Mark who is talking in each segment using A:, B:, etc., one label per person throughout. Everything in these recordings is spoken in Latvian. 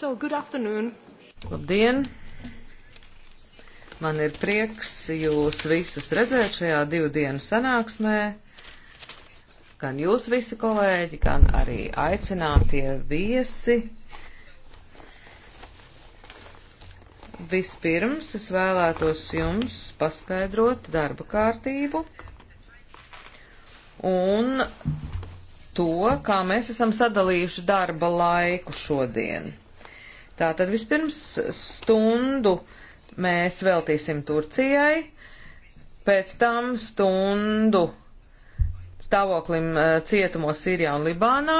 A: So, good afternoon. Labdien! Man ir prieks jūs visus redzēt šajā divu dienu sanāksmē. Gan jūs visi kolēģi, gan arī aicinātie viesi. Vispirms es vēlētos jums paskaidrot darba kārtību un to, kā mēs esam sadalījuši darba laiku šodien. Tātad vispirms stundu mēs veltīsim Turcijai, pēc tam stundu stāvoklim eh, cietumos Sīrijā un Libānā,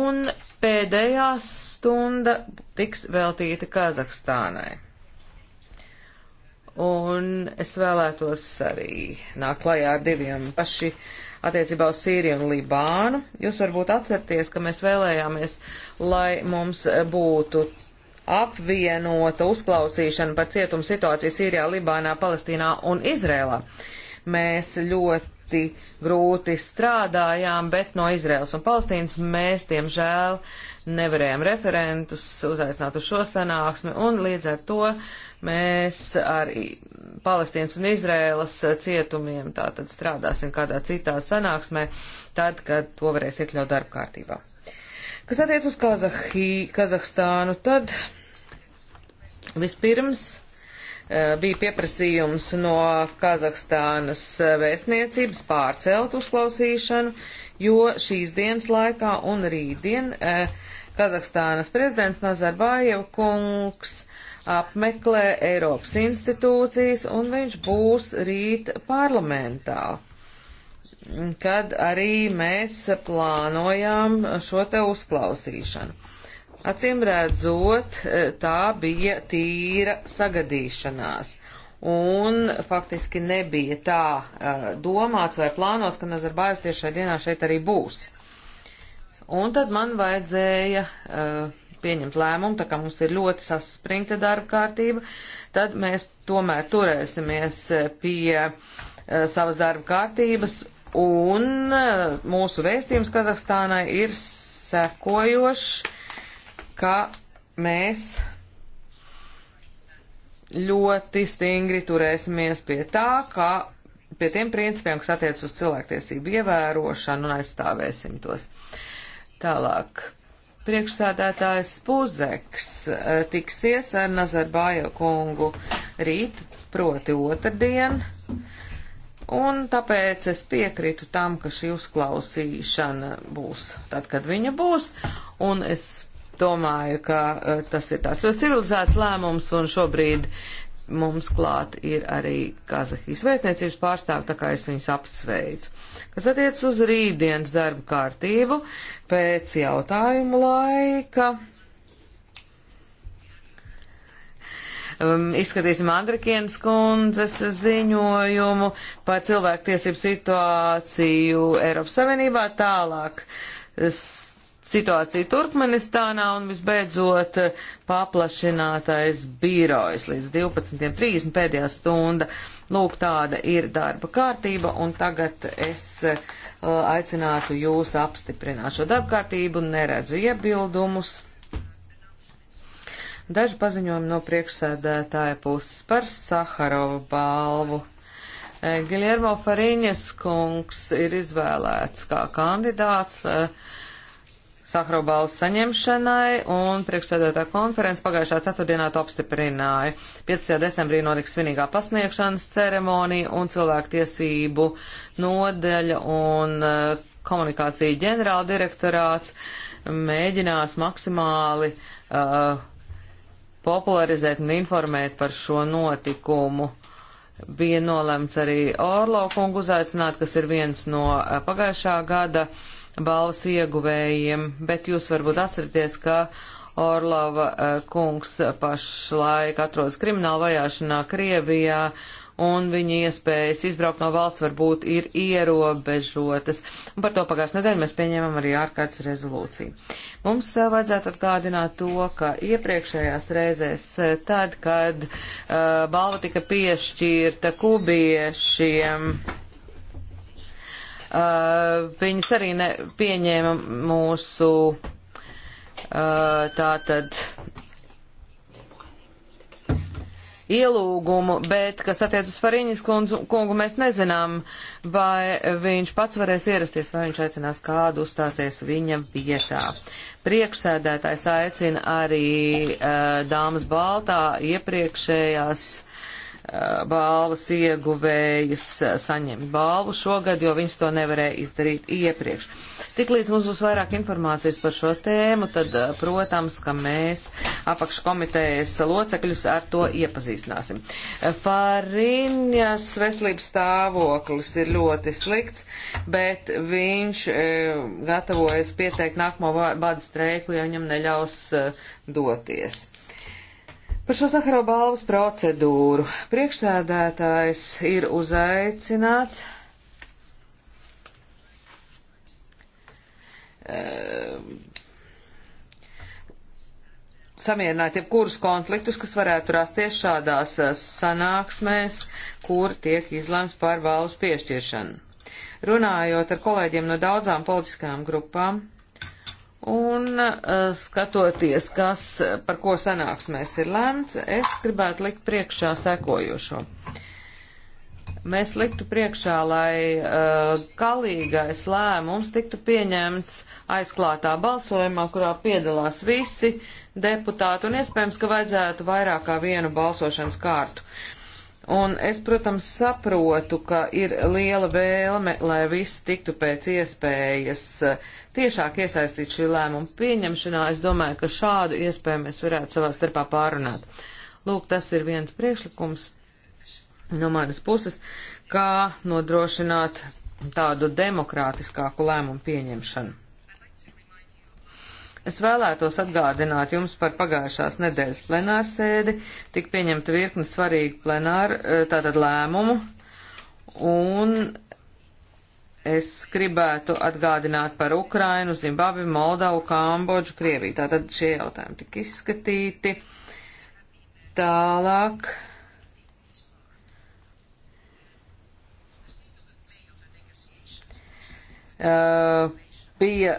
A: un pēdējā stunda tiks veltīta Kazahstānai. Un es vēlētos arī nākt klajā ar diviem paši uh, attiecībā uz Sīriju un Libānu. Jūs varbūt atcerieties, ka mēs vēlējāmies, lai mums būtu apvienota uzklausīšana par cietumu situāciju Sīrijā, Libānā, Palestīnā un Izrēlā. Mēs ļoti grūti strādājām, bet no Izrēlas un Palestīnas mēs, diemžēl, nevarējām referentus uzaicināt uz šo sanāksmi, un līdz ar to Mēs ar Palestīnas un Izrēlas uh, cietumiem tātad strādāsim kādā citā sanāksmē, tad, kad to varēs iekļaut darba kārtībā. Kas attiec uz Kazahī, Kazahstānu, tad vispirms uh, bija pieprasījums no Kazahstānas uh, vēstniecības pārcelt uzklausīšanu, jo šīs dienas laikā un rītdien Kazahstānas prezidents Nazarbājev kungs apmeklē Eiropas institūcijas, un viņš būs rīt parlamentā kad arī mēs plānojām šo te uzklausīšanu. Acīm redzot, tā bija tīra sagadīšanās. Un faktiski nebija tā domāts vai plānots, ka Nazarbājs tieši šajā dienā šeit arī būs. Un tad man vajadzēja uh, pieņemt lēmumu, tā kā mums ir ļoti saspringta darba kārtība, tad mēs tomēr turēsimies pie eh, savas darba kārtības, un eh, mūsu vēstījums Kazahstānai ir sekojošs, ka mēs ļoti stingri turēsimies pie tā, ka pie tiem principiem, kas attiec uz cilvēktiesību ievērošanu un aizstāvēsim tos. Tālāk priekšsēdētājs Puzeks eh, tiksies ar Nazarbājo kungu rīt, proti otrdien, un tāpēc es piekrītu tam, ka šī uzklausīšana būs tad, kad viņa būs, un es domāju, ka eh, tas ir tāds ļoti civilizēts lēmums, un šobrīd mums klāt ir arī Kazahijas vēstniecības pārstāvi, tā kā es viņus apsveicu. Kas attiec uz rītdienas darba kārtību, pēc jautājuma laika. Um, izskatīsim Andrikienas kundzes ziņojumu par cilvēktiesību situāciju Eiropas Savienībā tālāk. Es situāciju Turkmenistānā un visbeidzot eh, paplašinātais birojs līdz 12.30 pēdējā stunda. Lūk, tāda ir darba kārtība un tagad es eh, aicinātu jūs apstiprināt šo darba kārtību un neredzu iebildumus. Daži paziņojumi no priekšsēdētāja puses par Saharovu balvu. Eh, Giljermo Fariņas kungs ir izvēlēts kā kandidāts. Uh, Sahrobalu saņemšanai, un priekšsēdētā konferences pagājušā ceturtdienā to apstiprināja. 15. decembrī notiks svinīgā pasniegšanas ceremonija un cilvēktiesību nodeļa un eh, komunikācija ģenerāla direktorāts mēģinās maksimāli uh, popularizēt un informēt par šo notikumu. Bija nolemts arī Orlo kungu uzaicināt, kas ir viens no eh, pagājušā gada uh, balvas ieguvējiem, bet jūs varbūt atceraties, ka Orlava eh, kungs pašlaik atrodas krimināla vajāšanā Krievijā, un viņa iespējas izbraukt no valsts varbūt ir ierobežotas. Un par to pagājušajā nedēļā mēs pieņēmām arī ārkārtas rezolūciju. Mums eh, vajadzētu atgādināt to, ka iepriekšējās reizēs, eh, tad, kad uh, balva tika piešķirta kubiešiem, uh, Uh, viņas arī ne, pieņēma mūsu uh, tātad ielūgumu, bet, kas attiec uz Fariņas kungu, kungu, mēs nezinām, vai viņš pats varēs ierasties, vai viņš aicinās kādu uzstāties viņa vietā. Priekšsēdētājs aicina arī uh, dāmas Baltā iepriekšējās Eh, balvas ieguvējas eh, saņemt balvu šogad, jo viņas to nevarēja izdarīt iepriekš. Tiklīdz mums būs vairāk informācijas par šo tēmu, tad, eh, protams, ka mēs apakškomitejas locekļus ar to iepazīstināsim. Fariņas veselības stāvoklis ir ļoti slikts, bet viņš e, gatavojas pieteikt nākamo bada streiku, ja viņam neļaus e, doties. Par šo Saharova balvas procedūru priekšsēdētājs ir uzaicināts ehm, samierināt jebkurus konfliktus, kas varētu rasties šādās eh, sanāksmēs, kur tiek izlēms par balvas piešķiršanu. Runājot ar kolēģiem no daudzām politiskām grupām, Un uh, skatoties, kas, eh, par ko sanāksmēs ir lēmts, es gribētu likt priekšā sekojošo. Mēs liktu priekšā, lai uh, galīgais lēmums tiktu pieņemts aizklātā balsojumā, kurā piedalās visi deputāti, un iespējams, ka vajadzētu vairāk kā vienu balsošanas kārtu. Un es, protams, saprotu, ka ir liela vēlme, lai visi tiktu pēc iespējas uh, tiešāk iesaistīt šī lēmuma pieņemšanā. Es domāju, ka šādu iespēju mēs varētu savā starpā pārunāt. Lūk, tas ir viens priekšlikums no manas puses, kā nodrošināt tādu demokrātiskāku lēmumu pieņemšanu. Es vēlētos atgādināt jums par pagājušās nedēļas plenārsēdi, tik pieņemta virkni svarīgu plenāru, eh, tātad lēmumu, un Es gribētu atgādināt par Ukrainu, Zimbabvi, Moldavu, Kambodžu, Krieviju. Tātad šie jautājumi tika izskatīti. Tālāk. Uh, bija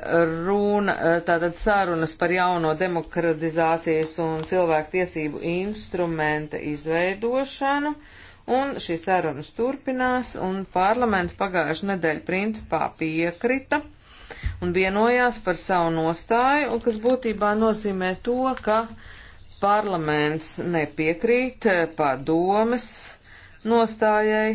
A: runa, uh, tātad sarunas par jauno demokratizācijas un cilvēku tiesību instrumenta izveidošanu. Uh, Un šīs sarunas turpinās, un parlaments pagājušajā nedēļā principā piekrita un vienojās par savu nostāju, kas būtībā nozīmē to, ka parlaments nepiekrīt padomes nostājai,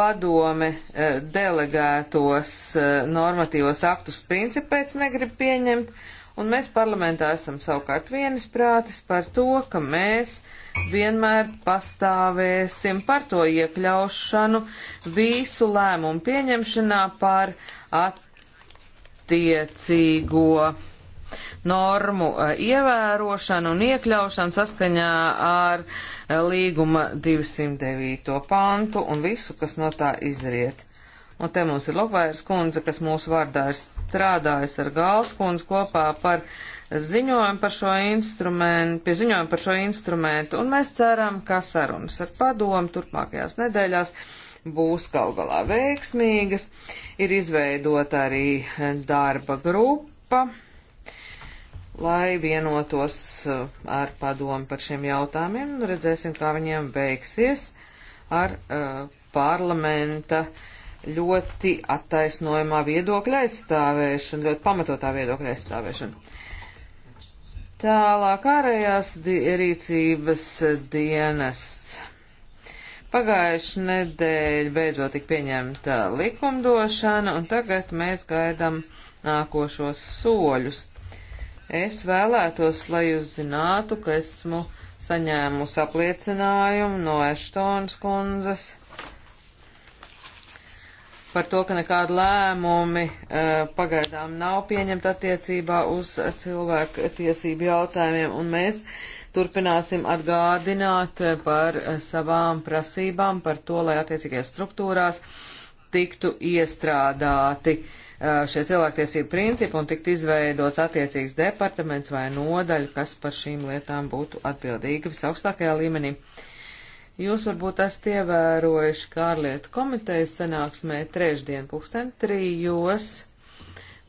A: padome eh, delegētos eh, normatīvos aktus principēc negrib pieņemt, un mēs parlamentā esam savukārt vienisprātis par to, ka mēs uh, vienmēr pastāvēsim par to iekļaušanu visu lēmumu pieņemšanā par attiecīgo normu eh, ievērošanu un iekļaušanu saskaņā ar eh, līguma 209. pantu un visu, kas no tā izriet. Un te mums ir Lopvērs kundze, kas mūsu vārdā ir strādājusi ar Gāls kundzi kopā par uh, ziņojumu par šo instrumentu, pie ziņojumu par šo instrumentu, un mēs ceram, ka sarunas ar padomu turpmākajās nedēļās būs kaut galā veiksmīgas. Ir izveidota arī darba grupa, lai vienotos uh, ar padomu par šiem jautājumiem, un nu, redzēsim, kā viņiem veiksies ar uh, parlamenta uh, ļoti attaisnojumā viedokļa aizstāvēšana, ļoti pamatotā viedokļa aizstāvēšana. Tālāk ārējās di rīcības dienests. Pagājuši nedēļa beidzot tik pieņemta likumdošana, un tagad mēs gaidam nākošos soļus. Es vēlētos, lai jūs zinātu, ka esmu saņēmusi apliecinājumu no Eštonas kundzes par to, ka nekāda lēmumi e, pagaidām nav pieņemta attiecībā uz cilvēku tiesību jautājumiem, un mēs turpināsim atgādināt par savām prasībām, par to, lai attiecīgajās struktūrās tiktu iestrādāti e, šie cilvēktiesību principi un tiktu izveidots attiecīgs departaments vai nodaļa, kas par šīm lietām būtu atbildīga visaugstākajā līmenī. Uh, Jūs varbūt esat ievērojuši, ka ārlietu komitejas sanāksmē trešdien pulksten trijos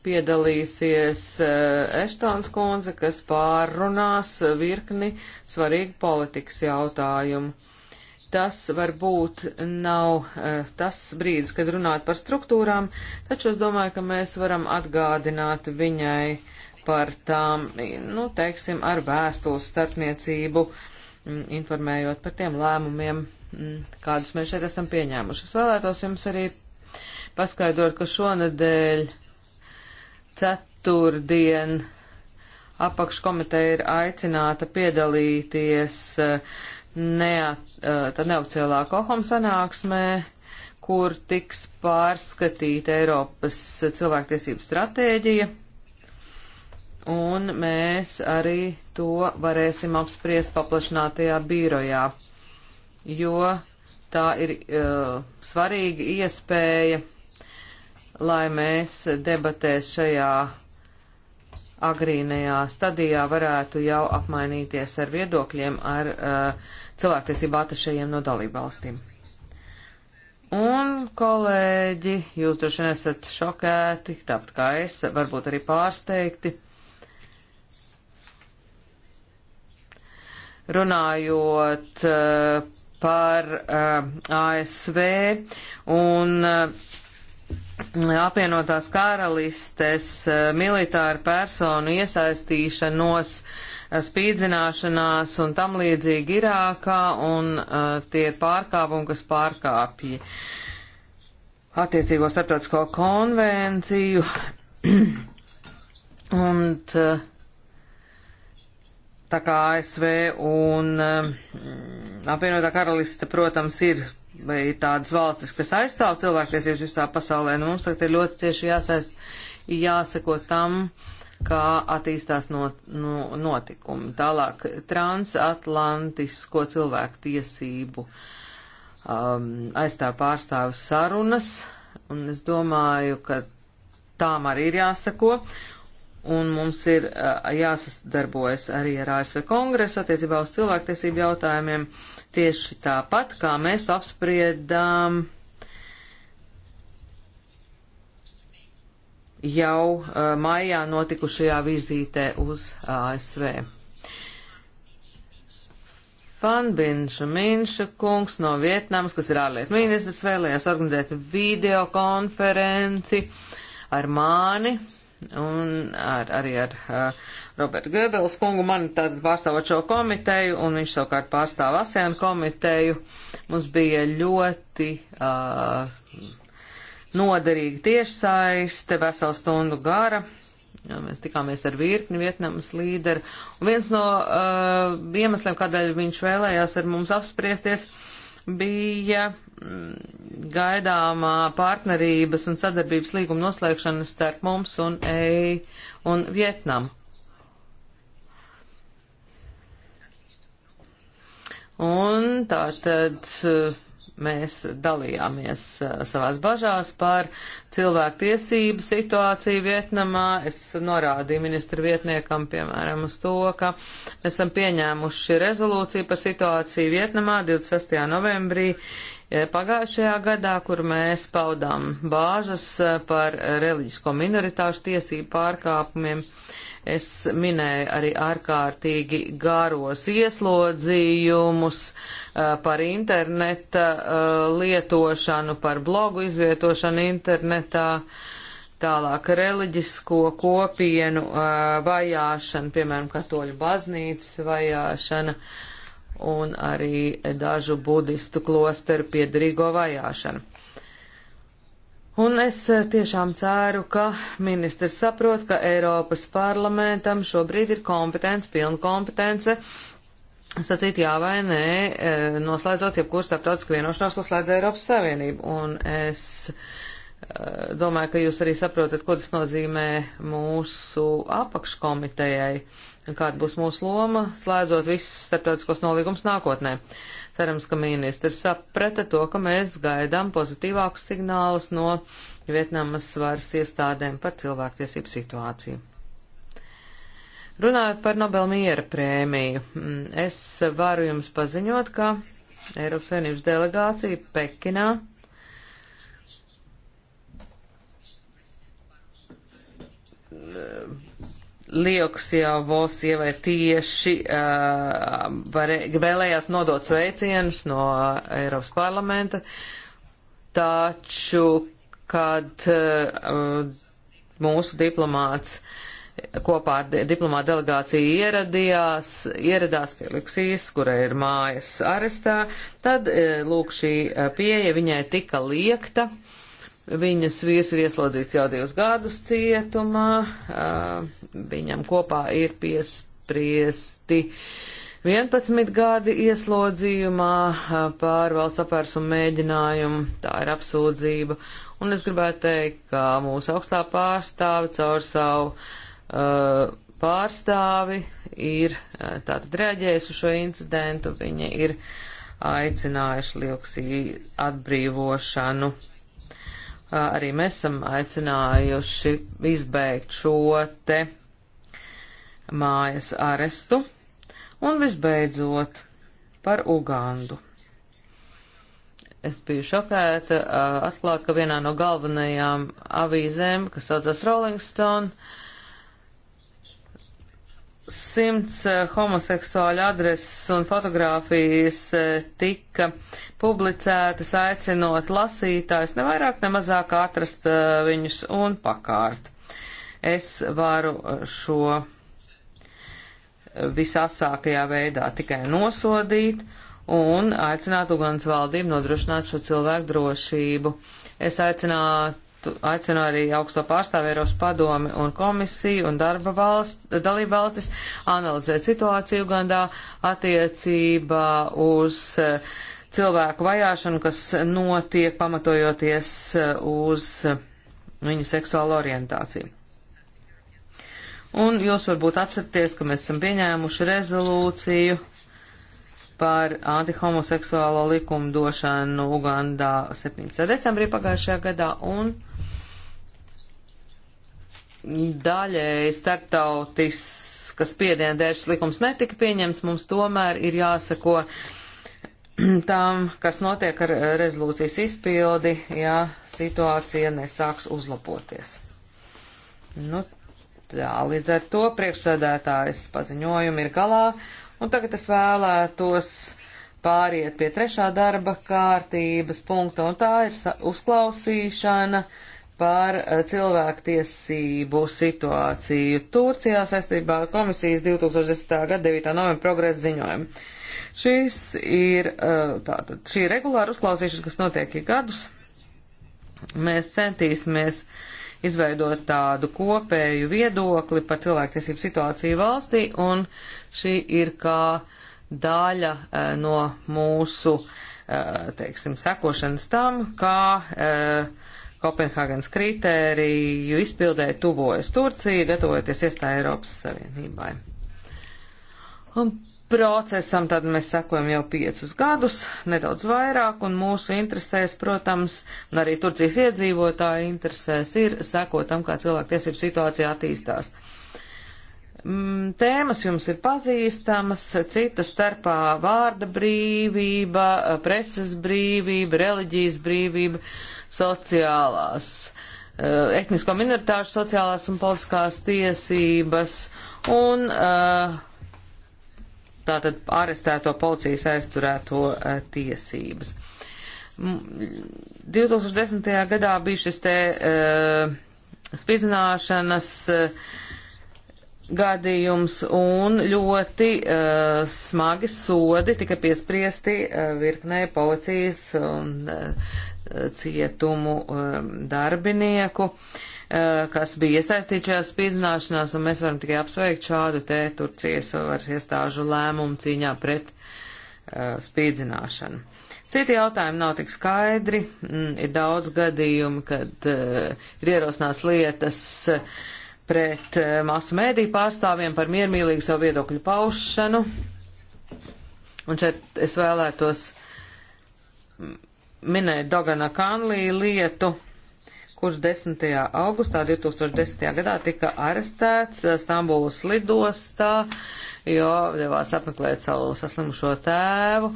A: piedalīsies eh, Eštons kundze, kas pārrunās virkni svarīgu politikas jautājumu. Tas varbūt nav eh, tas brīdis, kad runāt par struktūrām, taču es domāju, ka mēs varam atgādināt viņai par tām, nu, teiksim, ar vēstules starpniecību Mm, informējot par tiem lēmumiem, mm, kādus mēs šeit esam pieņēmuši. Es vēlētos jums arī paskaidrot, ka šonadēļ ceturtdien apakškomiteja ir aicināta piedalīties eh, neat, eh, neoficiālā kohom sanāksmē, kur tiks pārskatīta Eiropas cilvēktiesību stratēģija un mēs arī to varēsim apspriest paplašinātajā birojā, jo tā ir uh, svarīga iespēja, lai mēs debatēs šajā agrīnajā stadijā varētu jau apmainīties ar viedokļiem ar uh, cilvēktiesību atašajiem no dalībvalstīm. Un, kolēģi, jūs droši vien esat šokēti, tāpat kā es, varbūt arī pārsteigti runājot eh, par eh, ASV un eh, apvienotās karalistes militāru personu iesaistīšanos spīdzināšanās un tam līdzīgi Irākā un tie pārkāpumi, kas pārkāpja attiecīgo starptautisko konvenciju. un uh, Tā kā ASV un um, apvienotā karaliste, protams, ir vai tādas valstis, kas aizstāv cilvēktiesības visā pasaulē, nu mums tagad ir ļoti cieši jāsaist, jāseko tam, kā attīstās not, nu, notikumi. Tālāk, transatlantisko cilvēku tiesību um, aizstāv pārstāvis sarunas, un es domāju, ka tām arī ir jāsako un mums ir jāsadarbojas arī ar ASV kongresu attiecībā uz cilvēktiesību jautājumiem tieši tāpat, kā mēs to apspriedām jau maijā notikušajā vizītē uz ASV. Fanbinša Minša kungs no Vietnams, kas ir ārlietu ministrs, vēlējās organizēt video konferenci ar mani, un ar, arī ar uh, Robertu Goebbels kungu, mani tad pārstāvot šo komiteju, un viņš savukārt pārstāv ASEAN komiteju. Mums bija ļoti uh, noderīga tiešsaiste, veselu stundu gara. Jā, mēs tikāmies ar virkni Vietnamas līderu, un viens no uh, iemesliem, kādēļ viņš vēlējās ar mums apspriesties, uh, bija mm, gaidāmā partnerības un sadarbības līguma noslēgšana starp mums un EI un Vietnamu. Un tā tad mēs dalījāmies eh, savās bažās par cilvēku tiesību situāciju Vietnamā. Es norādīju ministru vietniekam, piemēram, uz to, ka esam pieņēmuši rezolūciju par situāciju Vietnamā 26. novembrī eh, pagājušajā gadā, kur mēs paudām bāžas eh, par reliģisko minoritāšu tiesību pārkāpumiem. Uh, Es minēju arī ārkārtīgi garos ieslodzījumus uh, par interneta uh, lietošanu, par blogu izvietošanu internetā, tālāk reliģisko kopienu uh, vajāšanu, piemēram, katoļu baznīcas vajāšana un arī dažu budistu klosteru piedarīgo vajāšanu. Un es e, tiešām ceru, ka ministrs saprot, ka Eiropas parlamentam šobrīd ir kompetence, pilna kompetence sacīt jā vai nē, e, noslēdzot jebkuru starptautisku vienošanos, ko slēdz Eiropas Savienība. Un es e, domāju, ka jūs arī saprotat, ko tas nozīmē mūsu apakškomitejai, kāda būs mūsu loma, slēdzot visus starptautiskos nolīgumus nākotnē. Uh, Cerams, ka ministrs saprata to, ka mēs gaidām pozitīvākus signālus no Vietnamas varas iestādēm par cilvēktiesību situāciju. Runājot par Nobel miera prēmiju, mm, es varu jums paziņot, ka Eiropas Savienības delegācija Pekinā Lieksjāvos sievai tieši uh, vēlējās nodot sveicienus no Eiropas parlamenta, taču, kad uh, mūsu diplomāts kopā ar diplomāta delegāciju ieradījās, ieradās pie Liksijas, kurai ir mājas arestā, tad, uh, lūk, šī pieeja viņai tika liekta. Uh, Viņas vīrs ir ieslodzīts jau divus gadus cietumā, viņam kopā ir piespriesti 11 gadi ieslodzījumā pār valsts apvērsumu mēģinājumu, tā ir apsūdzība. Un es gribētu teikt, ka mūsu augstā pārstāve caur savu uh, pārstāvi ir uh, tātad reaģējusi uz šo incidentu, viņa ir aicinājuši Lieksī atbrīvošanu arī mēs esam aicinājuši izbeigt šo te mājas arestu. Un visbeidzot par Ugandu. Es biju šokēta atklāt, ka vienā no galvenajām avīzēm, kas saucas Rolling Stone, uh, simts eh, homoseksuāļu adreses un fotografijas eh, tika publicētas, aicinot lasītājs nevairāk ne mazāk atrast eh, viņus un pakārt. Es varu šo visasākajā veidā tikai nosodīt un aicināt Ugandas valdību nodrošināt šo cilvēku drošību. Es aicinātu aicinu arī augsto pārstāvu Eiropas padomi un komisiju un darba valst, dalību valstis analizēt situāciju Ugandā attiecībā uz eh, cilvēku vajāšanu, kas notiek pamatojoties eh, uz eh, viņu seksuālo orientāciju. Un jūs varbūt atceraties, ka mēs esam pieņēmuši rezolūciju par antihomoseksuālo likumdošanu Ugandā 17. decembrī pagājušajā gadā un daļēji starptautiskas spiediena dēļ šis likums netika pieņemts, mums tomēr ir jāsako tām, kas notiek ar rezolūcijas izpildi, ja situācija nesāks uzlaboties. Nu, tā, līdz ar to priekšsēdētājs paziņojumi ir galā Un tagad es vēlētos pāriet pie trešā darba kārtības punkta, un tā ir uzklausīšana par eh, cilvēktiesību situāciju Turcijā saistībā ar komisijas 2010. gada 9. novembra progresa ziņojumu. Šis ir, eh, tātad, šī ir regulāra uzklausīšana, kas notiek ik gadus. Mēs centīsimies izveidot tādu kopēju viedokli par cilvēktiesību situāciju valstī un uh, Šī ir kā daļa eh, no mūsu, eh, teiksim, sekošanas tam, kā eh, Kopenhāgenes kritēriju izpildē tuvojas Turcija, gatavojoties iestāja Eiropas Savienībai. Un procesam tad mēs sekojam jau piecus gadus, nedaudz vairāk, un mūsu interesēs, protams, un arī Turcijas iedzīvotāji interesēs ir sekot tam, kā cilvēku tiesību situācija attīstās. Uh, Mm, tēmas jums ir pazīstamas, cita starpā vārda brīvība, preses brīvība, reliģijas brīvība, sociālās, eh, etnisko minoritāšu sociālās un politiskās tiesības un eh, tātad arestēto policijas aizturēto eh, tiesības. 2010. Mm, gadā bija šis te spīdzināšanas gadījums un ļoti uh, smagi sodi tika piespriesti uh, virknē policijas un uh, cietumu uh, darbinieku, uh, kas bija iesaistīti šajās spīdzināšanās, un mēs varam tikai apsveikt šādu te Turcijas varas iestāžu lēmumu cīņā pret uh, spīdzināšanu. Citi jautājumi nav tik skaidri, mm, ir daudz gadījumu, kad uh, ir ierosināts lietas, uh, pret eh, masu mēdīju pārstāvjiem par miermīlīgu savu viedokļu paušanu. Un šeit es vēlētos minēt Dogana Kanlī lietu, kurš 10. augustā 2010. gadā tika arestēts eh, Stambulas lidostā, jo devās apmeklēt savu saslimušo tēvu.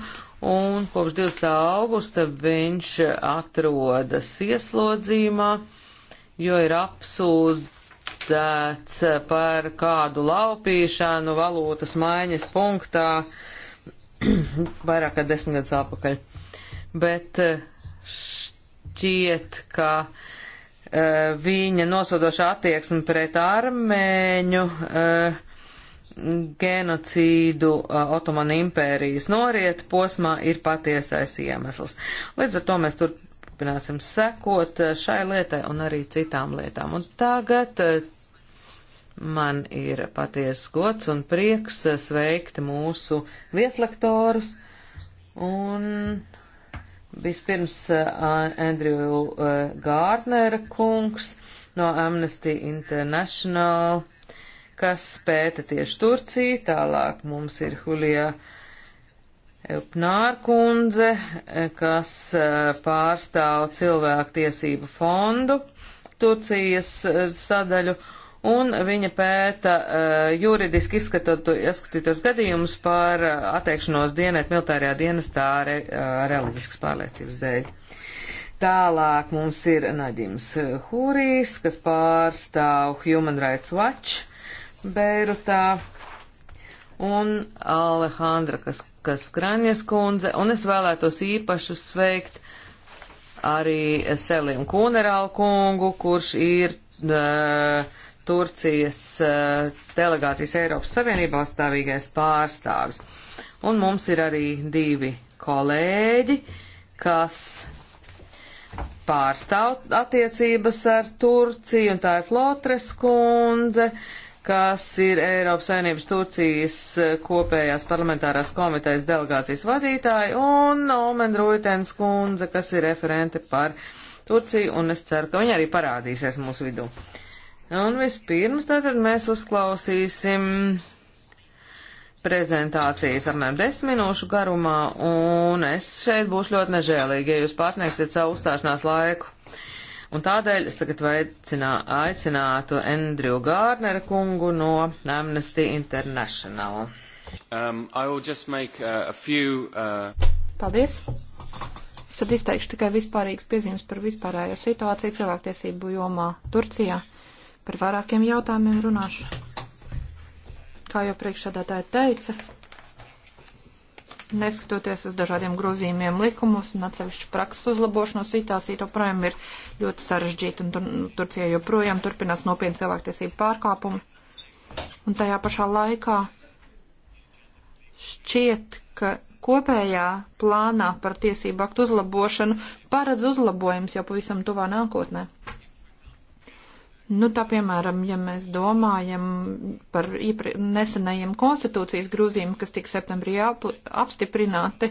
A: Un kopš 20. augusta viņš atrodas ieslodzījumā jo ir apsūd, apsūdzēts eh, par kādu laupīšanu valūtas maiņas punktā vairāk kā desmit gadus atpakaļ. Bet eh, šķiet, ka uh, viņa nosodoša attieksme pret armēņu uh, genocīdu uh, Otomanu impērijas noriet posmā ir patiesais iemesls. Līdz ar to mēs tur turpināsim sekot eh, šai lietai un arī citām lietām. Un tagad eh, man ir paties gods un prieks eh, sveikt mūsu vieslektorus un vispirms Andrew Gārnera kungs no Amnesty International kas pēta tieši Turciju, tālāk mums ir Hulija uh, Pnārkundze, kas eh, pārstāv cilvēktiesību fondu Turcijas eh, sadaļu, un viņa pēta eh, juridiski izskatītos gadījumus par atteikšanos dienēt militārajā dienestā re, reliģiskas pārliecības dēļ. Tālāk mums ir Naģims Hūrijs, kas pārstāv Human Rights Watch Beirutā, un Alejandra, kas Kas Kraņas kundze, un es vēlētos īpaši sveikt arī Selim Kūnerālu kungu, kurš ir uh, Turcijas uh, delegācijas Eiropas Savienībā stāvīgais pārstāvis. Un mums ir arī divi kolēģi, kas pārstāv attiecības ar Turciju, un tā ir Flotres kundze, uh, kas ir Eiropas Savienības Turcijas eh, kopējās parlamentārās komitejas delegācijas vadītāja, un Omen Rūitens kundze, kas ir referente par Turciju, un es ceru, ka viņa arī parādīsies mūsu vidū. Un vispirms tātad mēs uzklausīsim prezentācijas apmēram desmit minūšu garumā, un es šeit būšu ļoti nežēlīgi, ja jūs pārsniegsiet savu uzstāšanās laiku. Un tādēļ es tagad veicinā, aicinātu Andriju Gārneru kungu no Amnesty International. Um, make, uh, few, uh...
B: Paldies! Es tad izteikšu tikai vispārīgas piezīmes par vispārējo situāciju cilvēktiesību jomā Turcijā. Par vairākiem jautājumiem runāšu. Kā jau priekšsādātāja teica, neskatoties uz dažādiem grozījumiem likumus un atsevišķu prakses uzlabošanos, situācija joprojām ir ļoti sarežģīta un tur, nu, Turcija joprojām turpinās nopietni cilvēktiesību pārkāpumi. Un tajā pašā laikā šķiet, ka kopējā plānā par tiesību aktu uzlabošanu paredz uzlabojums jau pavisam tuvā nākotnē. Nu, tā piemēram, ja mēs domājam par nesenajiem konstitūcijas grūzīm, kas tika septembrī ap, apstiprināti,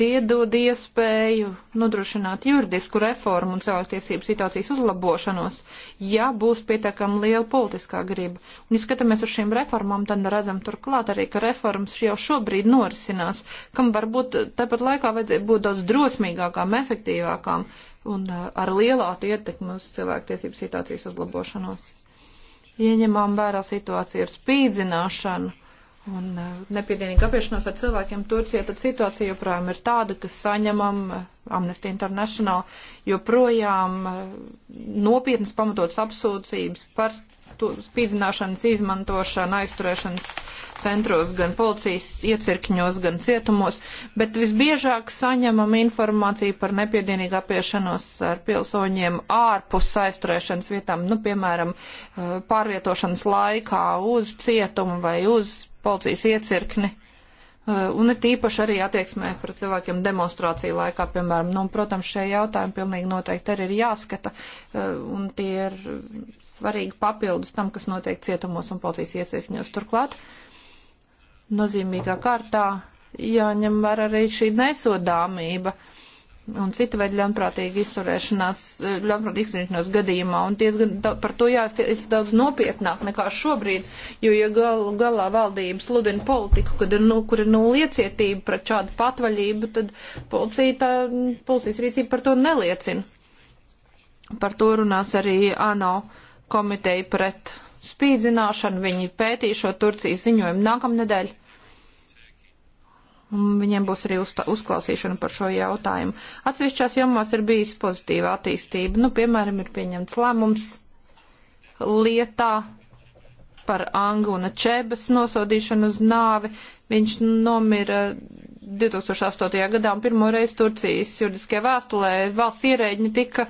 B: Tie dod iespēju nodrošināt juridisku reformu un cilvēktiesību situācijas uzlabošanos, ja būs pietiekami liela politiskā griba. Un, ja skatāmies uz šīm reformām, tad redzam turklāt arī, ka reformas jau šobrīd norisinās, kam varbūt tāpat laikā vajadzētu būt daudz drosmīgākām, efektīvākām un uh, ar lielāku ietekmi uz cilvēktiesību situācijas uzlabošanos. Ieņemām vērā situāciju ar spīdzināšanu un e, nepiedienīga apiešanās ar cilvēkiem Turcijā, tad situācija joprojām ir tāda, ka saņemam e, Amnesty International joprojām e, nopietnas pamatotas apsūdzības par spīdzināšanas izmantošanu, aizturēšanas centros, gan policijas iecirkņos, gan cietumos, bet visbiežāk saņemam informāciju par nepiedienīgu apiešanos ar pilsoņiem ārpus aizturēšanas vietām, nu, piemēram, pārvietošanas laikā uz cietumu vai uz policijas iecirkni. Eh, un ir tīpaši arī attieksmē par cilvēkiem demonstrāciju laikā, piemēram. Nu, un, protams, šie jautājumi pilnīgi noteikti arī ir jāskata, eh, un tie ir svarīgi papildus tam, kas notiek cietumos un policijas iecirkņos. Turklāt, nozīmīgā kārtā jāņem vērā arī šī nesodāmība. Uh, un cita veida ļaunprātīga izturēšanās, eh, ļaunprātīga izturēšanās gadījumā, un diezgan da, par to jāizties daudz nopietnāk nekā šobrīd, jo, ja gal, galā valdība sludina politiku, kad ir, nu, kur ir nuliecietība pret šādu patvaļību, tad policija tā, mm, policijas rīcība par to neliecina. Par to runās arī ANO komiteja pret spīdzināšanu, viņi pētīšo Turcijas ziņojumu nākamnedēļ. Viņiem būs arī uzklausīšana par šo jautājumu. Atsevišķās jomās ir bijusi pozitīva attīstība. Nu, piemēram, ir pieņemts lēmums lietā par Angu un Čebas nosodīšanu uz nāvi. Viņš nomira 2008. gadā un pirmoreiz Turcijas juridiskajā vēstulē valsts ierēģi tika,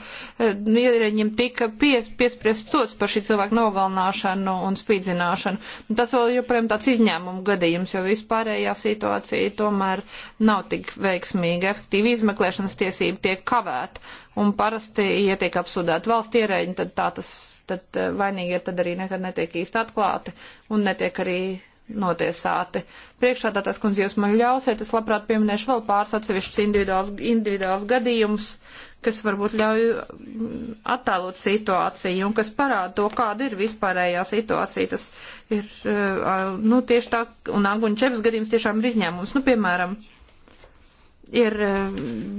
B: eh, ierēģim tika pies, piespriest sots par šī cilvēku nogalināšanu un spīdzināšanu. Un tas vēl joprojām tāds izņēmumu gadījums, jo vispārējā situācija tomēr nav tik veiksmīga. Efektīvi izmeklēšanas tiesība tiek kavēta un parasti, ja tiek apsūdēti valsts ierēģi, tad tā tas, tad eh, vainīgie tad arī nekad netiek īsti atklāti un netiek arī notiesāti. Priekšādātās kundze, jūs man ļausiet, es labprāt pieminēšu vēl pāris atsevišķus individuāls, individuāls gadījumus, kas varbūt ļauj mm, attēlot situāciju un kas parāda to, kāda ir vispārējā situācija. Tas ir, nu, tieši tā, un Anguņa Čeps gadījums tiešām ir izņēmums. Nu, piemēram, ir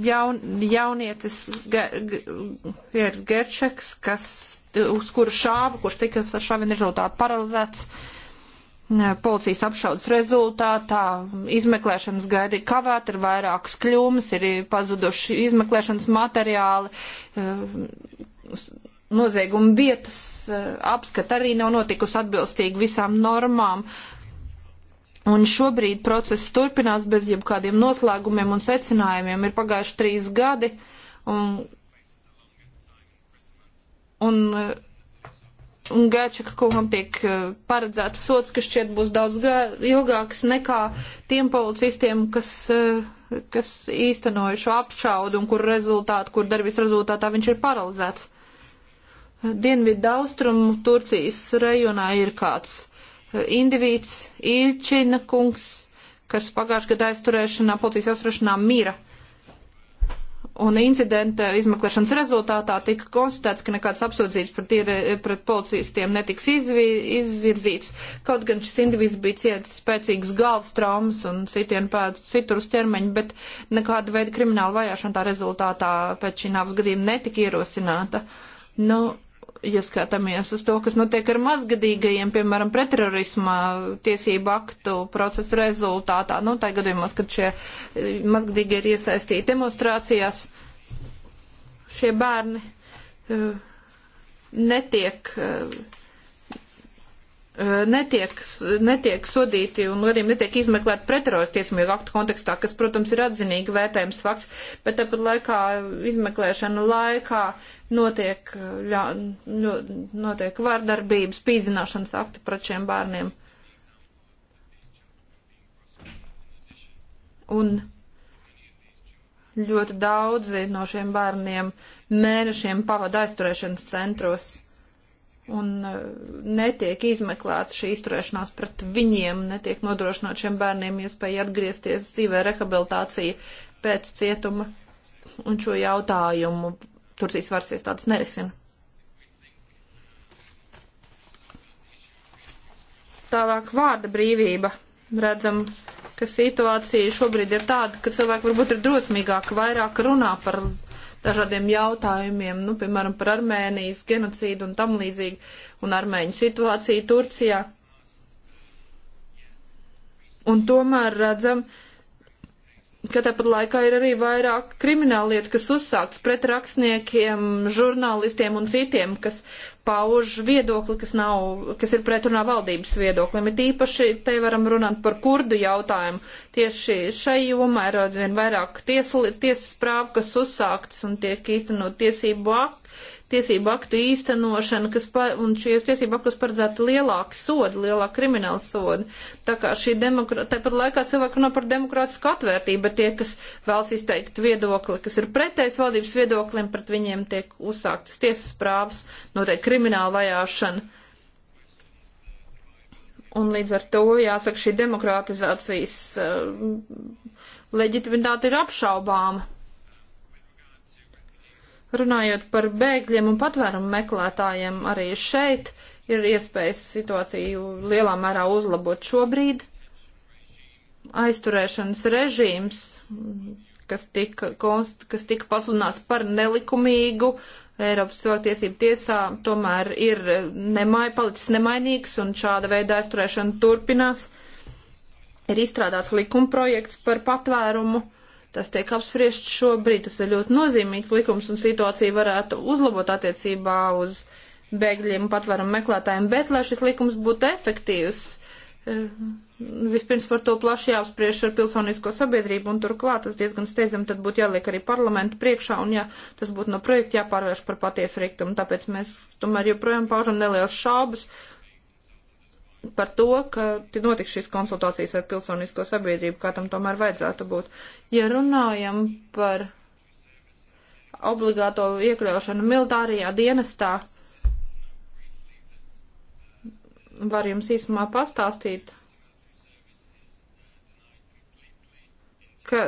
B: jaun, jaunietis Gers Gerčeks, kas, uz kuru šāvu, kurš tika ar šāvienu rezultātu paralizēts policijas apšaudas rezultātā izmeklēšanas gaida ir kavēta, ir vairākas kļūmes, ir pazuduši izmeklēšanas materiāli, e, nozieguma vietas e, apskata arī nav notikusi atbilstīgi visām normām. Un šobrīd process turpinās bez jebkādiem noslēgumiem un secinājumiem. Ir pagājuši trīs gadi, un, un e, un Gēčaka kungam tiek eh, paredzēts sots, kas šķiet būs daudz ilgāks nekā tiem policistiem, kas, eh, kas īstenoja šo apšaudu un kur rezultātu, kur darbības rezultātā viņš ir paralizēts. Dienvidu austrumu Turcijas rejonā ir kāds eh, indivīds Ilčina kungs, kas pagājušajā gadā aizturēšanā, policijas aizturēšanā mira un incidenta izmeklēšanas rezultātā tika konstatēts, ka nekāds apsūdzības pret, ir, pret policistiem netiks izvi, izvirzīts, kaut gan šis individs bija cietis spēcīgas galvas traumas un citien pēc citurus ķermeņu, bet nekāda veida krimināla vajāšana tā rezultātā pēc šī nāvas gadījuma netika ierosināta. Nu, ja skatāmies uz to, kas notiek ar mazgadīgajiem, piemēram, pretterorisma tiesību aktu procesu rezultātā, nu, tā gadījumos, kad šie eh, mazgadīgie ir iesaistīti demonstrācijās, šie bērni eh, netiek eh, Eh, netiek, netiek sodīti un gadījumi netiek izmeklēti pretterorismu tiesmīgu aktu kontekstā, kas, protams, ir atzinīgi vērtējums fakts, bet tāpat laikā izmeklēšana laikā notiek, eh, ļa, ļo, notiek vārdarbības, spīdzināšanas akti pret šiem bērniem. Un ļoti daudzi no šiem bērniem mēnešiem pavada aizturēšanas centros un uh, netiek izmeklēta šī izturēšanās pret viņiem, netiek nodrošināt šiem bērniem iespēja atgriezties dzīvē rehabilitācija pēc cietuma, un šo jautājumu Turcijas varas iestādes nerisina. Tālāk vārda brīvība. Redzam, ka situācija šobrīd ir tāda, ka cilvēki varbūt ir drosmīgāk vairāk runā par dažādiem jautājumiem, nu, piemēram, par Armēnijas genocīdu un tam līdzīgi, un armēņu situāciju Turcijā. Un tomēr redzam, uh, ka tāpat laikā ir arī vairāk krimināllietu, kas uzsāktas pret rakstniekiem, žurnālistiem un citiem, kas pauž viedokli, kas, nav, kas ir pretrunā valdības viedoklim. Ir īpaši te varam runāt par kurdu jautājumu. Tieši šai jomā ir vien vairāk tiesas prāvu, kas uzsāktas un tiek īstenot tiesību aktu tiesību aktu īstenošana, kas pa, un šajos tiesību aktos paredzēta lielāka soda, lielāka krimināla soda. Tā kā šī demokrāta, tāpat laikā cilvēki runā par demokrātisku atvērtību, bet tie, kas vēlas izteikt viedokli, kas ir pretējs valdības viedoklim, pret viņiem tiek uzsāktas tiesas prāvas, notiek krimināla vajāšana. Un līdz ar to, jāsaka, šī demokratizācijas uh, leģitimitāte ir apšaubāma. Runājot par bēgļiem un patvērumu meklētājiem, arī šeit ir iespējas situāciju lielā mērā uzlabot šobrīd. Aizturēšanas režīms, kas tika, kas tika pasludināts par nelikumīgu Eiropas cilvēktiesību tiesā, tomēr ir nemai, palicis nemainīgs un šāda veida aizturēšana turpinās. Ir izstrādāts likumprojekts par patvērumu. Uh, Tas tiek apspriest šobrīd, tas ir ļoti nozīmīgs likums un situācija varētu uzlabot attiecībā uz bēgļiem un patvaram meklētājiem, bet, lai šis likums būtu efektīvs, eh, vispirms par to plaši jāapspriež ar pilsonisko sabiedrību un turklāt tas diezgan steidzam, tad būtu jāliek arī parlamentu priekšā un ja tas būtu no projekta jāpārvērš par patiesu riktumu, tāpēc mēs tomēr joprojām paužam nelielas šaubas par to, ka notiks šīs konsultācijas ar pilsonisko sabiedrību, kā tam tomēr vajadzētu būt. Ja runājam par obligāto iekļaušanu militārajā dienestā, var jums īsumā pastāstīt, ka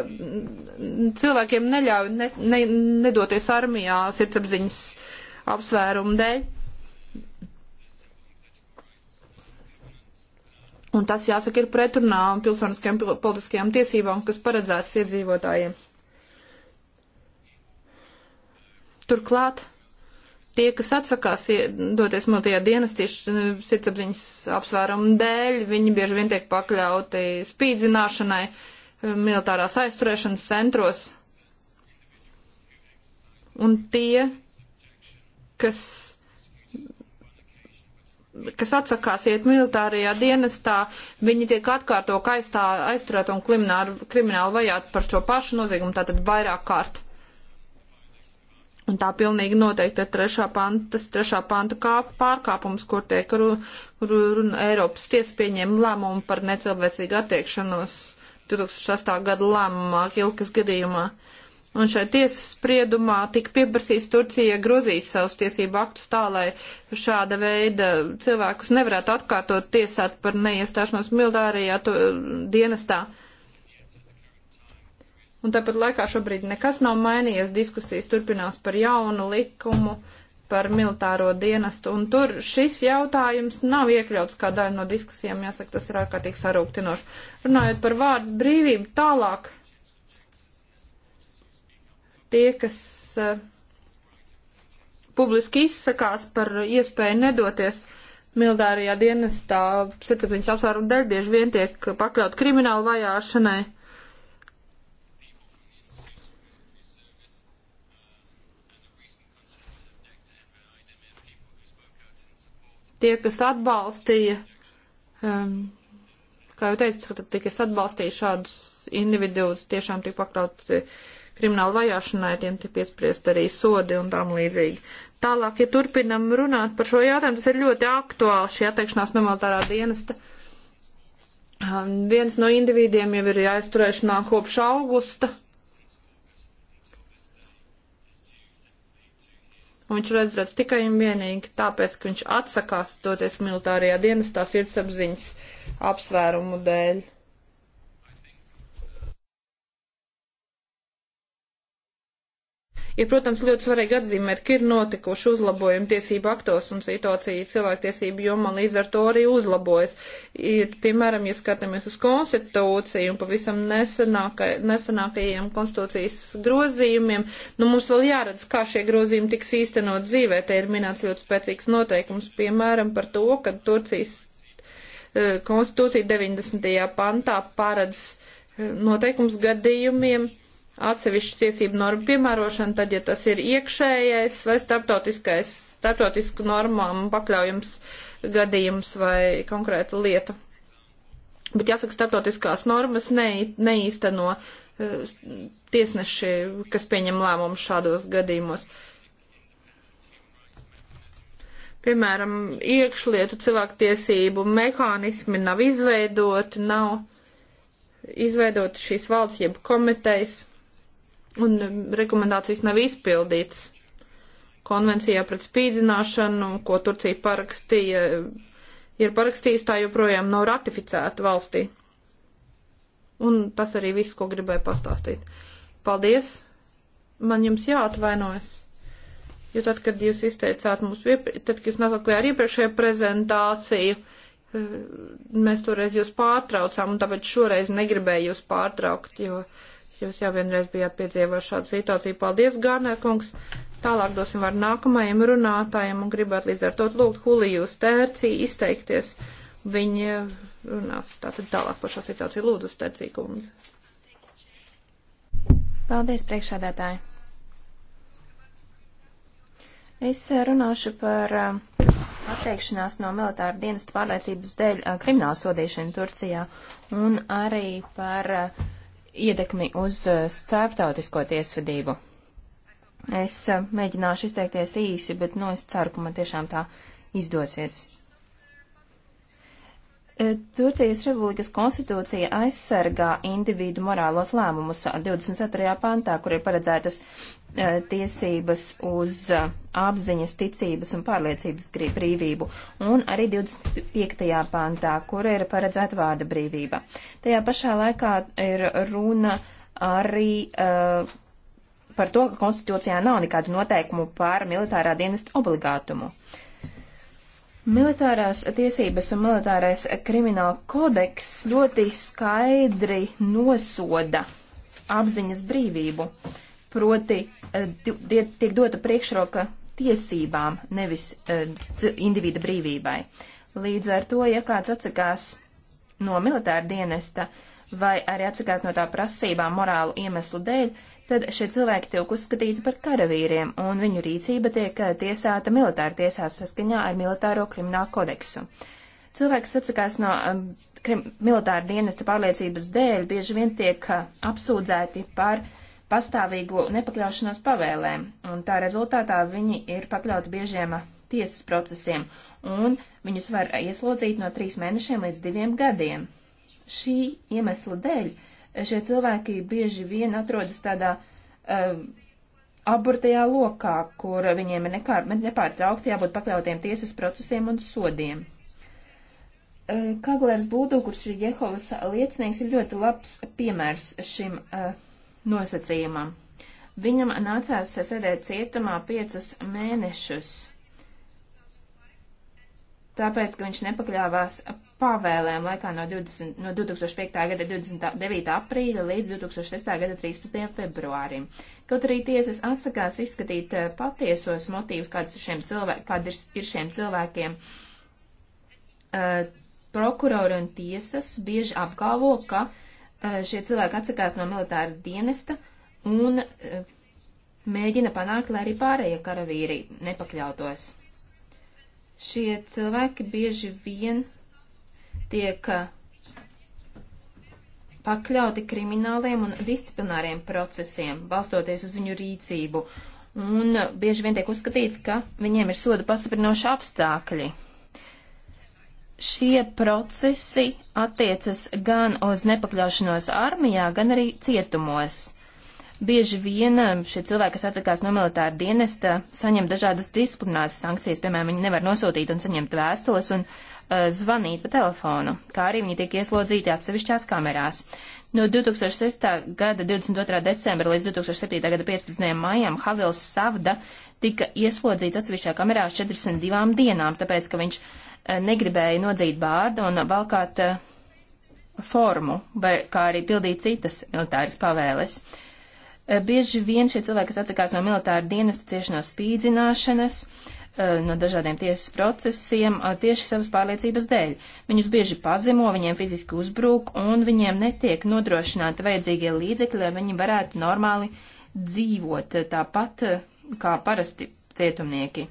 B: cilvēkiem neļauj ne, ne, nedoties armijā sirdsapziņas apsvērumu dēļ Un tas, jāsaka, ir pretrunā pilsoniskajām politiskajām tiesībām, kas paredzētas iedzīvotājiem. Turklāt tie, kas atsakās doties miltajā dienestī sirdsapziņas apsvērumu dēļ, viņi bieži vien tiek pakļauti spīdzināšanai, militārās aizturēšanas centros. Un tie, kas kas atsakās iet militārajā dienestā, viņi tiek atkārto aizstā, aizturēt un krimināli vajāt par šo pašu noziegumu, tātad vairāk kārt. Un tā pilnīgi noteikti ir trešā panta, tas trešā panta kā pārkāpums, kur tiek runa ru, ru, Eiropas tiesa pieņēma lēmumu par necilvēcīgu attiekšanos 2008. gada lēmumā Kilkas gadījumā. Uh, Un šai tiesas spriedumā tika pieprasīts Turcija grozīt savus tiesību aktus tā, lai šāda veida cilvēkus nevarētu atkārtot tiesāt par neiestāšanos militārajā dienestā. Un tāpat laikā šobrīd nekas nav mainījies, diskusijas turpinās par jaunu likumu, par militāro dienestu, un tur šis jautājums nav iekļauts kā daļa no diskusijām, jāsaka, tas ir ārkārtīgi sarūktinoši. Runājot par vārdu brīvību tālāk tie, kas uh, publiski izsakās par iespēju nedoties militārajā dienestā sirdsapziņas apsvērumu dēļ, bieži vien tiek pakļaut kriminālu vajāšanai. Tie, kas atbalstīja, um, kā jau teicu, tad tie, kas atbalstīja šādus individuus, tiešām tika pakļauti uh, krimināla vajāšanai, tiem tiek piespriest arī sodi un tam līdzīgi. Tālāk, ja turpinam runāt par šo jautājumu, tas ir ļoti aktuāli šī atteikšanās no militārā dienesta. Um, viens no individiem jau ir aizturēšanā kopš augusta. Un viņš ir aizturēts tikai un vienīgi tāpēc, ka viņš atsakās doties militārajā dienestā sirdsapziņas apsvērumu dēļ. Ir, protams, ļoti svarīgi atzīmēt, ka ir notikuši uzlabojumi tiesību aktos un situācija cilvēktiesību jomā līdz ar to arī uzlabojas. Ir, piemēram, ja skatāmies uz konstitūciju un pavisam nesenākai, nesenākajiem konstitūcijas grozījumiem, nu mums vēl jāredz, kā šie grozījumi tiks īstenot dzīvē. Te ir minēts ļoti spēcīgs noteikums, piemēram, par to, ka Turcijas eh, konstitūcija 90. pantā paredz eh, noteikums gadījumiem, atsevišķu tiesību normu piemērošanu, tad, ja tas ir iekšējais vai starptautiskais, starptautisku normām pakļaujums gadījums vai konkrēta lieta. Bet jāsaka, starptautiskās normas ne, neīsteno uh, tiesneši, kas pieņem lēmumu šādos gadījumos. Piemēram, iekšlietu cilvēktiesību mehānismi nav izveidoti, nav izveidoti šīs valsts jeb komitejas un rekomendācijas nav izpildīts. Konvencijā pret spīdzināšanu, ko Turcija parakstīja, ir parakstījis, tā joprojām nav ratificēta valstī. Un tas arī viss, ko gribēju pastāstīt. Paldies! Man jums jāatvainojas. Jo tad, kad jūs izteicāt mums, tad, kad jūs nesaklējāt ar iepriekšējo prezentāciju, eh, mēs toreiz jūs pārtraucām, un tāpēc šoreiz negribēju jūs pārtraukt, jo. Uh, Jūs jau vienreiz bijāt piedzīvojuši šādu situāciju. Paldies, Gārnēkungs! Tālāk dosim var nākamajiem runātājiem un gribētu līdz ar to lūgt Huliju Stērcī izteikties. Viņa runās tātad tālāk par šo situāciju. Lūdzu, Stērcī kundze.
C: Paldies, priekšādētāji. Es runāšu par uh, atteikšanās no militāra dienesta pārliecības dēļ uh, krimināla sodīšanu Turcijā un arī par uh, iedekmi uz eh, starptautisko tiesvedību. Es eh, mēģināšu izteikties īsi, bet nu, es ceru, ka man tiešām tā izdosies. E, Turcijas Republikas konstitūcija aizsargā individu morālos lēmumus 24. pantā, kur ir paredzētas e, tiesības uz e, apziņas, ticības un pārliecības brīvību, un arī 25. pantā, kur ir paredzēta vārda brīvība. Tajā pašā laikā ir runa arī uh, e, par to, ka konstitūcijā nav nekādu noteikumu par militārā dienesta obligātumu. Uh, Militārās tiesības un militārais krimināla kodeks ļoti skaidri nosoda apziņas brīvību, proti eh, tiek dota priekšroka tiesībām, nevis eh, individa brīvībai. Līdz ar to, ja kāds atsakās no militāra dienesta vai arī atsakās no tā prasībām morālu iemeslu dēļ, uh, tad šie cilvēki tiek uzskatīti par karavīriem, un viņu rīcība tiek eh, tiesāta militāra tiesās saskaņā ar militāro kriminālu kodeksu. Cilvēks atsakās no um, krim, militāra dienesta pārliecības dēļ, bieži vien tiek eh, apsūdzēti par pastāvīgu nepakļaušanos pavēlēm, un tā rezultātā viņi ir pakļauti biežiem tiesas procesiem, un viņus var ieslodzīt no trīs mēnešiem līdz diviem gadiem. Šī iemesla dēļ uh, šie cilvēki bieži vien atrodas tādā um, aburtajā lokā, kur viņiem ir nekār, nepārtraukti jābūt pakļautiem tiesas procesiem un sodiem. Uh, Kaglers Būdu, kurš ir Jehovas liecinieks, ir ļoti labs piemērs šim uh, nosacījumam. Viņam nācās sēdēt cietumā piecus mēnešus, tāpēc, ka viņš nepakļāvās pavēlēm laikā no, 20, no 2005. gada 29. aprīļa līdz 2006. gada 13. februārim. Kaut arī tiesas atsakās izskatīt eh, patiesos motīvus, kādus ir šiem, cilvēki, kād ir, ir šiem cilvēkiem, uh, prokurori un tiesas bieži apgalvo, ka uh, šie cilvēki atsakās no militāra dienesta un uh, mēģina panākt, lai arī pārējie karavīri nepakļautos. Šie cilvēki bieži vien tiek eh, pakļauti krimināliem un disciplināriem procesiem, balstoties uz viņu rīcību. Un eh, bieži vien tiek uzskatīts, ka viņiem ir soda pastiprinoši apstākļi. Šie procesi attiecas gan uz nepakļaušanos armijā, gan arī cietumos. Bieži vien eh, šie cilvēki, kas atsakās no militāra dienesta, saņem dažādas disciplinās sankcijas, piemēram, viņi nevar nosūtīt un saņemt vēstules, un uh, Eh, zvanīt pa telefonu, kā arī viņi tiek ieslodzīti atsevišķās kamerās. No 2006. gada 22. decembra līdz 2007. gada 15. maijam Halils Savda tika ieslodzīts atsevišķā kamerā 42 dienām, tāpēc, ka viņš eh, negribēja nodzīt bārdu un valkāt eh, formu, vai kā arī pildīt citas militāras pavēles. Bieži vien šie cilvēki, kas atsakās no militāra dienesta, cieši no spīdzināšanas, uh, Eh, no dažādiem tiesas procesiem eh, tieši savas pārliecības dēļ. Viņus bieži pazemo, viņiem fiziski uzbrūk un viņiem netiek nodrošināta vajadzīgie līdzekļi, lai viņi varētu normāli dzīvot eh, tāpat kā parasti cietumnieki.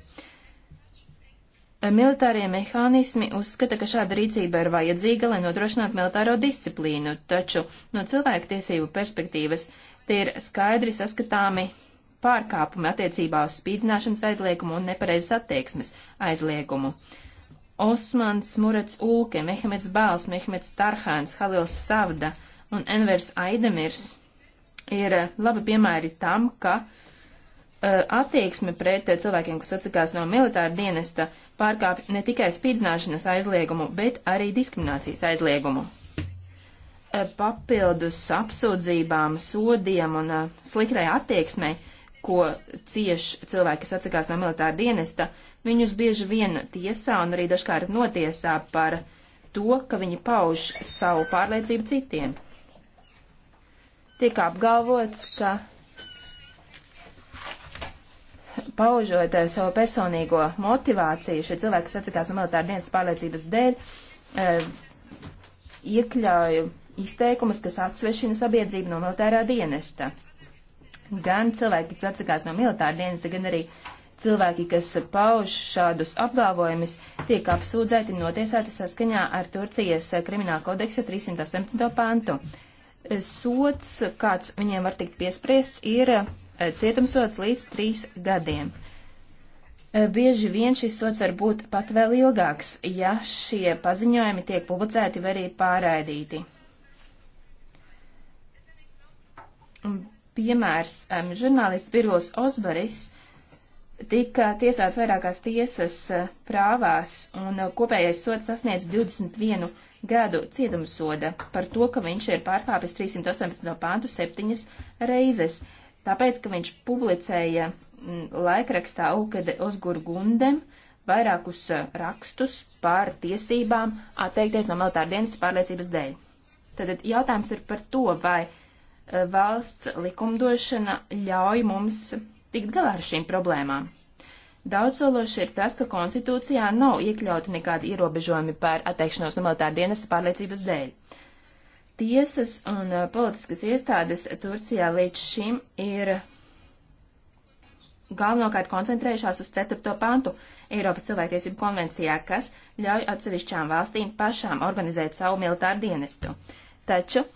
C: Militārie mehānismi uzskata, ka šāda rīcība ir vajadzīga, lai nodrošinātu militāro disciplīnu, taču no cilvēktiesību perspektīvas tie ir skaidri saskatāmi pārkāpumi attiecībā uz spīdzināšanas aizliegumu un nepareizas attieksmes aizliegumu. Osmans Murats Ulke, Mehmets Bāls, Mehmets Tarhāns, Halils Savda un Envers Aidemirs ir eh, labi piemēri tam, ka eh, attieksme pret eh, cilvēkiem, kas atsakās no militāra dienesta, pārkāpj ne tikai spīdzināšanas aizliegumu, bet arī diskriminācijas aizliegumu. Papildus apsūdzībām, sodiem un sliktai attieksmei ko cieš cilvēki, kas atsakās no militāra dienesta, viņus bieži vien tiesā un arī dažkārt notiesā par to, ka viņi pauž savu pārliecību citiem. Tiek apgalvots, ka paužot eh, savu personīgo motivāciju, šie cilvēki, kas atsakās no militāra dienesta pārliecības dēļ, eh, iekļauju izteikumus, kas atsvešina sabiedrību no militārā dienesta gan cilvēki, kas atsakās no militāra dienesta, gan arī cilvēki, kas pauž šādus apgalvojumus, tiek apsūdzēti un notiesāti saskaņā ar Turcijas krimināla kodeksa 318. pantu. Sots, kāds viņiem var tikt piespriests, ir eh, cietumsots līdz trīs gadiem. Eh, bieži vien šis sots var būt pat vēl ilgāks, ja šie paziņojumi tiek publicēti vai arī pārraidīti piemērs. Um, žurnālists Birgos Osbaris tika tiesāts vairākās tiesas uh, prāvās, un uh, kopējais sods sasniedz 21 gadu cietumsoda par to, ka viņš ir pārkāpis 318. pāntu septiņas reizes, tāpēc, ka viņš publicēja m, mm, laikrakstā Ulkede Osgurgundem vairākus uh, rakstus par tiesībām atteikties no militāra dienesta pārliecības dēļ. Tad jautājums ir par to, vai uh, valsts likumdošana ļauj mums tikt galā ar šīm problēmām. Daudzsološi ir tas, ka konstitūcijā nav iekļauti nekādi ierobežojumi par atteikšanos no militāra dienesta pārliecības dēļ. Tiesas un uh, politiskas iestādes Turcijā līdz šim ir galvenokārt koncentrējušās uz 4. pantu Eiropas cilvēktiesību konvencijā, kas ļauj atsevišķām valstīm pašām organizēt savu militāru dienestu. Taču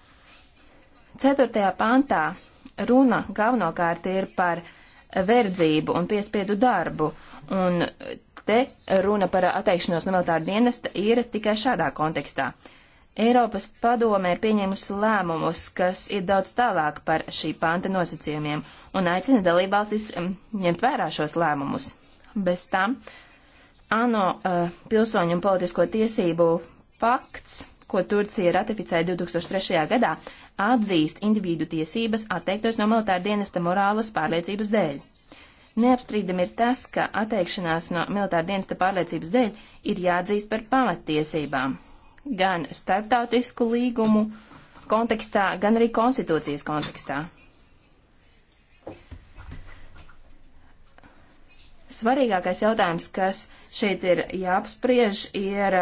C: Ceturtajā pantā runa galvenokārt ir par verdzību un piespiedu darbu, un te runa par atteikšanos no militāra dienesta ir tikai šādā kontekstā. Eiropas padome ir pieņēmusi lēmumus, kas ir daudz tālāk par šī panta nosacījumiem un aicina dalībvalstis mm, ņemt vērā šos lēmumus. Bez tam ANO uh, pilsoņu un politisko tiesību pakts, ko Turcija ratificēja 2003. gadā, atzīst individu tiesības atteikties no militāra dienesta morālas pārliecības dēļ. Neapstrīdam ir tas, ka atteikšanās no militāra dienesta pārliecības dēļ ir jāatzīst par pamattiesībām gan starptautisku līgumu kontekstā, gan arī konstitūcijas kontekstā. Svarīgākais jautājums, kas šeit ir jāapspriež, ir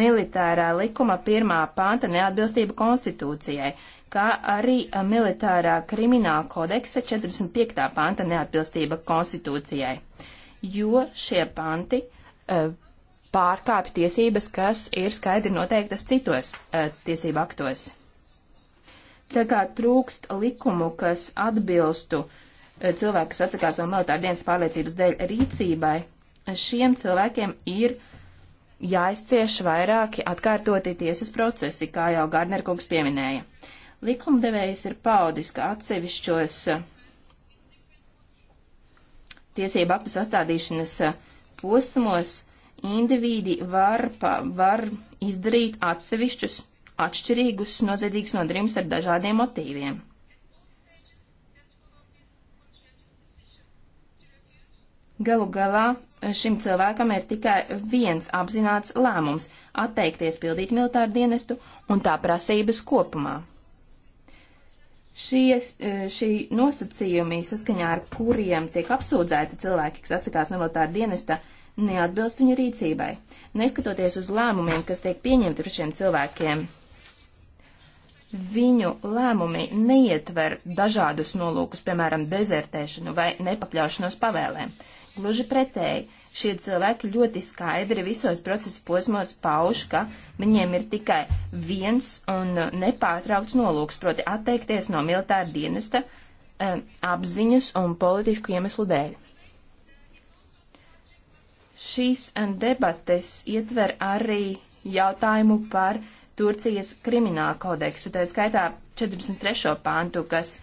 C: militārā likuma pirmā panta neatbilstība konstitūcijai, kā arī militārā krimināla kodeksa 45. panta neatbilstība konstitūcijai, jo šie panti uh, pārkāpj tiesības, kas ir skaidri noteiktas citos uh, tiesību aktos. Tā kā trūkst likumu, kas atbilstu uh, cilvēku, kas atsakās no militāra dienas pārliecības dēļ rīcībai, šiem cilvēkiem ir uh, jāizcieš vairāki atkārtoti tiesas procesi, kā jau Gārnerkungs pieminēja. Likumdevējs ir paudis, ka atsevišķos eh, tiesību aktu sastādīšanas eh, posmos indivīdi var, pa, var izdarīt atsevišķus atšķirīgus noziedzīgus nodarījumus ar dažādiem motīviem. Galu galā šim cilvēkam ir tikai viens apzināts lēmums - atteikties pildīt militāru dienestu un tā prasības kopumā. Šies, e, šī nosacījumi, saskaņā ar kuriem tiek apsūdzēti cilvēki, kas atsakās no militāra dienesta, neatbilst viņu rīcībai. Neskatoties uz lēmumiem, kas tiek pieņemti par šiem cilvēkiem, viņu lēmumi neietver dažādus nolūkus, piemēram, dezertēšanu vai nepakļaušanos pavēlēm. Gluži pretēji, šie cilvēki ļoti skaidri visos procesa posmos pauž, ka viņiem ir tikai viens un nepārtraukts nolūks, proti atteikties no militāra dienesta um, apziņas un politisku iemeslu dēļ. Šīs debates ietver arī jautājumu par Turcijas kriminālu kodeksu, tā skaitā 43. pāntu, kas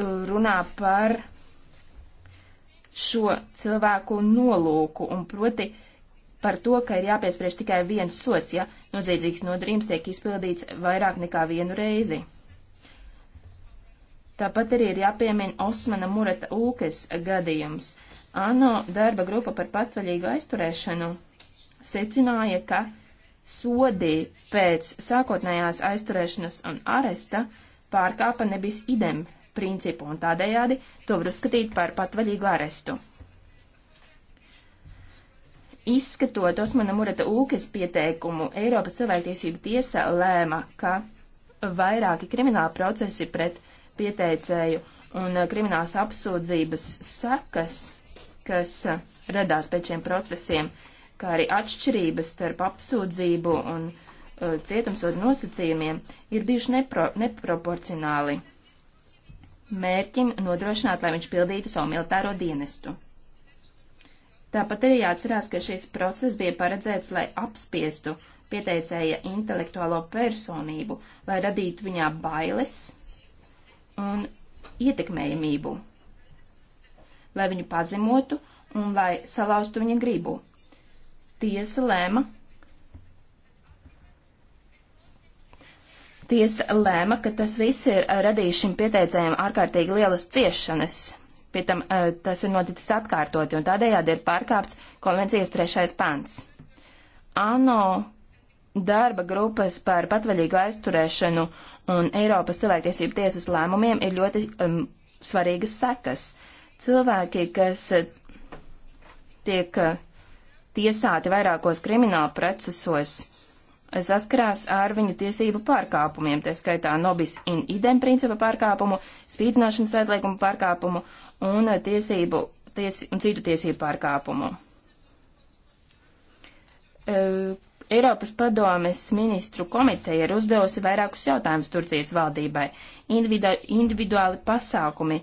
C: runā par šo cilvēku nolūku un proti par to, ka ir jāpiespriež tikai viens sots, ja noziedzīgs nodarījums tiek izpildīts vairāk nekā vienu reizi. Tāpat arī ir jāpiemina Osmana Murata Ulkes gadījums. ANO darba grupa par patvaļīgu aizturēšanu secināja, ka sodi pēc sākotnējās aizturēšanas un aresta pārkāpa nebis idem principu, un tādējādi to var uzskatīt par patvaļīgu arestu. Izskatot Osmana Murata Ulkes pieteikumu, Eiropas cilvēktiesība tiesa lēma, ka vairāki krimināla procesi pret pieteicēju un kriminālas apsūdzības sekas, kas radās pēc šiem procesiem, kā arī atšķirības starp apsūdzību un uh, cietumsodu nosacījumiem, ir bijuši nepro, neproporcionāli mērķim nodrošināt, lai viņš pildītu savu militāro dienestu. Tāpat arī jāatcerās, ka šis process bija paredzēts, lai apspiestu pieteicēja intelektuālo personību, lai radītu viņā bailes un ietekmējamību, lai viņu pazemotu un lai salauztu viņa gribu. Tiesa lēma, Tiesa lēma, ka tas viss ir eh, radījis šim pieteicējiem ārkārtīgi lielas ciešanas. Pie tam eh, tas ir noticis atkārtoti un tādējādi ir pārkāpts konvencijas trešais pants. ANO darba grupas par patvaļīgu aizturēšanu un Eiropas cilvēktiesību tiesas lēmumiem ir ļoti um, svarīgas sekas. Cilvēki, kas eh, tiek tiesāti vairākos krimināla procesos, saskarās ar viņu tiesību pārkāpumiem, tā skaitā nobis in idem principa pārkāpumu, spīdzināšanas aizliegumu pārkāpumu un, tiesību, tiesi, un citu tiesību pārkāpumu. Uh, Eiropas padomes ministru komiteja ir uzdevusi vairākus jautājumus Turcijas valdībai. Individu, individuāli pasākumi,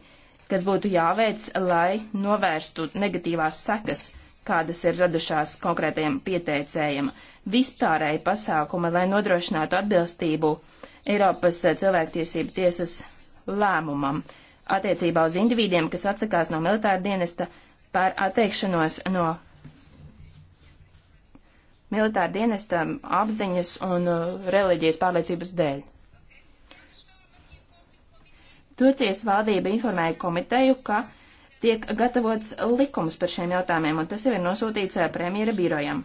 C: kas būtu jāveic, lai novērstu negatīvās sekas kādas ir radušās konkrētajam pieteicējam. Vispārēji pasākumi, lai nodrošinātu atbilstību Eiropas cilvēktiesību tiesas lēmumam attiecībā uz individiem, kas atsakās no militāra dienesta par atteikšanos no militāra dienesta apziņas un uh, reliģijas pārliecības dēļ. Turcijas valdība informēja komiteju, ka tiek gatavots likums par šiem jautājumiem, un tas jau ir nosūtīts eh, premjera birojam.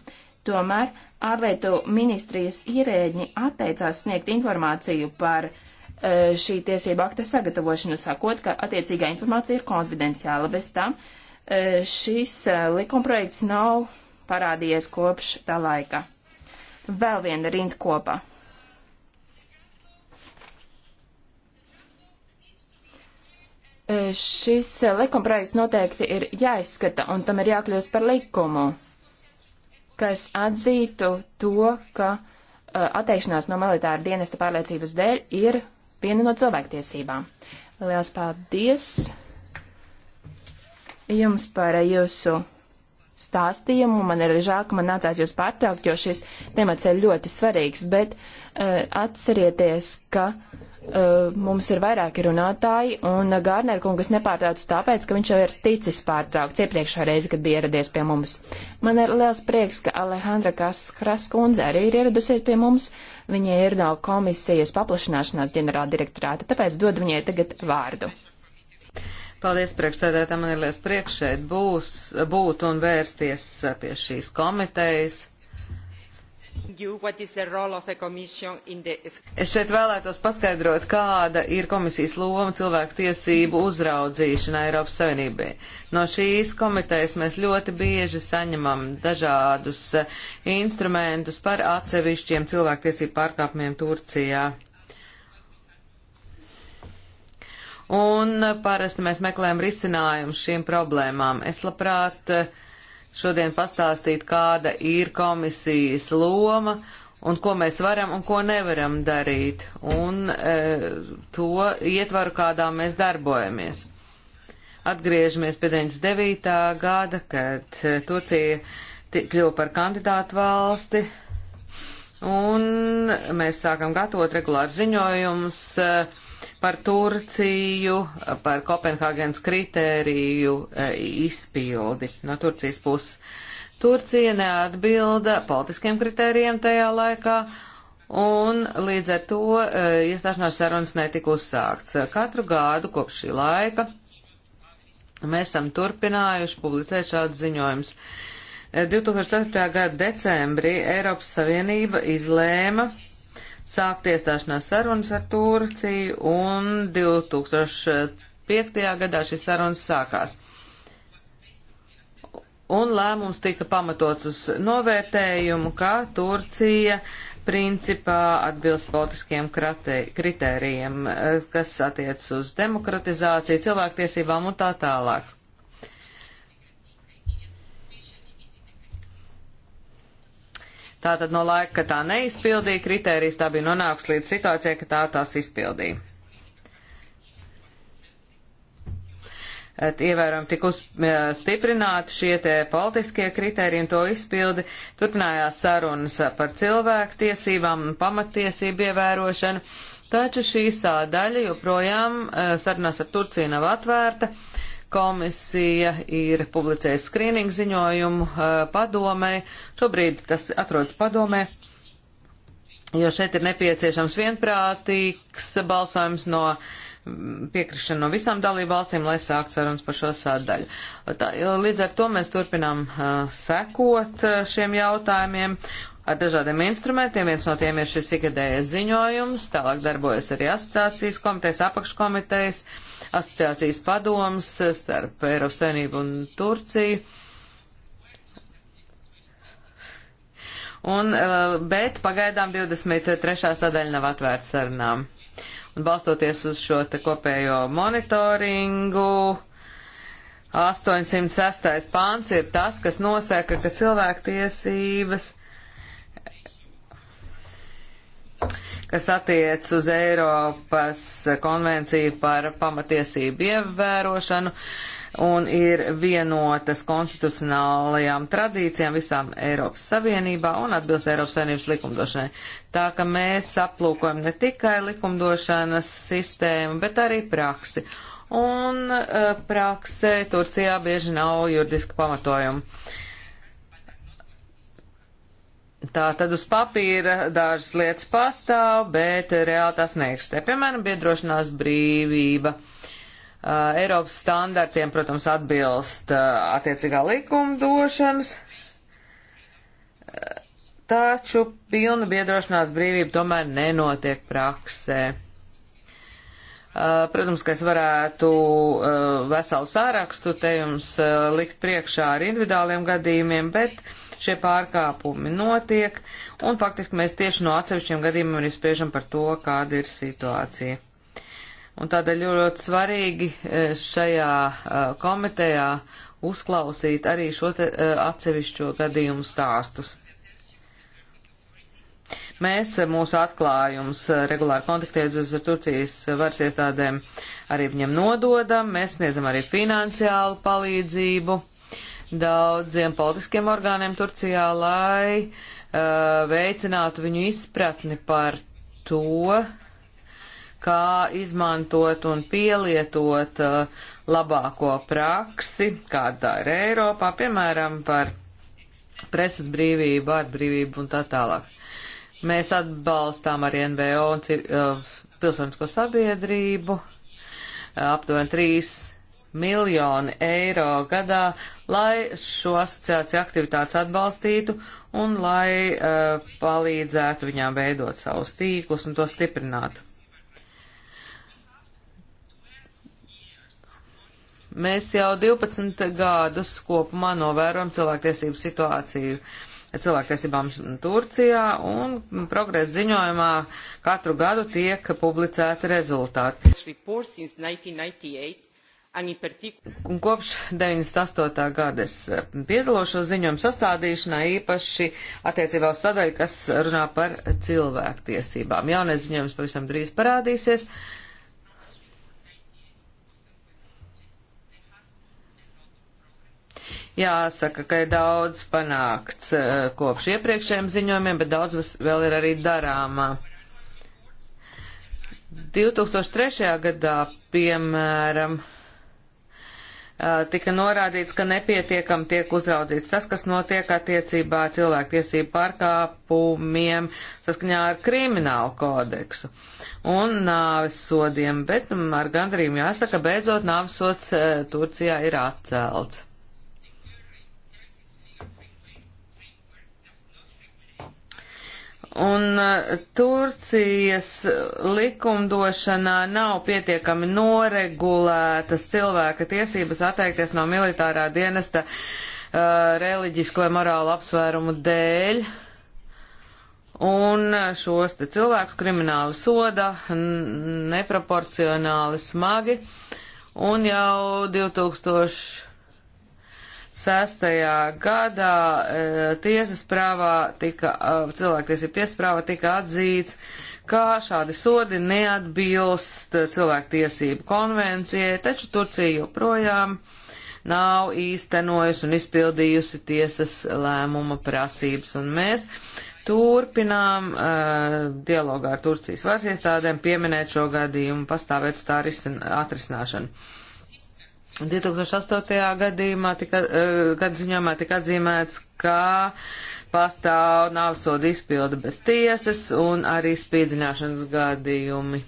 C: Tomēr ārlietu ministrijas ierēģi atteicās sniegt informāciju par eh, šī tiesība akta sagatavošanu, sakot, ka attiecīgā informācija ir konfidenciāla. Bez tam eh, šis likumprojekts nav parādījies kopš tā laika. Vēl viena rindkopa E, šis e, likumprojekts noteikti ir jāizskata, un tam ir jākļūst par likumu, kas atzītu to, ka e, atteikšanās no militāra dienesta pārliecības dēļ ir viena no cilvēktiesībām. Lielas paldies jums par jūsu stāstījumu. Man ir žēl, ka man nācās jūs pārtraukt, jo šis temats ir ļoti svarīgs, bet uh, atcerieties, ka uh, uh, mums ir vairāki runātāji, un Gārner kungas nepārtrauc tāpēc, ka viņš jau ir ticis pārtraukts iepriekšā reize, kad bija ieradies pie mums. Man ir liels prieks, ka Alejandra Kaskras kundze arī ir ieradusies pie mums. Viņa ir no komisijas paplašināšanās ģenerāla direktorāta, tāpēc dod
A: viņai tagad vārdu. Paldies, priekšsēdētā, man ir liels prieks šeit būs, būt un vērsties pie šīs komitejas Es šeit vēlētos paskaidrot, kāda ir komisijas loma cilvēku tiesību uzraudzīšanā Eiropas Savienībai. No šīs komitejas mēs ļoti bieži saņemam dažādus eh, instrumentus par atsevišķiem cilvēktiesību pārkāpumiem Turcijā. Un eh, parasti mēs meklējam risinājumu šīm problēmām. Es labprāt uh, šodien pastāstīt, kāda ir komisijas loma un ko mēs varam un ko nevaram darīt un e, to ietvaru, kādā mēs darbojamies. Atgriežamies pie 99. gada, kad e, Turcija kļuva par kandidātu valsti un mēs sākam gatavot regulāru ziņojumus. E, par Turciju, par Kopenhāgenes kritēriju e, izpildi no Turcijas puses. Turcija neatbilda politiskiem kritērijiem tajā laikā, un līdz ar to e, iestāšanās sarunas netika uzsākts. Katru gadu kopš šī laika mēs esam turpinājuši publicēt šādus ziņojumus. E, 2004. gada decembrī Eiropas Savienība izlēma sākt iestāšanās sarunas ar Turciju, un 2005. gadā šis sarunas sākās. Un lēmums tika pamatots uz novērtējumu, ka Turcija principā atbilst politiskiem kritērijiem, eh, kas attiec uz demokratizāciju, cilvēktiesībām un tā tālāk. Tātad no laika, ka tā neizpildīja kritērijas, tā bija nonāks līdz situācijai, ka tā tās izpildīja. ievērojami tika uz, e, stiprināti šie te politiskie kriteriji un to izpildi. Turpinājās sarunas par cilvēku tiesībām un pamatiesību ievērošanu, taču šī sādaļa joprojām e, sarunās ar Turciju nav atvērta. Uh, komisija ir publicējusi skrīningu ziņojumu uh, padomē. Šobrīd tas atrodas padomē, jo šeit ir nepieciešams vienprātīgs balsojums no mm, piekrišana no visām dalībvalstīm, lai sākt sarunas par šo sādaļu. Tā, līdz ar to mēs turpinām uh, sekot uh, šiem jautājumiem ar dažādiem instrumentiem. Viens no tiem ir šis ikgadējais ziņojums, tālāk darbojas arī asociācijas komitejas, apakškomitejas, asociācijas padoms starp Eiropas Savienību un Turciju. Un, eh, bet pagaidām 23. sadaļa nav atvērta sarunām. Un balstoties uz šo te kopējo monitoringu, 806. pāns ir tas, kas nosaka, ka cilvēktiesības uh, kas attiec uz Eiropas konvenciju par pamatiesību ievērošanu un ir vienotas konstitucionālajām tradīcijām visām Eiropas Savienībā un atbilst Eiropas Savienības likumdošanai. Tā ka mēs aplūkojam ne tikai likumdošanas sistēmu, bet arī praksi. Un uh, praksē Turcijā bieži nav juridiski pamatojumi. Uh, Tā tad uz papīra dažas lietas pastāv, bet eh, reāli tas neeksistē. Piemēram, biedrošanās brīvība. Uh, Eiropas standartiem, protams, atbilst uh, attiecīgā likumdošanas, uh, taču pilna biedrošanās brīvība tomēr nenotiek praksē. Protams, ka es varētu veselu sārakstu te jums likt priekšā ar individuāliem gadījumiem, bet uh, šie pārkāpumi notiek, un faktiski mēs tieši no atsevišķiem gadījumiem arī spriežam par to, kāda ir situācija. Un tādēļ ļoti svarīgi e, šajā e, komitejā uzklausīt arī šo te, e, atsevišķo gadījumu stāstus. Mēs mūsu atklājums regulāri kontaktējamies ar Turcijas varas iestādēm, arī viņam nododam, mēs sniedzam arī finansiālu palīdzību daudziem politiskiem orgāniem Turcijā, lai uh, veicinātu viņu izpratni par to, kā izmantot un pielietot uh, labāko praksi, kāda tā ir Eiropā, piemēram, par presas brīvību, vārdbrīvību un tā tālāk. Mēs atbalstām arī NVO un uh, pilsonisko sabiedrību, uh, aptuveni trīs miljoni eiro gadā, lai šo asociāciju aktivitātes atbalstītu un lai uh, palīdzētu viņām veidot savus tīklus un to stiprinātu. Mēs jau 12 gadus kopumā novērojam cilvēktiesību situāciju cilvēktiesībām Turcijā, un progresa ziņojumā katru gadu tiek publicēti rezultāti. Un kopš 98. gada es eh, piedalos šo ziņojumu sastādīšanā īpaši attiecībā uz sadaļu, kas runā par cilvēktiesībām. Jaunais ziņojums pavisam drīz parādīsies. Jāsaka, ka ir daudz panākts eh, kopš iepriekšējiem ziņojumiem, bet daudz vēl ir arī darāmā. 2003. gadā, piemēram, Eh, tika norādīts, ka nepietiekam tiek uzraudzīts tas, kas notiek attiecībā cilvēktiesību pārkāpumiem saskaņā ar kriminālu kodeksu un nāves sodiem, bet mm, ar gandarījumu jāsaka, beidzot nāves sods eh, Turcijā ir atcelts. Un eh, Turcijas likumdošanā nav pietiekami noregulētas cilvēka tiesības atteikties no militārā dienesta uh, reliģisko vai morālu apsvērumu dēļ. Un eh, šos te cilvēkus krimināli soda neproporcionāli smagi. Un jau 2000. Sestajā gadā e, tiesas prāvā tika, e, cilvēktiesība tiesas prāvā tika atzīts, ka šādi sodi neatbilst cilvēktiesību konvencijai, taču Turcija joprojām nav īstenojusi un izpildījusi tiesas lēmuma prasības, un mēs turpinām uh, dialogā ar Turcijas varas iestādēm pieminēt šo gadījumu, pastāvēt uz tā atrisināšanu. 2008. gadījumā tika, eh, gadu ziņojumā tika atzīmēts, ka pastāv nāvsodu izpildu bez tiesas un arī spīdzināšanas gadījumi.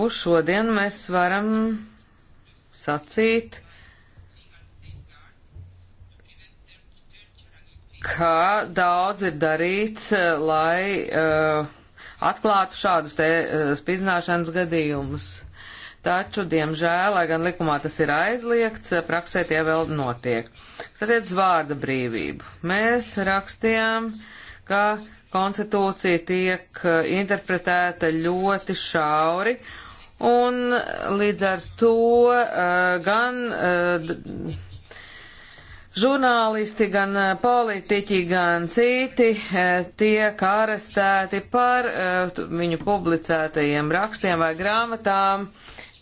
A: Uz šodien mēs varam sacīt, ka daudz ir darīts, eh, lai uh, atklātu šādus te uh, spīdzināšanas gadījumus taču, diemžēl, lai gan likumā tas ir aizliegts, praksē tie vēl notiek. Satiec uz vārda brīvību. Mēs rakstījām, ka konstitūcija tiek eh, interpretēta ļoti šauri, un līdz ar to eh, gan eh, žurnālisti, gan politiķi, gan citi tiek arestēti par viņu publicētajiem rakstiem vai grāmatām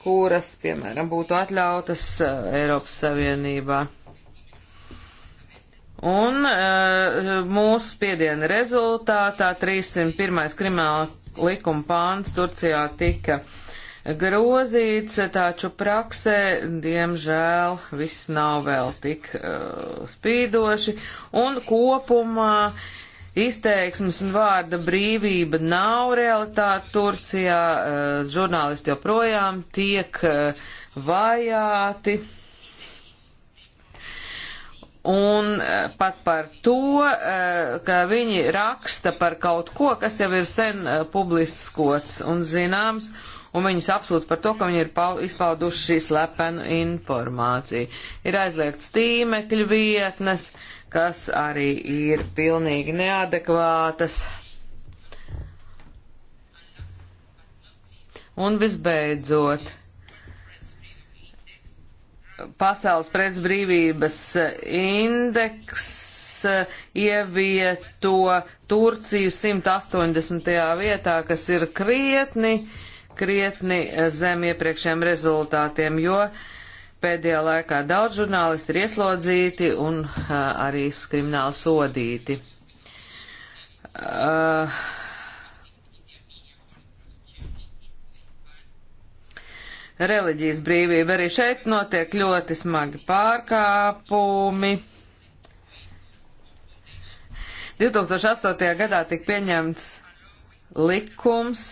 A: kuras, piemēram, būtu atļautas uh, Eiropas Savienībā. Un uh, mūsu spiediena rezultātā 301. krimināla likuma pāns Turcijā tika grozīts, taču praksē, diemžēl, viss nav vēl tik uh, spīdoši, un kopumā uh, Izteiksmes un vārda brīvība nav realitāte Turcijā, eh, žurnālisti joprojām tiek eh, vajāti. Un eh, pat par to, ka viņi raksta par kaut ko, kas jau ir sen publiskots un zināms, un viņus apsūdz par to, ka viņi ir izpauduši šī slepenu informāciju. Ir aizliegts tīmekļu vietnes, uh, kas arī ir pilnīgi neadekvātas. Un visbeidzot, pasaules presas brīvības indeks eh, ievieto Turciju 180. vietā, kas ir krietni, krietni eh, zem iepriekšējiem rezultātiem, jo uh, Pēdējā laikā daudz žurnālisti ir ieslodzīti un uh, arī krimināli sodīti. Uh, reliģijas brīvība. Arī šeit notiek ļoti smagi pārkāpumi. 2008. gadā tika pieņemts likums,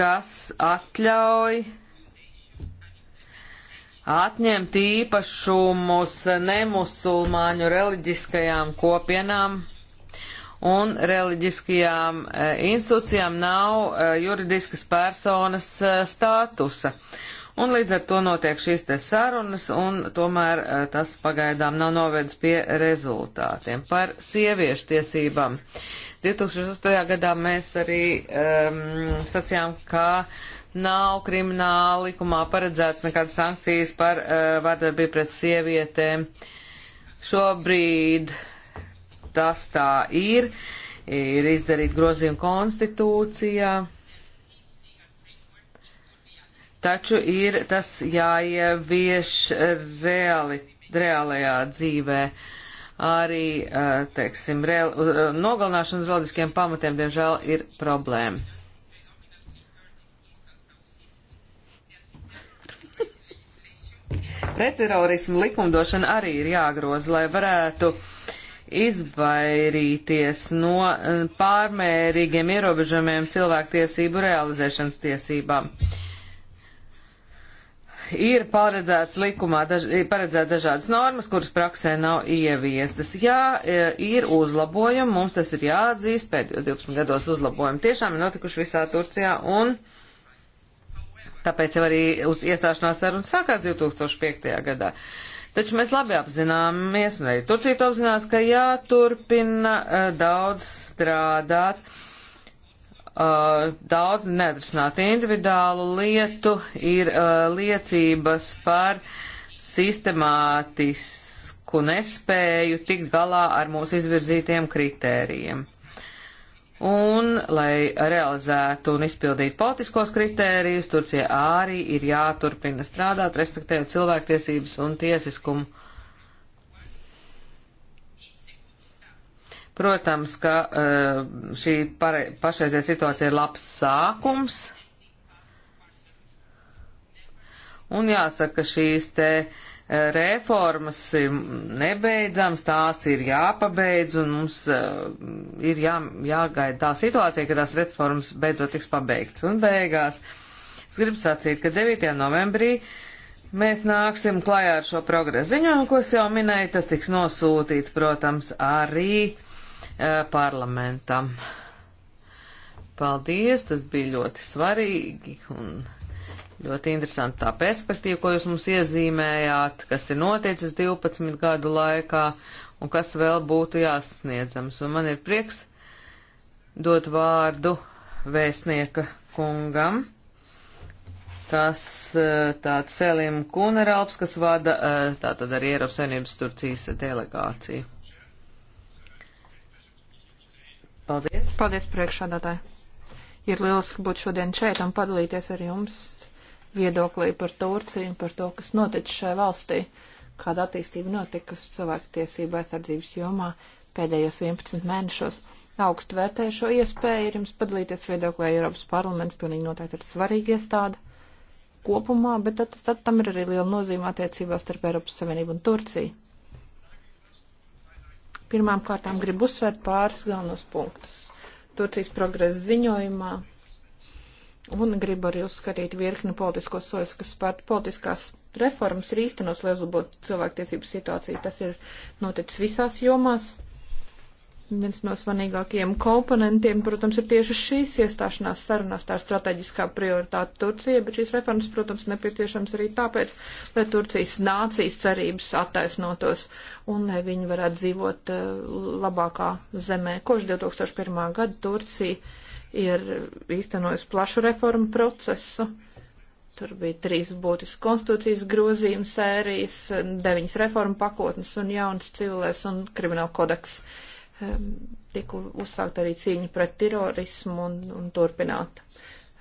A: kas atļauj uh, atņemt īpašumus nemusulmāņu reliģiskajām kopienām un reliģiskajām e, institūcijām nav e, juridiskas personas e, statusa. Un līdz ar to notiek šīs te sarunas, un tomēr tas pagaidām nav novedis pie rezultātiem. Par sieviešu tiesībām. 2008. gadā mēs arī um, sacījām, ka uh, nav krimināla likumā paredzēts nekādas sankcijas par uh, vardarbību pret sievietēm. Šobrīd tas tā ir. Ir izdarīt grozījumu konstitūcijā. Taču ir tas jāievieš reali, reālajā dzīvē. Arī, uh, teiksim, reāli, uh, eh, nogalināšanas reliģiskiem pamatiem, diemžēl, ir problēma. Pretterorismu likumdošana arī ir jāgroza, lai varētu izvairīties no eh, pārmērīgiem ierobežojumiem cilvēktiesību realizēšanas tiesībām. Ir paredzēts likumā, daž, ir paredzēt dažādas normas, kuras praksē nav ieviestas. Jā, eh, ir uzlabojumi, mums tas ir jāatzīst, pēdējo 12 gados uzlabojumi tiešām ir notikuši visā Turcijā un uh, Tāpēc jau arī uz iestāšanās saruna sākās 2005. gadā. Taču mēs labi apzināmies, un arī Turcija to apzinās, ka jāturpina uh, daudz strādāt, uh, daudz neatrisināt individuālu lietu, ir uh, liecības par sistemātisku nespēju tikt galā ar mūsu izvirzītiem kritērijiem. Un, lai realizētu un izpildītu politiskos kritērijus, Turcija arī ir jāturpina strādāt, respektējot cilvēktiesības un tiesiskumu. Protams, ka eh, šī pašreizē situācija ir labs sākums. Un jāsaka, šīs te uh, reformas ir nebeidzams, tās ir jāpabeidz un mums eh, ir jā, jāgaida tā situācija, ka tās reformas beidzot tiks pabeigts. Un beigās es gribu sacīt, ka 9. novembrī mēs nāksim klajā ar šo progresu ziņojumu, ko es jau minēju, tas tiks nosūtīts, protams, arī eh, parlamentam. Paldies, tas bija ļoti svarīgi un Ļoti interesanti tā perspektīva, ko jūs mums iezīmējāt, kas ir noticis 12 gadu laikā un kas vēl būtu jāsasniedzams. Un man ir prieks dot vārdu vēstnieka kungam, kas eh, tāds Selim Kuneralps, kas vada eh, tātad arī Eiropas Savienības Turcijas delegāciju. Paldies. Paldies priekšādātāji.
B: Ir lieliski būt šodien šeit un padalīties ar jums viedoklī par Turciju un par to, kas noticis šai valstī, kāda attīstība notikusi cilvēku tiesību aizsardzības jomā pēdējos 11 mēnešos. Augstu vērtēju šo iespēju, ir jums padalīties viedoklī Eiropas parlaments, pilnīgi noteikti ir svarīga iestāde kopumā, bet tad, tad tam ir arī liela nozīme attiecībās starp Eiropas Savienību un Turciju. Pirmām kārtām gribu uzsvērt pāris galvenos punktus. Turcijas progresa ziņojumā Un gribu arī uzskatīt virkni politiskos sojas, kas spērt politiskās reformas ir īstenos, lai uzlabotu cilvēktiesību situāciju. Tas ir noticis visās jomās. Viens no svarīgākajiem komponentiem, protams, ir tieši šīs iestāšanās sarunās, tā ir strateģiskā prioritāte Turcija, bet šīs reformas, protams, nepieciešams arī tāpēc, lai Turcijas nācijas cerības attaisnotos un lai viņi varētu dzīvot eh, labākā zemē. Kopš 2001. gada Turcija ir īstenojis plašu reformu procesu. Tur bija trīs būtisks konstitūcijas grozījums sērijas, deviņas reformu pakotnes un jauns civilēs un krimināla kodeks. Ehm, tika uzsākt arī cīņa pret terorismu un, un turpināt.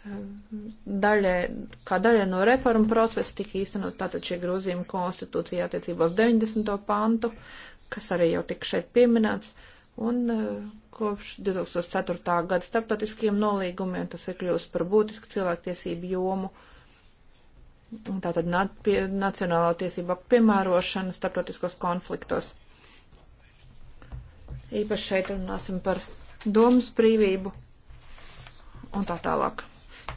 C: Ehm,
B: Daļē, kā daļa no reformu procesa tika īstenot tātad šie grozījumi konstitūcijā attiecībā uz 90. pantu, kas arī jau tika šeit pieminēts. Uh, Un eh, kopš 2004. gada starptautiskiem nolīgumiem tas ir kļūst par būtisku cilvēktiesību jomu. Tātad pie, nacionālo tiesību piemērošana starptautiskos konfliktos. Īpaši šeit runāsim par domas brīvību un tā tālāk.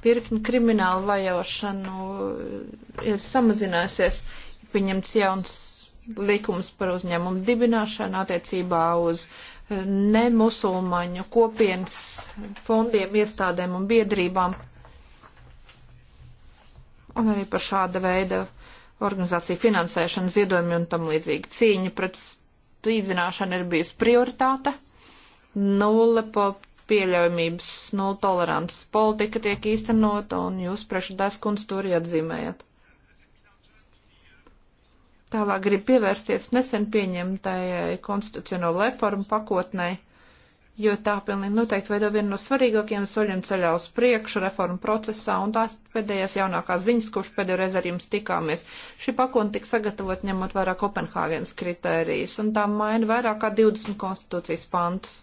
B: Pirkņu kriminālu vajāšanu eh, ir samazinājusies, ir pieņemts jauns likums par uzņēmumu dibināšanu attiecībā uz uh, nemusulmaņu kopienas fondiem, iestādēm un biedrībām, un arī par šāda veida organizāciju finansēšanu, ziedojumi un tam līdzīgi. Cīņa pret spīdzināšanu ir bijusi prioritāte, nulle po pieļaujamības, nulle tolerants politika tiek īstenota, un jūs priekšredās kundz to arī atzīmējat. Tālāk grib pievērsties nesen pieņemtajai konstitucionālo reformu pakotnei, jo tā pilnīgi noteikti veido vienu no svarīgākajiem soļiem ceļā uz priekšu reformu procesā, un tās pēdējās jaunākās ziņas, kurš pēdējo reizi ar jums tikāmies. Šī pakotne tika sagatavot ņemot vērā Kopenhāgenes kritērijas, un tā maina vairāk kā 20 konstitūcijas pantus.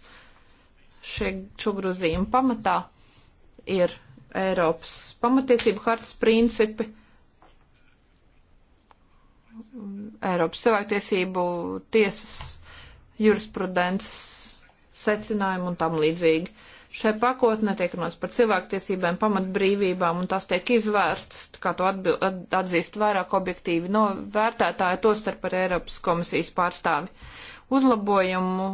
B: Šie, šo grozījumu pamatā ir Eiropas pamatiesību hartas principi Eiropas cilvēktiesību tiesas jurisprudences secinājumu un tam līdzīgi. Šai pakotnē tiek runāts par cilvēktiesībām, pamatbrīvībām, un tās tiek izvērstas, kā to atbil, at, atzīst vairāk objektīvi no vērtētāja, to starp ar Eiropas komisijas pārstāvi. Uzlabojumu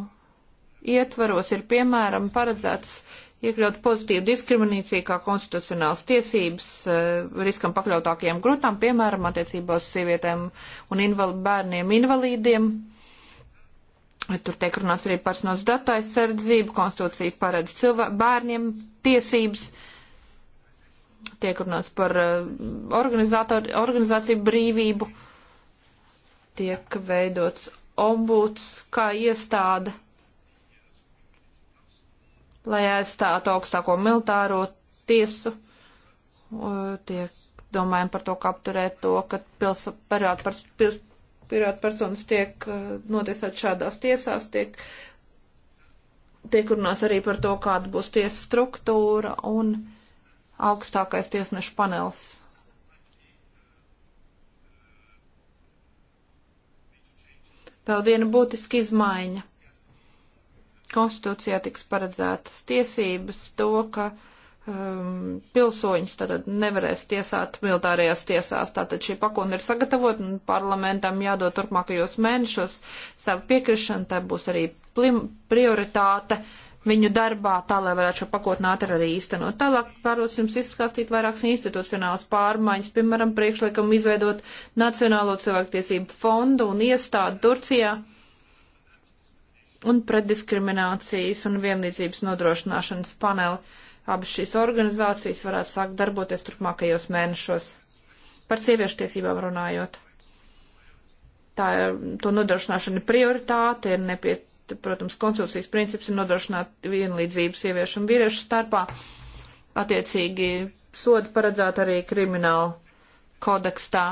B: ietvaros ir piemēram paredzēts iekļaut pozitīvu diskrimināciju kā konstitucionāls tiesības eh, riskam pakļautākajām grupām, piemēram, attiecībās sievietēm un inval bērniem invalīdiem. Tur tiek runāts arī personas datu aizsardzību, konstitūcija paredz bērniem tiesības, tiek runāts par eh, organizāciju brīvību, tiek veidots ombuds kā iestāde lai aizstātu augstāko militāro tiesu. Tiek domājam par to, kā apturēt to, ka pils, parādu, pers, pils, pirāta personas tiek uh, notiesāt šādās tiesās, tiek, tiek runās arī par to, kāda būs tiesa struktūra un augstākais tiesnešu panels. Vēl viena būtiska izmaiņa konstitūcijā tiks paredzētas tiesības to, ka um, pilsoņus tātad nevarēs tiesāt militārajās tiesās. Tātad šī pakona ir sagatavota un parlamentam jādod turpmākajos mēnešos savu piekrišanu. Tā būs arī plim, prioritāte viņu darbā, tā lai varētu šo pakotni ātri arī īstenot. Tālāk varos jums izskāstīt vairākas institucionālas pārmaiņas, piemēram, priekšlikumu izveidot Nacionālo cilvēktiesību fondu un iestādi Turcijā un pretdiskriminācijas un vienlīdzības nodrošināšanas paneli. Abas šīs organizācijas varētu sākt darboties turpmākajos mēnešos. Par sieviešu tiesībām runājot. Tā ir, to nodrošināšana ir prioritāte, ir nepiet, protams, konsultācijas princips ir nodrošināt vienlīdzību sieviešu un vīriešu starpā. Attiecīgi sodi paredzēt arī kriminālu kodekstā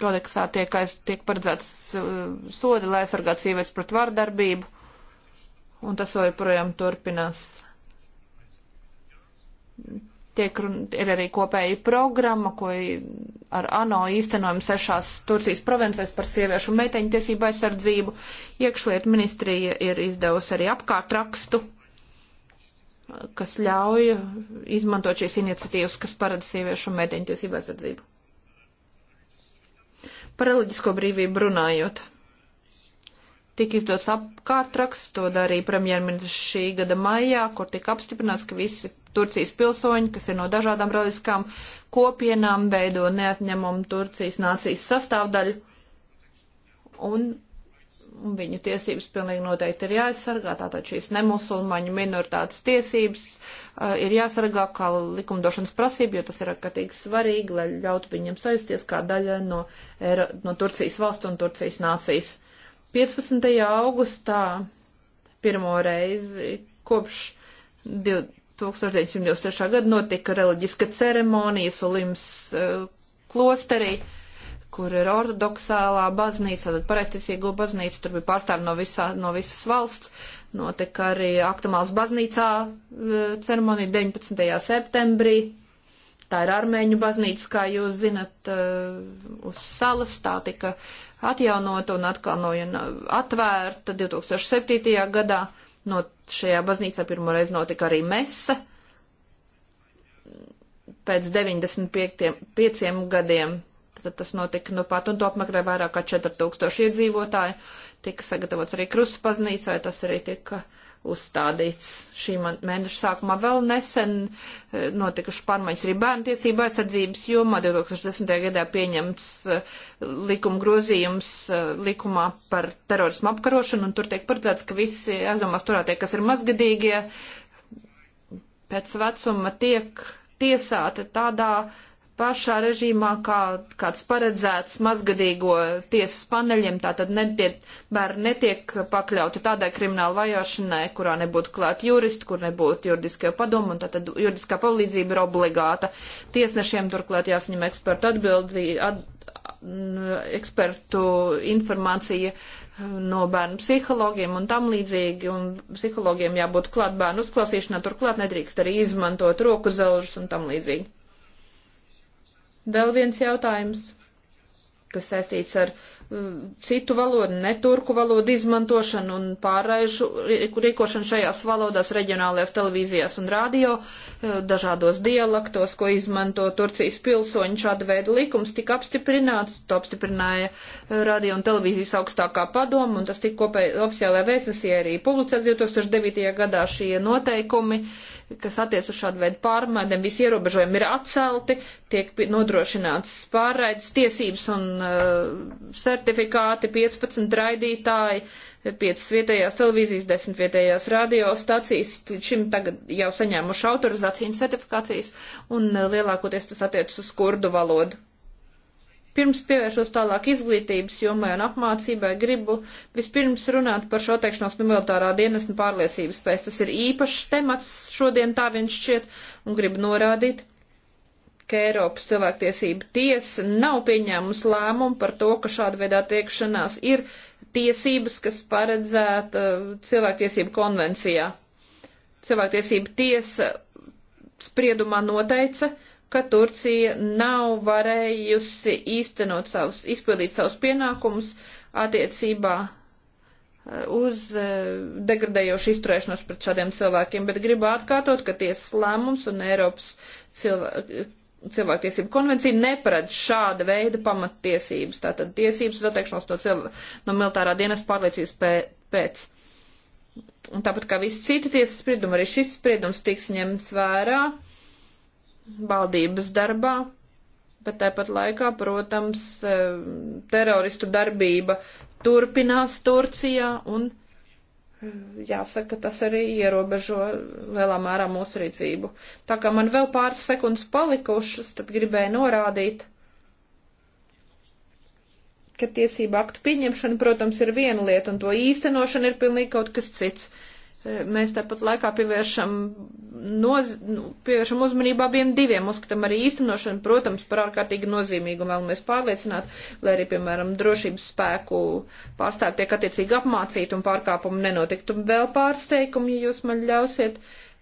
B: kodeksā tiek, aiz, tiek paredzēts uh, sodi, lai aizsargātu sievietes pret vardarbību, un tas vēl joprojām turpinās. Tiek, ir arī kopēja programma, ko ar ANO īstenojumu sešās Turcijas provincēs par sieviešu un meiteņu tiesību aizsardzību. Iekšliet ministrija ir izdevusi arī apkārtrakstu, kas ļauj izmantot šīs iniciatīvas, kas paredz sieviešu un meiteņu tiesību aizsardzību. Par reliģisko brīvību runājot. Tik izdots apkārtraksts, to darīja premjerministrs šī gada maijā, kur tika apstiprināts, ka visi Turcijas pilsoņi, kas ir no dažādām reliģiskām kopienām, veido neatņemumu Turcijas nācijas sastāvdaļu. Un Viņu tiesības pilnīgi noteikti ir jāaizsargā, tātad šīs nemusulmaņu minoritātes tiesības uh, ir jāsargā kā likumdošanas prasība, jo tas ir ārkārtīgi svarīgi, lai ļautu viņiem saisties kā daļa no, Eiro, no Turcijas valsts un Turcijas nācijas. 15. augustā pirmo reizi kopš 1923. gada notika reliģiska ceremonija Sulims uh, klosterī. Uh, kur ir ortodoksālā baznīca, tad pareizticīgo baznīca, tur bija pārstāvi no, visā, no visas valsts. Notika arī Aktamāls baznīcā e, ceremonija 19. septembrī. Tā ir armēņu baznīca, kā jūs zinat, e, uz salas. Tā tika atjaunota un atkal no jauna atvērta 2007. gadā. No šajā baznīcā pirmoreiz notika arī mese. Pēc 95 gadiem tad tas notika nu pat, un to apmeklē vairāk kā 4000 iedzīvotāji. Tika sagatavots arī krustpaznīs, vai tas arī tika uzstādīts šī mēneša sākumā. Vēl nesen e, notikuši pārmaiņas arī bērnu tiesību aizsardzības jomā. 2010. gadā pieņemts e, likuma grozījums e, likumā par terorismu apkarošanu, un tur tiek paredzēts, ka visi aizdomās turētie, kas ir mazgadīgie, pēc vecuma tiek tiesāti tādā pašā režīmā, kā kāds paredzēts mazgadīgo tiesas paneļiem, tātad netiek, bērni netiek pakļauti tādai krimināla vajāšanai, kurā nebūtu klāt juristi, kur nebūtu juridiskie padomu, un tātad juridiskā palīdzība ir obligāta. Tiesnešiem turklāt jāsaņem ekspertu atbildi, at, ekspertu informācija eh, no bērnu psihologiem un tam līdzīgi, un psihologiem jābūt klāt bērnu uzklausīšanā, turklāt nedrīkst arī izmantot roku zelžus un tam līdzīgi. Vēl viens jautājums, kas saistīts ar uh, citu valodu, ne turku valodu izmantošanu un pārraižu rīkošanu šajās valodās reģionālajās televīzijās un radio. Uh, dažādos dialektos, ko izmanto Turcijas pilsoņi. Šāda veida likums tika apstiprināts, to apstiprināja eh, radio un televīzijas augstākā padoma, un tas tika kopēji oficiālajā vēstnesī arī publicēts 2009. gadā šie noteikumi, kas attiec uz šādu veidu pārmaiņām, visi ierobežojumi ir atcelti, tiek nodrošināts pārraides tiesības un uh, certifikāti 15 raidītāji 5 vietējās televīzijas, 10 vietējās radiostacijas, līdz šim tagad jau saņēmuši autorizāciju un certifikācijas, un eh, lielākoties tas attiecas uz kurdu valodu. Pirms pievēršos tālāk izglītības jomai un apmācībai, gribu vispirms runāt par šo teikšanos no militārā dienas un pārliecības pēc. Tas ir īpašs temats šodien tā viņš šķiet, un gribu norādīt, ka Eiropas cilvēktiesība tiesa nav pieņēmusi lēmumu par to, ka šāda veidā tiekšanās ir tiesības, kas paredzēta cilvēktiesību konvencijā. Cilvēktiesība tiesa spriedumā noteica, ka Turcija nav varējusi īstenot savus, izpildīt savus pienākumus attiecībā uh, uz uh, degradējošu izturēšanos pret šādiem cilvēkiem, bet gribu atkārtot, ka tiesas lēmums un Eiropas cilvēku cilvēktiesību konvencija neparedz šāda veida pamattiesības, tātad tiesības uz atteikšanos no, cilv... no militārā dienas pārliecības pē... pēc. Un tāpat kā visi citi tiesas spriedumi, arī šis spriedums tiks ņemts vērā valdības darbā, bet tāpat laikā, protams, eh, teroristu darbība turpinās Turcijā un jāsaka, tas arī ierobežo lielā mērā mūsu rīcību. Tā kā man vēl pāris sekundes palikušas, tad gribēju norādīt, ka tiesība aktu pieņemšana, protams, ir viena lieta, un to īstenošana ir pilnīgi kaut kas cits mēs tāpat laikā pievēršam, noz, nu, pievēršam uzmanību abiem diviem, uzskatām arī īstenošanu, protams, par ārkārtīgi nozīmīgu, vēlamies pārliecināt, lai arī, piemēram, drošības spēku pārstāvi tiek attiecīgi apmācīti un pārkāpumi nenotiktu. Vēl pārsteigumi, ja jūs man ļausiet,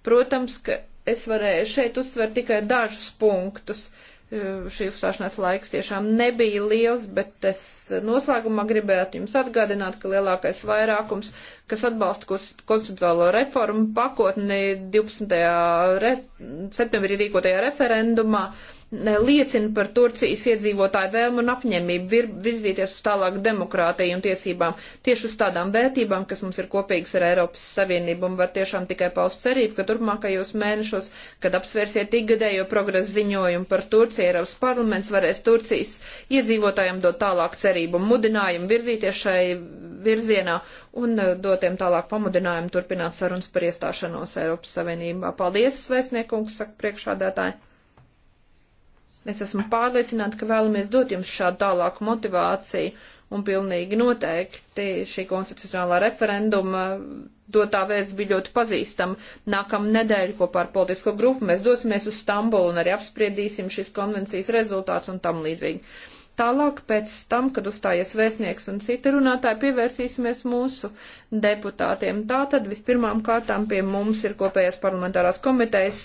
B: protams, ka es varēju šeit uzsvert tikai dažus punktus. Uh, šī uzstāšanās laiks tiešām nebija liels, bet es noslēgumā gribētu jums atgādināt, ka lielākais vairākums, kas atbalsta konstitucionālo reformu pakotni 12. septembrī rīkotajā referendumā, uh, liecina par Turcijas iedzīvotāju vēlmu un apņemību virzīties uz tālāku demokrātiju un tiesībām, tieši uz tādām vērtībām, kas mums ir kopīgas ar Eiropas Savienību, un var tiešām tikai paust cerību, ka turpmākajos mēnešos, kad apsvērsiet ikgadējo progresu ziņojumu par Turciju, Eiropas parlaments varēs Turcijas iedzīvotājiem dot tālāk cerību un mudinājumu virzīties šai virzienā un eh, dotiem tālāk pamudinājumu turpināt sarunas par iestāšanos Eiropas Savienībā. Paldies, sveicniekungs, saka priekšādētāji! Es esmu pārliecināta, ka vēlamies dot jums šādu tālāku motivāciju un pilnīgi noteikti šī konstitucionālā referenduma dotā vēsts bija ļoti pazīstama. Nākam nedēļu kopā ar politisko grupu mēs dosimies uz Stambulu un arī apspriedīsim šīs konvencijas rezultāts un tam līdzīgi. Tālāk, pēc tam, kad uzstājies vēstnieks un citi runātāji, pievērsīsimies mūsu deputātiem. Tātad vispirmām kārtām pie mums ir kopējās parlamentārās komitejas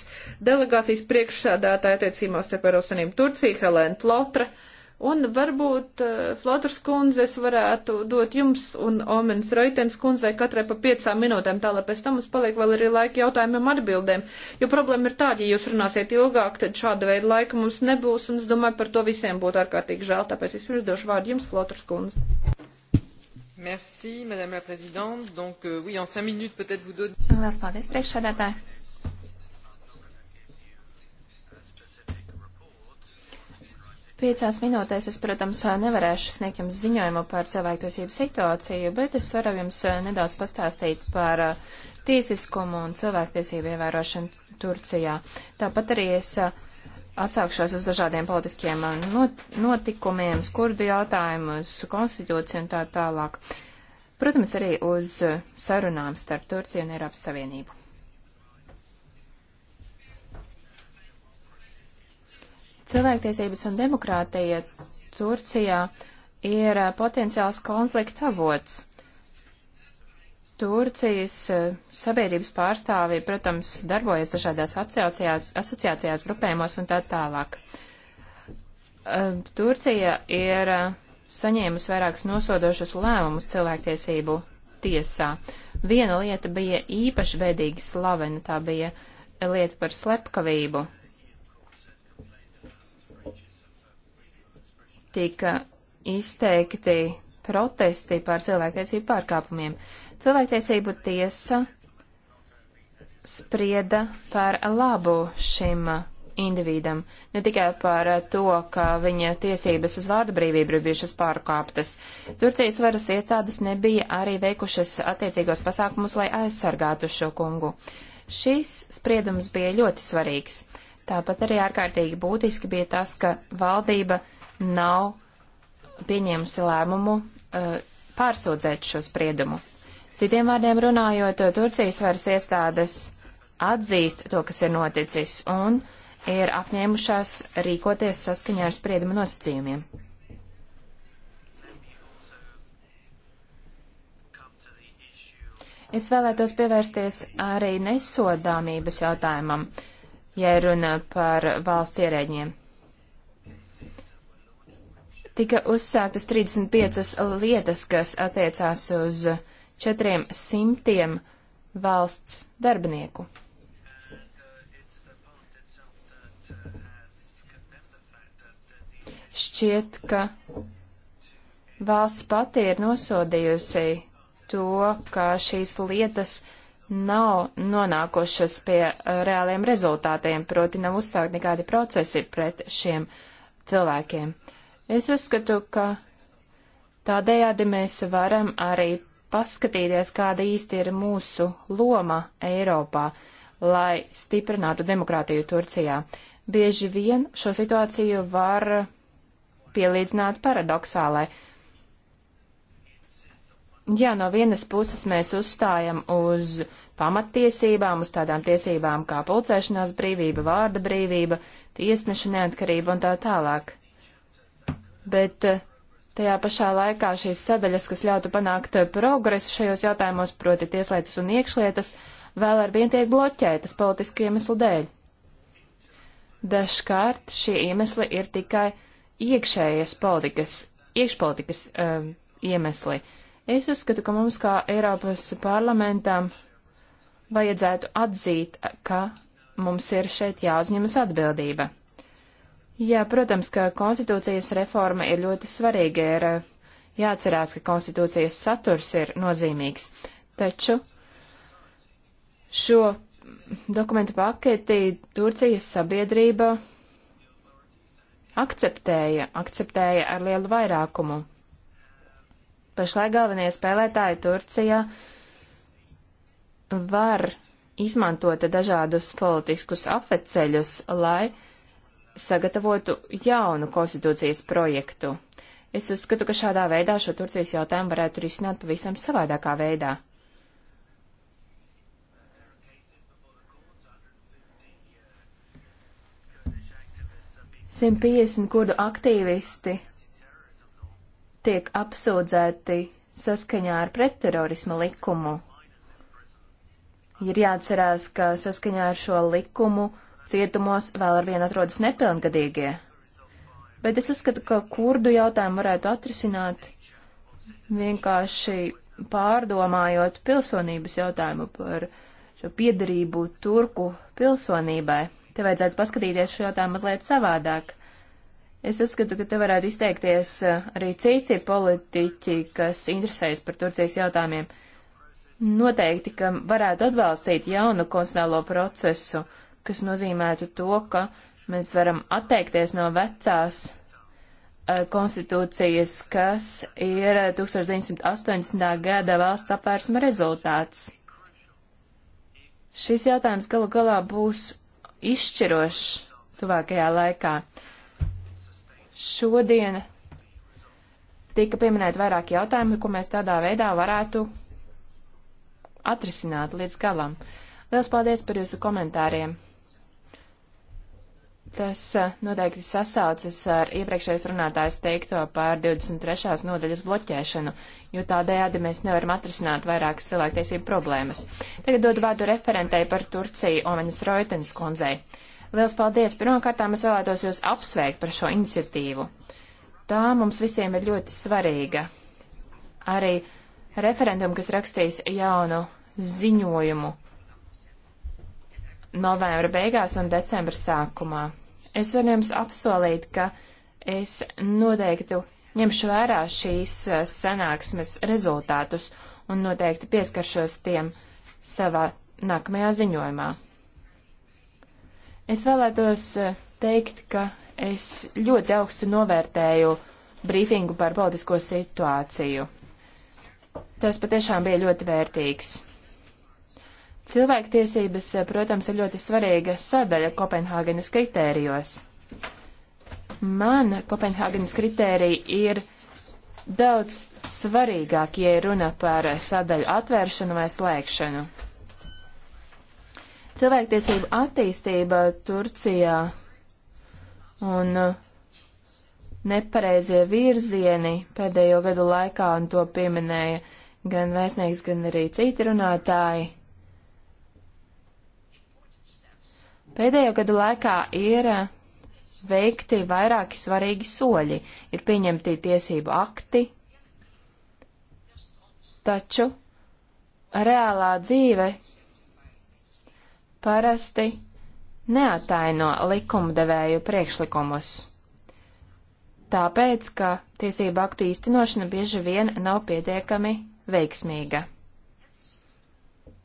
B: delegācijas priekšsēdētāja attiecībās starp Eiropas Savienību Turciju Helēna Lotre. Un varbūt uh, Flotras kundze es varētu dot jums un Omens Roitens kundzei katrai pa piecām minūtēm, tā lai pēc tam mums paliek vēl arī laika jautājumiem atbildēm. Jo problēma ir tāda, ja jūs runāsiet ilgāk, tad šāda veida laika mums nebūs, un es domāju, par to visiem būtu ārkārtīgi žēl. Tāpēc es pirms došu vārdu jums, Flotras kundze.
A: Merci, madame la présidente. Donc, euh, oui, en cinq minutes, peut-être vous donner.
C: Liels paldies, priekšsēdētāji. Piecās minūtēs es, protams, nevarēšu sniegt jums ziņojumu par cilvēktiesību situāciju, bet es varu jums eh, nedaudz pastāstīt par eh, tiesiskumu un cilvēktiesību ievērošanu Turcijā. Tāpat arī es eh, atsākšos uz dažādiem politiskiem notikumiem, skurdu jautājumus, konstitūciju un tā tālāk. Protams, arī uz sarunām starp Turciju un Eiropas Savienību. Cilvēktiesības un demokrātija Turcijā ir potenciāls konflikta avots. Turcijas sabiedrības pārstāvji, protams, darbojas dažādās asociācijās, asociācijās grupējumos un tā tālāk. Turcija ir saņēmusi vairākus nosodošus lēmumus cilvēktiesību tiesā. Viena lieta bija īpaši bēdīgi slavena, tā bija lieta par slepkavību tika izteikti protesti par cilvēktiesību pārkāpumiem. Cilvēktiesību tiesa sprieda par labu šim individam, ne tikai par to, ka viņa tiesības uz vārdu brīvību ir bijušas pārkāptas. Turcijas varas iestādes nebija arī veikušas attiecīgos pasākumus, lai aizsargātu šo kungu. Šis spriedums bija ļoti svarīgs. Tāpat arī ārkārtīgi būtiski bija tas, ka valdība uh, nav pieņēmusi lēmumu uh, pārsūdzēt šo spriedumu. Citiem vārdiem runājot, Turcijas varas iestādes atzīst to, kas ir noticis, un ir apņēmušās rīkoties saskaņā ar spriedumu nosacījumiem. Es vēlētos pievērsties arī nesodāmības jautājumam, ja runa par valsts ierēģiem. Tika uzsāktas 35 lietas, kas attiecās uz 400 valsts darbinieku. Šķiet, ka valsts pati ir nosodījusi to, ka šīs lietas nav nonākušas pie uh, reāliem rezultātiem, proti nav uzsākt nekādi procesi pret šiem cilvēkiem. Es uzskatu, ka tādējādi mēs varam arī paskatīties, kāda īsti ir mūsu loma Eiropā, lai stiprinātu demokrātiju Turcijā. Bieži vien šo situāciju var pielīdzināt paradoksālai. Jā, no vienas puses mēs uzstājam uz pamattiesībām, uz tādām tiesībām kā pulcēšanās brīvība, vārda brīvība, tiesneša neatkarība un tā tālāk bet eh, tajā pašā laikā šīs sadaļas, kas ļautu panākt eh, progresu šajos jautājumos, proti tieslietas un iekšlietas, vēl ar vien tiek bloķētas politisku iemeslu dēļ. Dažkārt šie iemesli ir tikai iekšējas politikas, iekšpolitikas um, iemesli. Es uzskatu, ka mums kā Eiropas parlamentam vajadzētu atzīt, ka mums ir šeit jāuzņemas atbildība. Jā, protams, ka konstitūcijas reforma ir ļoti svarīga. Ir eh, jāatcerās, ka konstitūcijas saturs ir nozīmīgs. Taču šo dokumentu paketi Turcijas sabiedrība akceptēja, akceptēja ar lielu vairākumu. Pašlaik galvenie spēlētāji Turcijā var izmantot dažādus politiskus apveceļus, lai sagatavotu jaunu konstitūcijas projektu. Es uzskatu, ka šādā veidā šo Turcijas jautājumu varētu risināt pavisam savādākā veidā. Simt piecdesmit kurdu aktīvisti tiek apsūdzēti saskaņā ar pretterorisma likumu. Ir jāatcerās, ka saskaņā ar šo likumu uh, Cietumos vēl ar vienu atrodas nepilngadīgie. Bet es uzskatu, ka kurdu jautājumu varētu atrisināt vienkārši pārdomājot pilsonības jautājumu par šo piedarību turku pilsonībai. Te vajadzētu paskatīties šo jautājumu mazliet savādāk. Es uzskatu, ka te varētu izteikties eh, arī citi politiķi, kas interesējas par Turcijas jautājumiem. Noteikti, ka varētu atbalstīt jaunu konstitucionālo procesu kas nozīmētu to, ka mēs varam atteikties no vecās eh, konstitūcijas, kas ir 1980. gada valsts apvērsuma rezultāts. Šis jautājums galu galā būs izšķirošs tuvākajā laikā. Šodien tika pieminēti vairāki jautājumi, ko mēs tādā veidā varētu atrisināt līdz galam. Liels paldies par jūsu komentāriem! Tas noteikti sasaucas ar iepriekšējais runātājs teikto par 23. nodaļas bloķēšanu, jo tādējādi mēs nevaram atrisināt vairākas cilvēktiesību problēmas. Tagad dodu vārdu referentei par Turciju Omeņas Roitenes kundzei. Liels paldies! Pirmkārtām es vēlētos jūs apsveikt par šo iniciatīvu. Tā mums visiem ir ļoti svarīga. Arī referendumu, kas rakstīs jaunu ziņojumu novembra beigās un decembra sākumā. Es varu jums apsolīt, ka es noteikti ņemšu vērā šīs eh, sanāksmes rezultātus un noteikti pieskaršos tiem savā nākamajā ziņojumā. Es vēlētos eh, teikt, ka es ļoti augstu novērtēju brīfingu par politisko situāciju. Tas patiešām bija ļoti vērtīgs. Cilvēktiesības, eh, protams, ir ļoti svarīga sadaļa Kopenhāgenes kritērijos. Man Kopenhāgenes kritēriji ir daudz svarīgāk, ja runa par sadaļu atvēršanu vai slēgšanu. Cilvēktiesība attīstība Turcijā un eh, nepareizie virzieni pēdējo gadu laikā, un to pieminēja gan vēstnieks, gan arī citi runātāji, Pēdējo gadu laikā ir eh, veikti vairāki svarīgi soļi, ir pieņemti tiesību akti, taču reālā dzīve parasti neataino likumdevēju priekšlikumus, tāpēc, ka tiesību aktu īstenošana bieži vien nav pietiekami veiksmīga.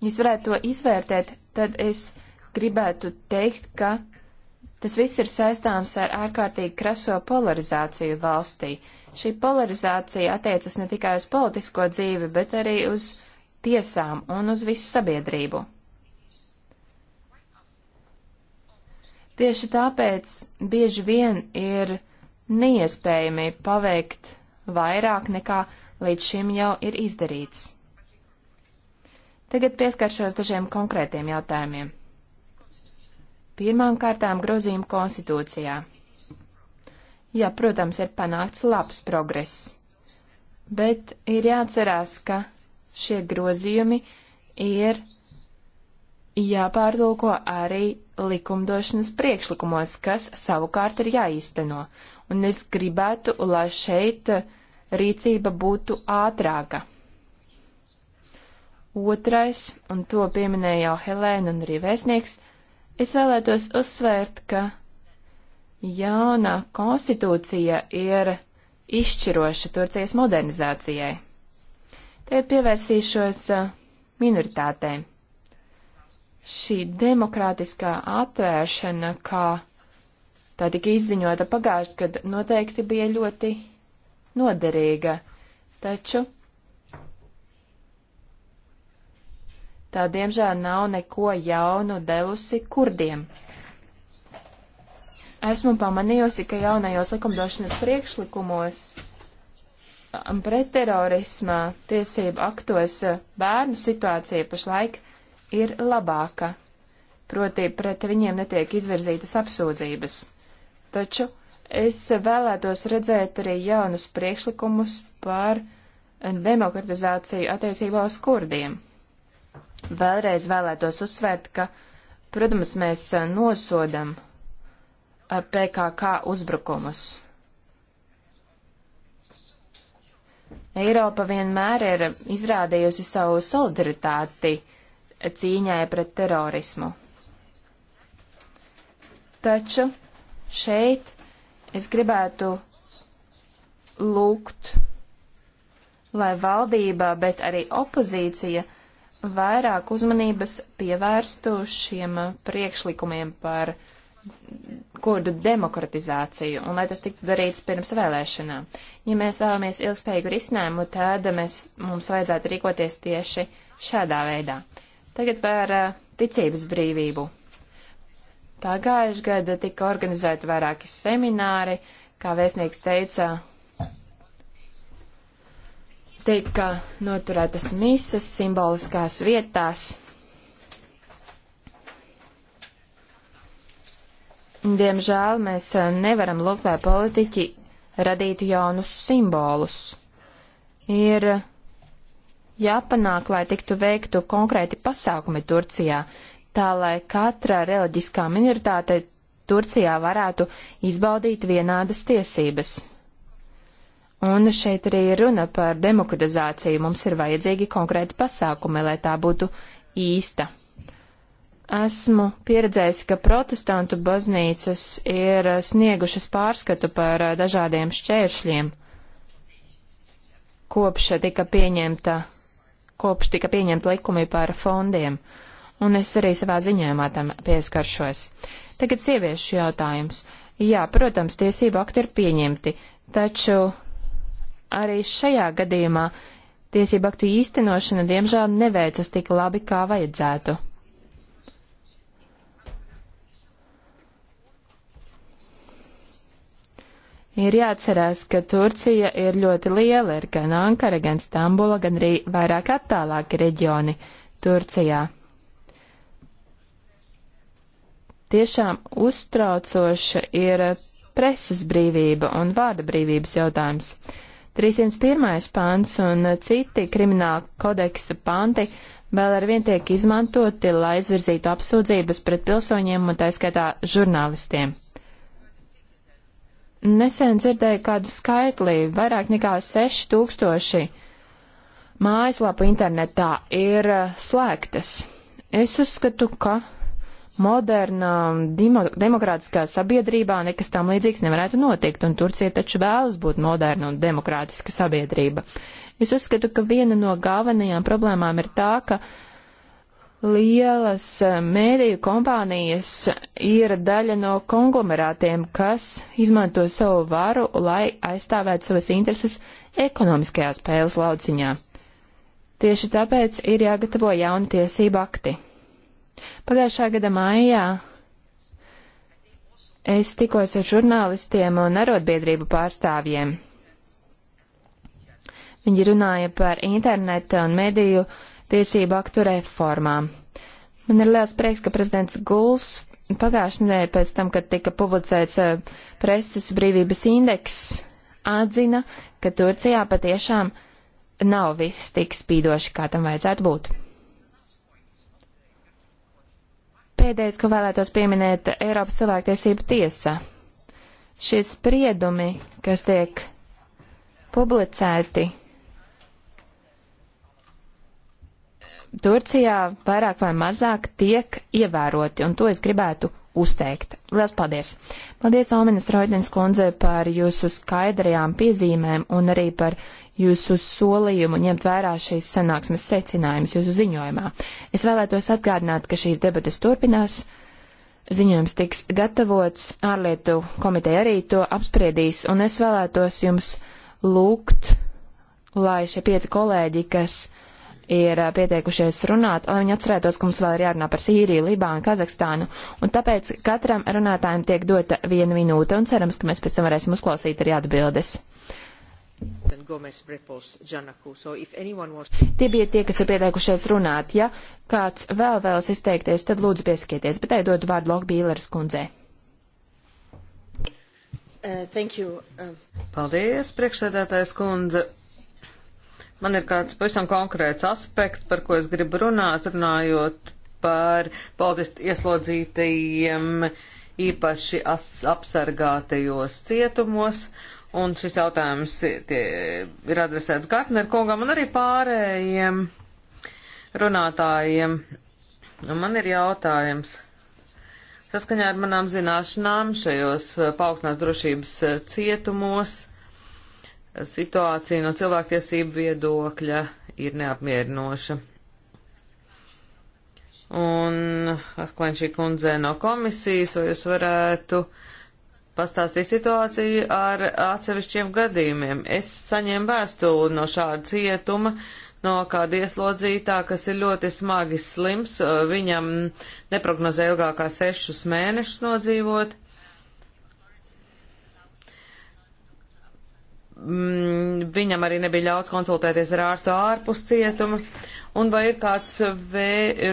C: Ja es varētu to izvērtēt, tad es gribētu teikt, ka tas viss ir saistāms ar ārkārtīgi kraso polarizāciju valstī. Šī polarizācija attiecas ne tikai uz politisko dzīvi, bet arī uz tiesām un uz visu sabiedrību. Tieši tāpēc bieži vien ir neiespējami paveikt vairāk nekā līdz šim jau ir izdarīts. Tagad pieskaršos dažiem konkrētiem jautājumiem. Pirmām kārtām grozījuma konstitūcijā. Jā, protams, ir panākts labs progress, bet ir jāatcerās, ka šie grozījumi ir jāpārtulko arī likumdošanas priekšlikumos, kas savukārt ir jāīsteno, un es gribētu, lai šeit rīcība būtu ātrāka. Otrais, un to pieminēja jau Helēna un arī vēstnieks, ir Es vēlētos uzsvērt, ka jaunā konstitūcija ir izšķiroša Turcijas modernizācijai. Tagad pievērsīšos minoritātēm. Šī demokrātiskā atvēršana, kā tā tika izziņota pagājušajā, kad noteikti bija ļoti noderīga, taču tā diemžēl nav neko jaunu devusi kurdiem. Esmu pamanījusi, ka jaunajos likumdošanas priekšlikumos um, pretterorisma tiesību aktos uh, bērnu situācija pašlaik ir labāka, proti pret viņiem netiek izvirzītas apsūdzības. Taču es vēlētos redzēt arī jaunus priekšlikumus par demokratizāciju attiecībā uz kurdiem. Vēlreiz vēlētos uzsvērt, ka, protams, mēs eh, nosodam eh, PKK uzbrukumus. Eiropa vienmēr ir izrādījusi savu solidaritāti cīņai pret terorismu. Taču šeit es gribētu lūgt, lai valdība, bet arī opozīcija vairāk uzmanības pievērstu šiem priekšlikumiem par kurdu demokratizāciju un lai tas tiktu darīts pirms vēlēšanām. Ja mēs vēlamies ilgspējīgu risinājumu, tad mēs, mums vajadzētu rīkoties tieši šādā veidā. Tagad par eh, ticības brīvību. Pagājuši gada tika organizēti vairāki semināri, kā vēstnieks teica, tika noturētas mises simboliskās vietās. Diemžēl mēs eh, nevaram lūgt, lai politiķi radītu jaunus simbolus. Ir jāpanāk, lai tiktu veiktu konkrēti pasākumi Turcijā, tā lai katra reliģiskā minoritāte Turcijā varētu izbaudīt vienādas tiesības. Un šeit arī runa par demokratizāciju. Mums ir vajadzīgi konkrēti pasākumi, lai tā būtu īsta. Esmu pieredzējis, ka protestantu baznīcas ir sniegušas pārskatu par dažādiem šķēršļiem, kopš tika pieņemta, kopš tika pieņemta likumi par fondiem, un es arī savā ziņojumā tam pieskaršos. Tagad sieviešu jautājums. Jā, protams, tiesību akti ir pieņemti, taču arī šajā gadījumā tiesību aktu īstenošana diemžēl neveicas tik labi, kā vajadzētu. Ir jāatcerās, ka Turcija ir ļoti liela, ir gan Ankara, gan Stambula, gan arī vairāk attālāki reģioni Turcijā. Tiešām uztraucoša ir preses brīvība un vārda brīvības jautājums. Uh, 301. pāns un citi krimināla kodeksa panti vēl ar vien tiek izmantoti, lai izvirzītu apsūdzības pret pilsoņiem un taiskaitā žurnālistiem. Nesen dzirdēju kādu skaitli, vairāk nekā 6000 mājaslapu internetā ir eh, slēgtas. Es uzskatu, ka modernā demokrātiskā sabiedrībā nekas tam līdzīgs nevarētu notikt, un Turcija taču vēlas būt moderna un demokrātiska sabiedrība. Es uzskatu, ka viena no galvenajām problēmām ir tā, ka lielas eh, mēdīju kompānijas ir daļa no konglomerātiem, kas izmanto savu varu, lai aizstāvētu savas intereses ekonomiskajā spēles lauciņā. Tieši tāpēc ir jāgatavo jauni tiesību akti. Pagājušā gada maijā es tikos ar žurnālistiem un arotbiedrību pārstāvjiem. Viņi runāja par interneta un mediju tiesību aktu reformām. Man ir liels prieks, ka prezidents Guls pagājušajā nedēļā pēc tam, kad tika publicēts eh, preses brīvības indeks, atzina, ka Turcijā patiešām nav viss tik spīdoši, kā tam vajadzētu būt. Pēdējais, ko vēlētos pieminēt, Eiropas cilvēktiesība tiesa. Šie spriedumi, kas tiek publicēti Turcijā, vairāk vai mazāk tiek ievēroti, un to es gribētu uzteikt. Lielas paldies! Paldies, Omenes Roidens kundze, par jūsu skaidrajām piezīmēm un arī par jūsu solījumu ņemt vērā šīs sanāksmes secinājumus jūsu ziņojumā. Es vēlētos atgādināt, ka šīs debatas turpinās. Ziņojums tiks gatavots, ārlietu komiteja arī to apspriedīs, un es vēlētos jums lūgt, lai šie pieci kolēģi, kas ir pieteikušies runāt, lai viņi atcerētos, ka mums vēl ir jārunā par Sīriju, Libānu, Kazahstānu, un tāpēc katram runātājam tiek dota viena minūte, un cerams, ka mēs pēc tam varēsim uzklausīt arī atbildes. Tie bija tie, kas ir pieteikušies runāt. Ja kāds vēl vēlas izteikties, tad lūdzu pieskieties, bet tai dodu vārdu Lokbīleres kundzē.
A: Uh, uh. Paldies, priekšsēdētājs kundze. Man ir kāds pavisam konkrēts aspekts, par ko es gribu runāt, runājot par politiski ieslodzītajiem, īpaši apsargātajos cietumos. Uh, Un šis jautājums tie, ir adresēts Gartner kungam un arī pārējiem runātājiem. Un man ir jautājums. Saskaņā ar manām zināšanām šajos eh, paaugstinās drošības eh, cietumos eh, situācija no cilvēktiesību viedokļa ir neapmierinoša. Un Asklenšī kundze no komisijas, vai jūs varētu uh, pastāstīja situāciju ar atsevišķiem gadījumiem. Es saņēmu vēstuli no šāda cietuma, no kāda ieslodzītā, kas ir ļoti smagi slims, uh, viņam neprognozē ilgākā sešus mēnešus nodzīvot. Mm, viņam arī nebija ļauts konsultēties ar ārstu ārpus cietuma, un vai ir kāds, vē,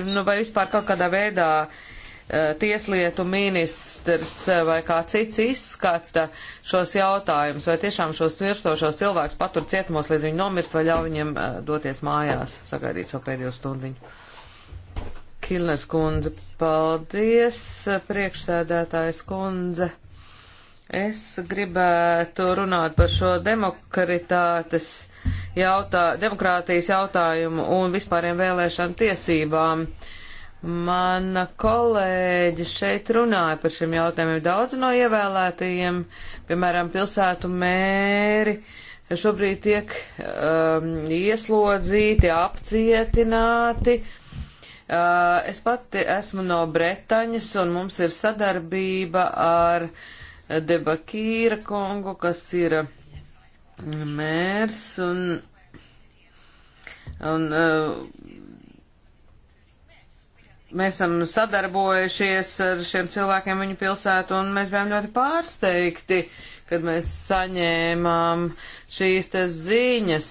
A: nu vai vispār kaut kādā veidā uh, Eh, tieslietu ministrs eh, vai kā cits izskata šos jautājumus, vai tiešām šos smirstošos cilvēkus patur cietumos, līdz viņi nomirst, vai ļauj viņiem eh, doties mājās, sagaidīt savu pēdējo stundiņu. Kilnes kundze, paldies, priekšsēdētājs kundze. Es gribētu runāt par šo demokratātes jautā, demokrātijas jautājumu un vispāriem vēlēšanu tiesībām. Uh, Mana kolēģi šeit runāja par šiem jautājumiem. Daudz no ievēlētajiem, piemēram, pilsētu mēri, šobrīd tiek um, ieslodzīti, apcietināti. Uh, es pati esmu no Bretaņas, un mums ir sadarbība ar Debakīra kungu, kas ir um, mērs, un, un uh, Mēs esam sadarbojušies ar šiem cilvēkiem viņu pilsētu, un mēs bijām ļoti pārsteigti, kad mēs saņēmām šīs te ziņas.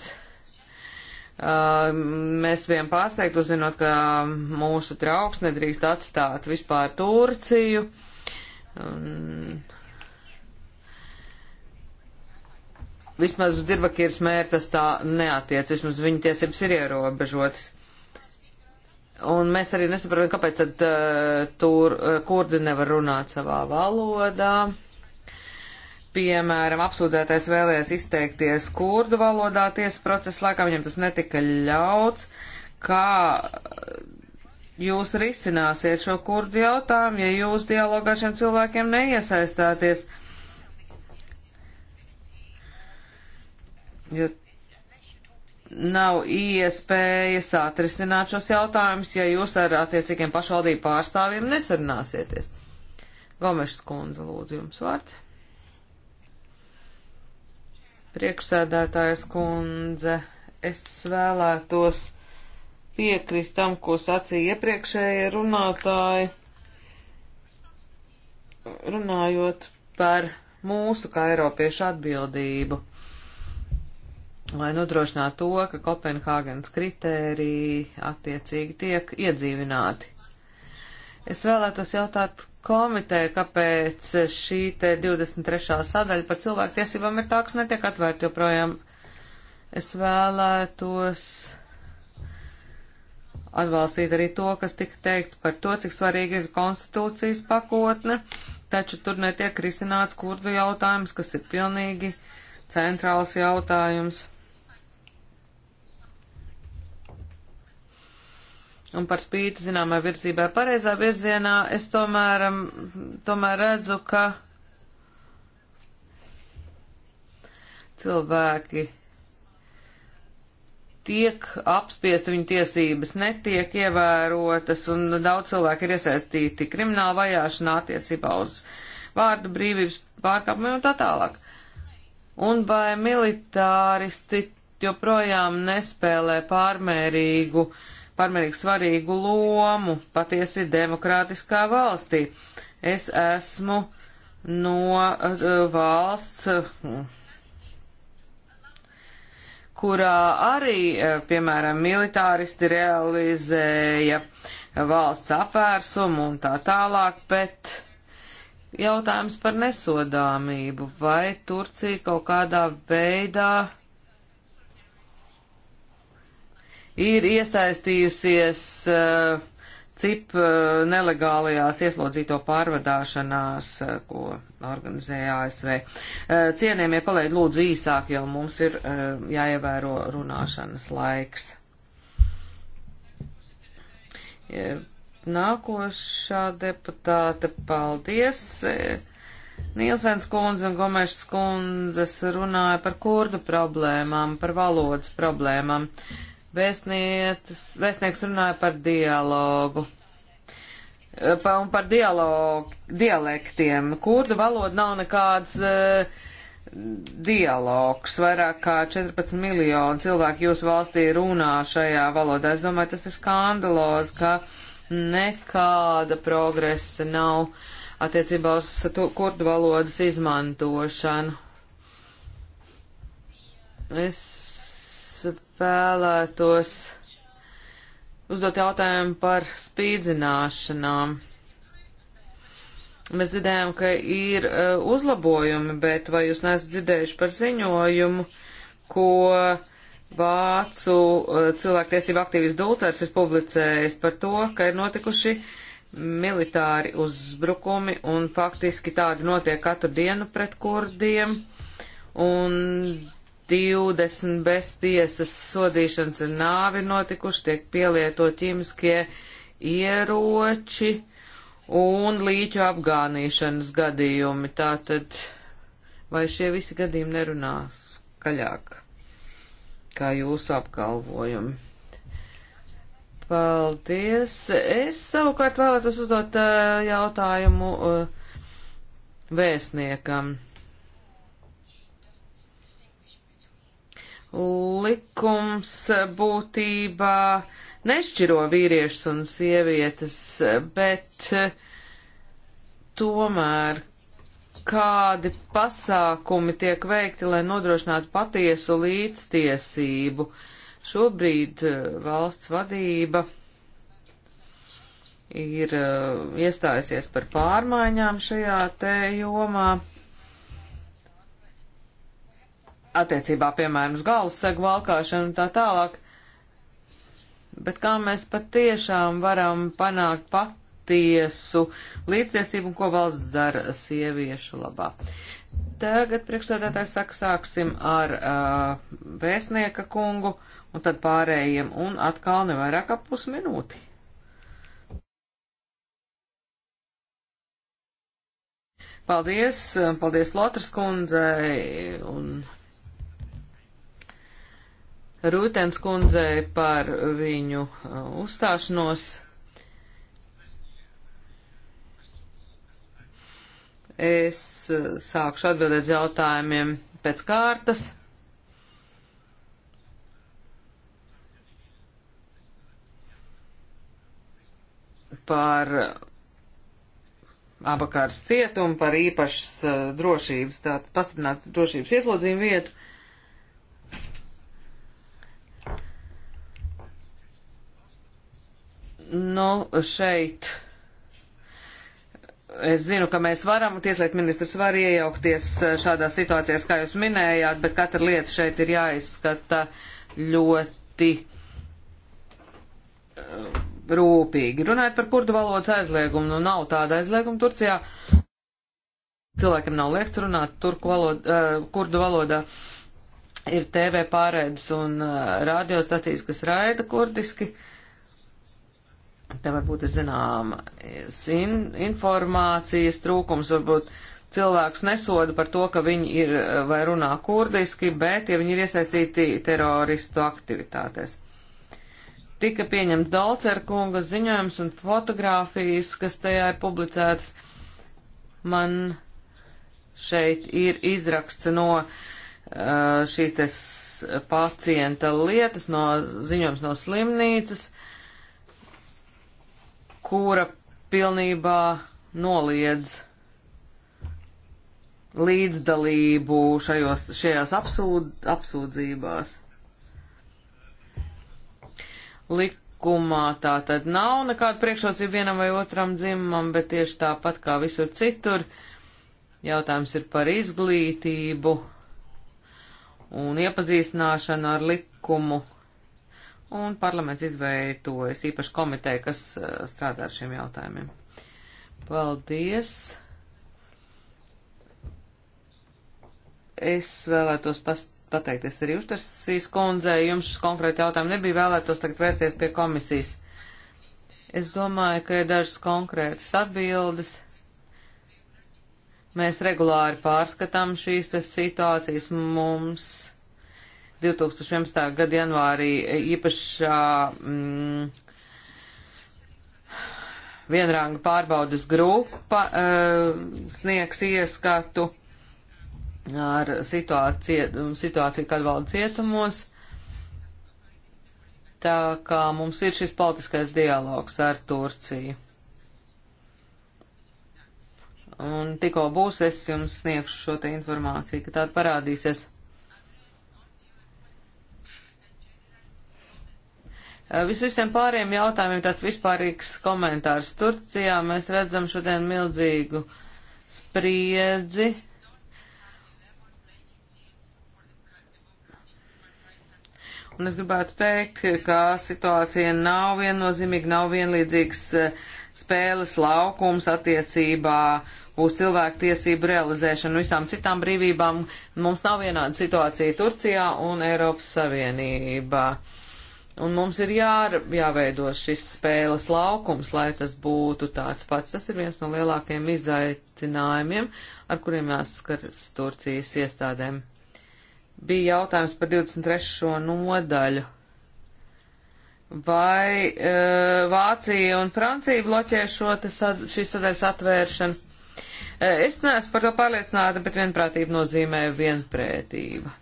A: Uh, mēs bijām pārsteigti uzzinot, ka mūsu draugs nedrīkst atstāt vispār Turciju. Un... Vismaz uz Dirbakirs mērķis tā neatiec, vismaz viņa tiesības ir ierobežotas. Un mēs arī nesaprotam, kāpēc tad uh, tur uh, kurdi nevar runāt savā valodā. Piemēram, apsūdzētais vēlējās izteikties kurdu valodā tiesas procesa laikā, viņam tas netika ļauts. Kā uh, jūs risināsiet šo kurdu jautājumu, ja jūs dialogā šiem cilvēkiem neiesaistāties? Jo nav iespējas atrisināt šos jautājumus, ja jūs ar attiecīgiem pašvaldību pārstāvjiem nesarunāsieties. Gomešs kundze, lūdzu, jums vārds. Priekšsēdētājas kundze, es vēlētos piekrist tam, ko sacīja iepriekšējie runātāji, runājot par mūsu kā Eiropiešu atbildību lai nodrošinātu to, ka Kopenhāgenes kritēriji attiecīgi tiek iedzīvināti. Es vēlētos jautāt komiteju, kāpēc šī te 23. sadaļa par cilvēktiesībām ir tā, kas netiek atvērta joprojām. Es vēlētos atbalstīt arī to, kas tika teikts par to, cik svarīga ir konstitūcijas pakotne, taču tur netiek risināts kurdu jautājums, kas ir pilnīgi centrāls jautājums. Un par spīti zināmā virzībai pareizā virzienā, es tomēr, mm, tomēr redzu, ka cilvēki tiek apspiesti, viņu tiesības netiek ievērotas, un daudz cilvēku ir iesaistīti krimināla vajāšanā attiecībā uz vārdu brīvības pārkāpumiem un tā tālāk. Un vai militāristi joprojām nespēlē pārmērīgu uh, pārmērīgi svarīgu lomu patiesi demokrātiskā valstī. Es esmu no uh, valsts, uh, kurā arī, uh, piemēram, militāristi realizēja valsts apvērsumu un tā tālāk, bet jautājums par nesodāmību, vai Turcija kaut kādā veidā ir iesaistījusies uh, CIP uh, nelegālajās ieslodzīto pārvadāšanās, uh, ko organizēja ASV. Uh, cienījamie kolēģi, lūdzu īsāk, jo mums ir uh, jāievēro runāšanas laiks. Ja, nākošā deputāte, paldies. Nielsens kundze un Gomešs kundzes runāja par kurdu problēmām, par valodas problēmām. Uh, Vēstnieks runāja par dialogu. E, pa, un par dialogu, dialektiem. Kurdu valoda nav nekāds uh, dialogs. Vairāk kā 14 miljoni cilvēku jūsu valstī runā šajā valodā. Es domāju, tas ir skandalos, ka nekāda progresa nav attiecībā uz to, kurdu valodas izmantošanu. Es vēlētos uzdot jautājumu par spīdzināšanām. Mēs dzirdējām, ka ir uh, uzlabojumi, bet vai jūs nesat dzirdējuši par ziņojumu, ko Vācu uh, cilvēktiesība aktīvis Dulcers ir publicējis par to, ka ir notikuši militāri uzbrukumi un faktiski tādi notiek katru dienu pret kurdiem. Un 20 bez tiesas sodīšanas un nāvi notikuši, tiek pielietot ķīmiskie ieroči un līķu apgānīšanas gadījumi. Tātad, vai šie visi gadījumi nerunās skaļāk, kā jūsu apgalvojumi? Paldies. Es savukārt vēlētos uzdot eh, jautājumu eh, vēstniekam. likums būtībā nešķiro vīriešus un sievietes, bet tomēr kādi pasākumi tiek veikti, lai nodrošinātu patiesu līdztiesību. Šobrīd eh, valsts vadība ir eh, iestājusies par pārmaiņām šajā te jomā attiecībā, piemēram, uz galvas segu valkāšanu un tā tālāk. Bet kā mēs patiešām varam panākt patiesu līdztiesību un ko valsts dara sieviešu labā? Tagad priekšsēdētājs saka, sāksim ar uh, vēstnieka kungu un tad pārējiem un atkal nevairāk ap pusminūti. Paldies, paldies Lotras kundzei un Rūtens kundzei par viņu uh, uzstāšanos. Es uh, sākšu atbildēt jautājumiem pēc kārtas. Par uh, abakars cietumu, par īpašas drošības, tātad pastiprināts drošības ieslodzījumu vietu. Nu, šeit. Es zinu, ka mēs varam, tieslietu ministrs var iejaukties eh, šādās situācijās, kā jūs minējāt, bet katra lieta šeit ir jāizskata ļoti eh, rūpīgi. Runājot par kurdu valodas aizliegumu, nu nav tāda aizlieguma Turcijā. Cilvēkiem nav liekts runāt turku valod, eh, kurdu valodā. Ir TV pārēdes un radiostacijas, kas raida kurdiski. Uh, Te varbūt ir zināmas in informācijas trūkums, varbūt cilvēkus nesoda par to, ka viņi ir vai runā kurdiski, bet ja viņi ir iesaistīti teroristu aktivitātēs. Tika pieņemts Dalcer kunga ziņojums un fotogrāfijas, kas tajā ir publicētas. Man šeit ir izraksts no uh, šīs pacienta lietas, no ziņojums no slimnīcas kura pilnībā noliedz līdzdalību šajos, šajās apsūd, apsūdzībās. Likumā tā tad nav nekāda priekšrocība vienam vai otram dzimumam, bet tieši tāpat kā visur citur, jautājums ir par izglītību un iepazīstināšanu ar likumu un parlaments izveidojas īpaši komiteja, kas uh, strādā ar šiem jautājumiem. Paldies! Es vēlētos pateikties arī Uštarsīs kundzei, jums konkrēti jautājumi nebija, vēlētos tagad vērsties pie komisijas. Es domāju, ka ir dažas konkrētas atbildes. Mēs regulāri pārskatām šīs situācijas mums 2011. gada janvārī īpašā mm, vienranga pārbaudas grupa uh, sniegs ieskatu ar situāciju, situāciju kad valda cietumos. Tā kā mums ir šis politiskais dialogs ar Turciju. Un tikko būs, es jums sniegšu šo te informāciju, ka tāda parādīsies. Vis visiem pāriem jautājumiem tāds vispārīgs komentārs. Turcijā mēs redzam šodien milzīgu spriedzi. Un es gribētu teikt, ka situācija nav viennozīmīga, nav vienlīdzīgs spēles laukums attiecībā uz cilvēku tiesību realizēšanu. Visām citām brīvībām mums nav vienāda situācija Turcijā un Eiropas Savienībā. Uh, Un mums ir jā, jāveido šis spēles laukums, lai tas būtu tāds pats. Tas ir viens no lielākajiem izaicinājumiem, ar kuriem jāsaskaras Turcijas iestādēm. Bija jautājums par 23. nodaļu. Vai e, Vācija un Francija bloķē šo sad, šīs sadaļas atvēršanu? E, es neesmu par to pārliecināta, bet vienprātība nozīmē vienprātība.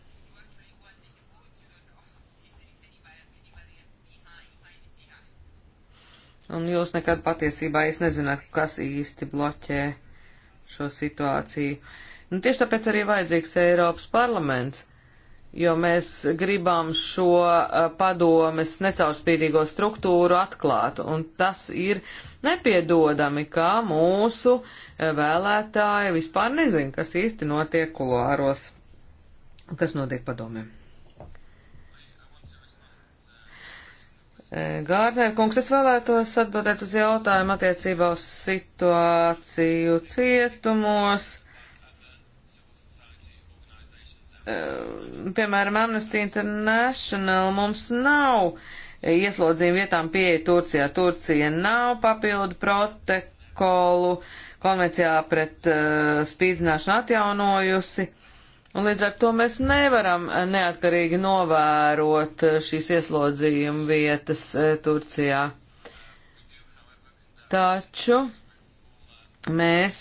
A: Un jūs nekad patiesībā es nezināt, kas īsti bloķē šo situāciju. Nu, tieši tāpēc arī vajadzīgs Eiropas parlaments, jo mēs gribam šo padomes necaurspīdīgo struktūru atklātu, un tas ir nepiedodami, kā mūsu vēlētāji vispār nezin, kas īsti notiek kuloāros, kas notiek padomēm. E, Gārner kungs, es vēlētos atbildēt uz jautājumu attiecībā uz situāciju cietumos. E, piemēram, Amnesty International mums nav ieslodzījuma vietām pieeja Turcijā. Turcija nav papildu protokolu konvencijā pret uh, spīdzināšanu atjaunojusi. Uh, Un līdz ar to mēs nevaram eh, neatkarīgi novērot eh, šīs ieslodzījuma vietas eh, Turcijā. Taču mēs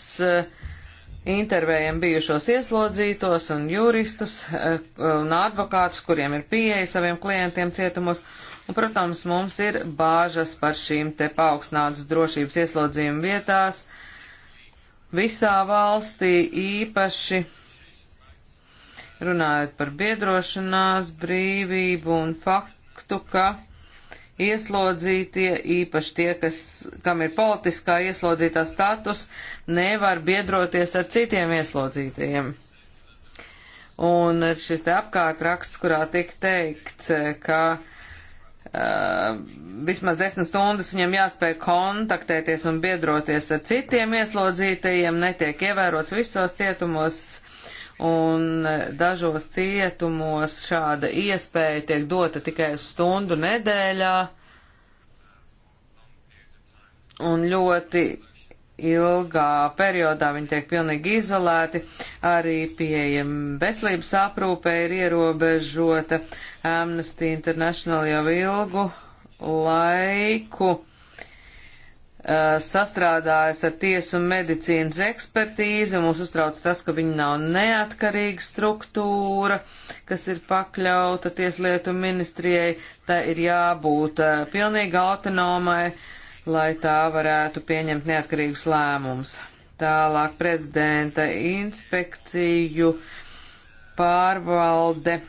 A: intervējam bijušos ieslodzītos un juristus un advokātus, kuriem ir pieeja saviem klientiem cietumos. Un, protams, mums ir bāžas par šīm te paaugstinātas drošības ieslodzījuma vietās visā valstī īpaši runājot par biedrošanās brīvību un faktu, ka ieslodzītie, īpaši tie, kas, kam ir politiskā ieslodzītā status, nevar biedroties ar citiem ieslodzītajiem. Un šis te apkārtraksts, kurā tika teikts, ka uh, vismaz desmit stundas viņam jāspēj kontaktēties un biedroties ar citiem ieslodzītajiem, netiek ievērots visos cietumos un e, dažos cietumos šāda iespēja tiek dota tikai stundu nedēļā, un ļoti ilgā periodā viņi tiek pilnīgi izolēti, arī pieejama veselības aprūpē ir ierobežota. Amnesty International jau ilgu laiku Eh, sastrādājas ar tiesu un medicīnas ekspertīzi, mums uztrauc tas, ka viņi nav neatkarīga struktūra, kas ir pakļauta tieslietu ministrijai, tā ir jābūt eh, pilnīgi autonomai, lai tā varētu pieņemt neatkarīgus lēmumus. Tālāk prezidenta inspekciju pārvalde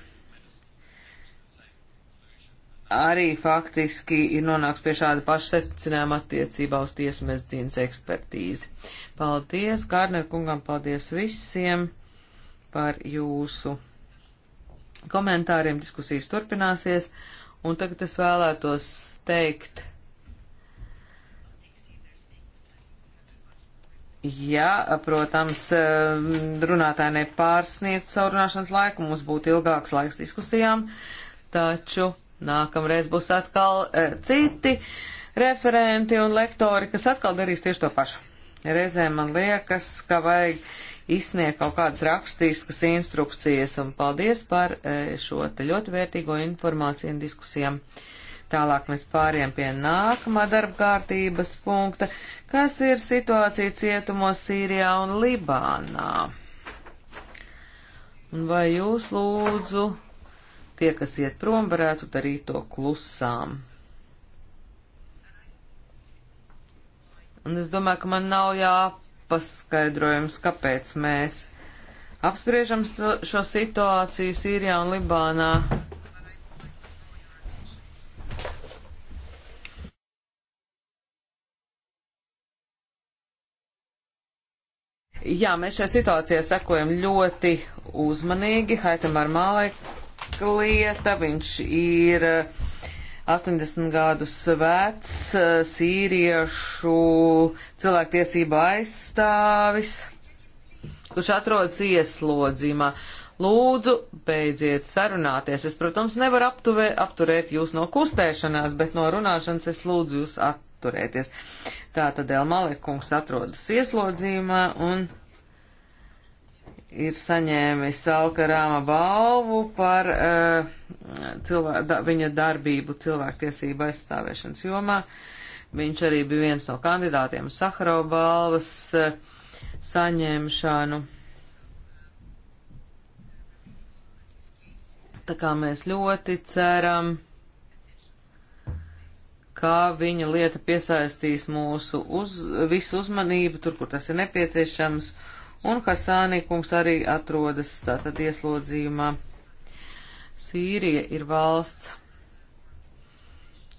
A: arī faktiski ir nonāks pie šāda paša secinājuma attiecībā uz tiesu medicīnas ekspertīzi. Paldies, Gārner kungam, paldies visiem par jūsu komentāriem. Diskusijas turpināsies. Un tagad es vēlētos teikt, ja, protams, runātāji nepārsniegtu savu runāšanas laiku, mums būtu ilgāks laiks diskusijām, taču Nākamreiz būs atkal e, citi referenti un lektori, kas atkal darīs tieši to pašu. Reizēm man liekas, ka vajag izsniegt kaut kādas rakstiskas instrukcijas, un paldies par e, šo te ļoti vērtīgo informāciju un diskusijām. Tālāk mēs pāriem pie nākamā darba kārtības punkta, kas ir situācija cietumos Sīrijā un Libānā. Un vai jūs lūdzu tie, kas iet prom, varētu darīt to klusām. Un es domāju, ka man nav jāpaskaidrojums, kāpēc mēs apspriežam šo situāciju Sīrijā un Libānā. Jā, mēs šajā situācijā sekojam ļoti uzmanīgi. Haitam ar mālai lieta. Viņš ir 80 eh, gadus vecs, eh, sīriešu cilvēktiesība aizstāvis, kurš atrodas ieslodzījumā. Lūdzu, beidziet sarunāties. Es, protams, nevaru aptuvē, apturēt jūs no kustēšanās, bet no runāšanas es lūdzu jūs atturēties. Tā tad Elmalekungs atrodas ieslodzījumā un ir saņēmis Alkarāma balvu par uh, cilvē, da, viņa darbību cilvēktiesību aizstāvēšanas jomā. Viņš arī bija viens no kandidātiem Sahara balvas uh, saņemšanu. Tā kā mēs ļoti ceram, kā viņa lieta piesaistīs mūsu uz, visu uzmanību, tur, kur tas ir nepieciešams, uh, un Hasānī kungs arī atrodas tātad ieslodzījumā. Sīrija ir valsts,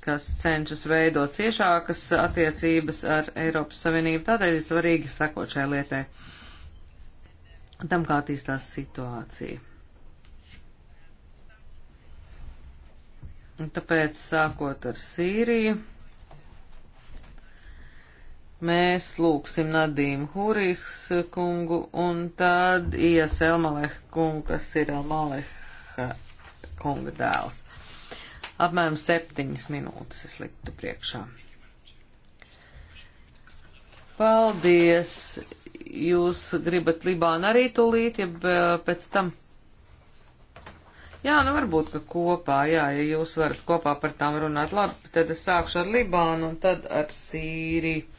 A: kas cenšas veidot ciešākas attiecības ar Eiropas Savienību, tādēļ ir svarīgi sekot šai lietai tam, kā attīstās situācija. Un tāpēc sākot ar Sīriju. Mēs lūksim Nadīmu Hūrīs kungu un tad Ijas Elmaleh kungu, kas ir Elmaleha kunga dēls. Apmēram septiņas minūtes es liktu priekšā. Paldies! Jūs gribat Libānu arī tūlīt, ja pēc tam? Jā, nu varbūt, ka kopā, jā, ja jūs varat kopā par tām runāt, labi, tad es sākšu ar Libānu un tad ar Sīriju.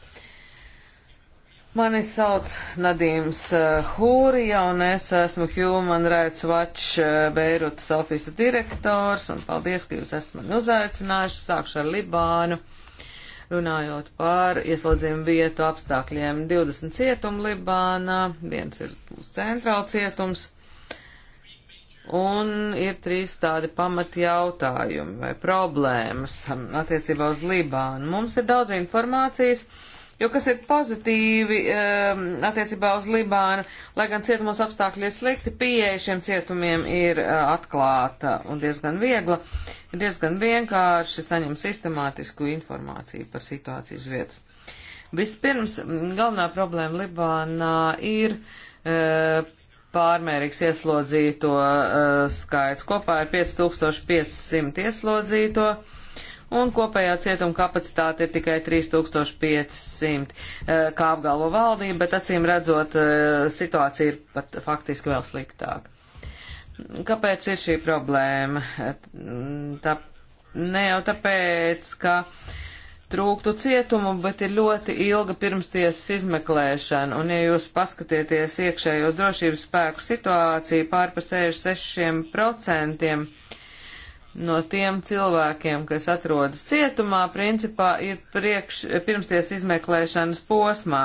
A: Mani sauc Nadīms uh, Hūrija un es esmu Human Rights Watch uh, Beirutas ofisa direktors un paldies, ka jūs esat mani uzaicinājuši. Sākšu ar Libānu, runājot par ieslodzījumu vietu apstākļiem. 20 cietumu Libānā, viens ir centrāla cietums un ir trīs tādi pamati jautājumi vai problēmas attiecībā uz Libānu. Mums ir daudz informācijas Jo kas ir pozitīvi um, attiecībā uz Libānu, lai gan cietumos apstākļi ir slikti, pieeja šiem cietumiem ir uh, atklāta un diezgan viegla, diezgan vienkārši saņem sistemātisku informāciju par situācijas vietas. Vispirms galvenā problēma Libānā ir uh, pārmērīgs ieslodzīto uh, skaits. Kopā ir 5500 ieslodzīto. Uh, un kopējā cietuma kapacitāte ir tikai 3500, eh, kā apgalvo valdība, bet acīm redzot, eh, situācija ir pat faktiski vēl sliktāka. Kāpēc ir šī problēma? Tā, ne jau tāpēc, ka trūktu cietumu, bet ir ļoti ilga pirmstiesas izmeklēšana, un ja jūs paskatieties iekšējo drošības spēku situāciju pār pa 66%, no tiem cilvēkiem, kas atrodas cietumā, principā ir priekš, pirmsties izmeklēšanas posmā.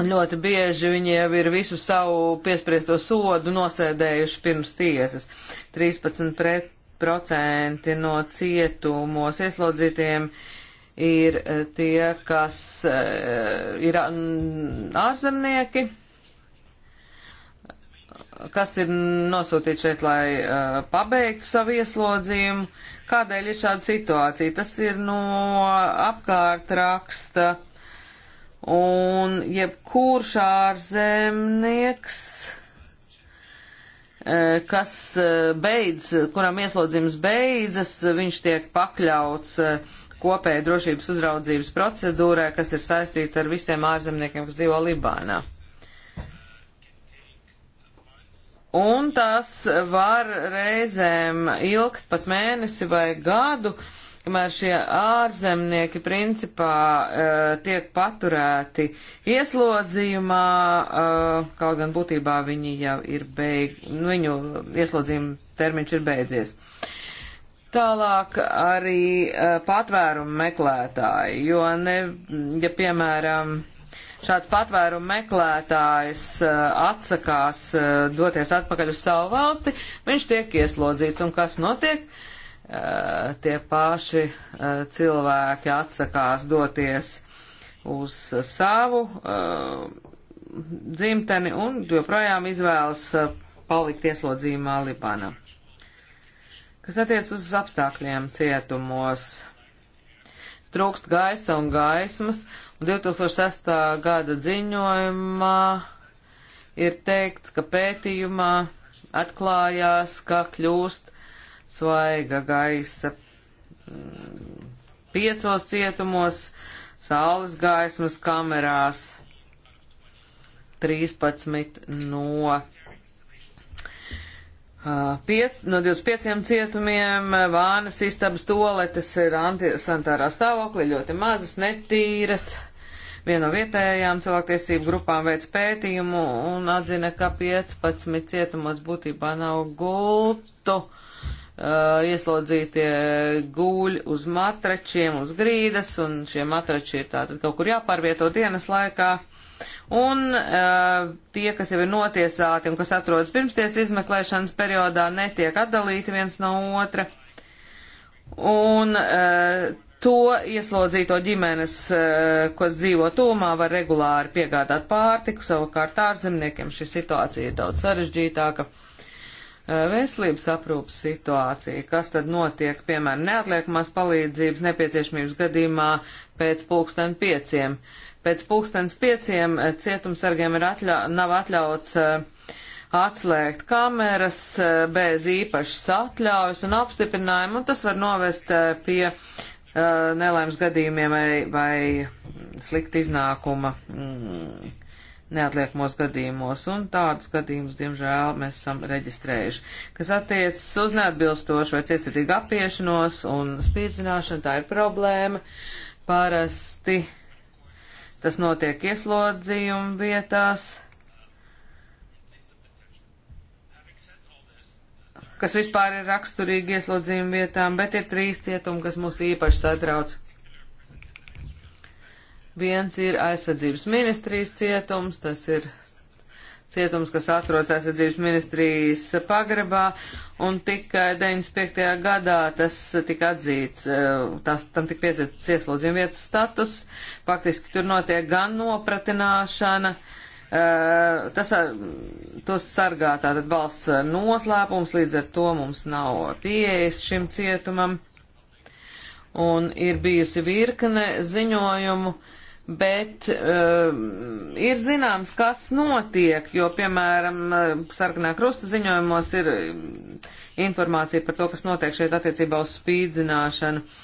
A: Un ļoti bieži viņi jau ir visu savu piespriesto sodu nosēdējuši pirms tiesas. 13% no cietumos ieslodzītiem ir eh, tie, kas eh, ir mm, ārzemnieki. Ar kas ir nosūtīti šeit, lai uh, pabeigtu savu ieslodzījumu. Kādēļ ir šāda situācija? Tas ir no apkārt raksta, un jebkurš ārzemnieks, uh, kas uh, beidz, kuram ieslodzījums beidzas, viņš tiek pakļauts uh, kopēja drošības uzraudzības procedūrē, kas ir saistīta ar visiem ārzemniekiem, kas dzīvo Libānā. un tas var reizēm ilgt pat mēnesi vai gadu, kamēr šie ārzemnieki principā uh, tiek paturēti ieslodzījumā, uh, kaut gan būtībā viņi jau ir beig, viņu ieslodzījuma termiņš ir beidzies. Tālāk arī uh, patvērumu meklētāji, jo ne, ja piemēram, uh, šāds patvērumu meklētājs eh, atsakās eh, doties atpakaļ uz savu valsti, viņš tiek ieslodzīts. Un kas notiek? Eh, tie paši cilvēki atsakās doties uz savu dzimteni un joprojām izvēlas palikt ieslodzījumā Libānā. Kas attiec uz apstākļiem cietumos, trūkst gaisa un gaismas, uh, 2008. gada ziņojumā ir teikts, ka pētījumā atklājās, ka kļūst svaiga gaisa mm, piecos cietumos, saules gaismas kamerās 13 no Piet, no 25 cietumiem vānas istabas toaletes ir antisantārā stāvoklī, ļoti mazas, netīras, Viena no vietējām cilvēktiesību grupām veic pētījumu un atzina, ka 15 cietumos būtībā nav gultu. Uh, ieslodzītie guļ uz matračiem, uz grīdas, un šie matrači ir tātad kaut kur jāpārvieto dienas laikā. Un uh, tie, kas jau ir notiesāti un kas atrodas pirmsties izmeklēšanas periodā, netiek atdalīti viens no otra. Un uh, to ieslodzīto ģimenes, eh, kas dzīvo tūmā, var regulāri piegādāt pārtiku, savukārt ārzemniekiem šī situācija ir daudz sarežģītāka. Eh, veselības aprūpas situācija, kas tad notiek, piemēram, neatliekamās palīdzības nepieciešamības gadījumā pēc pulksten pieciem. Pēc pulkstens pieciem eh, cietumsargiem ir atļa nav atļauts atslēgt kameras bez īpašas atļaujas un apstiprinājuma, un tas var novest pie Uh, nelaimes gadījumiem vai, vai slikta iznākuma mm, neatliekumos gadījumos, un tādus gadījumus, diemžēl, mēs esam reģistrējuši. Kas attiecas uz neatbilstošu vai cietsirdīgu apiešanos un spīdzināšanu, tā ir problēma. Parasti tas notiek ieslodzījuma vietās kas vispār ir raksturīgi ieslodzījuma vietām, bet ir trīs cietumi, kas mūs īpaši satrauc. Viens ir aizsardzības ministrijas cietums, tas ir cietums, kas atrodas aizsardzības ministrijas pagrabā, un tikai 95. gadā tas tika atzīts, eh, tas, tam tika piezīts ieslodzījuma vietas status, faktiski tur notiek gan nopratināšana, uh, Eh, tas, eh, tos sargā tātad valsts eh, noslēpums, līdz ar to mums nav pieejas šim cietumam. Un ir bijusi virkne ziņojumu, bet uh, ir zināms, kas notiek, jo, piemēram, sarkanā krusta ziņojumos ir informācija par to, kas notiek šeit attiecībā uz spīdzināšanu. Uh,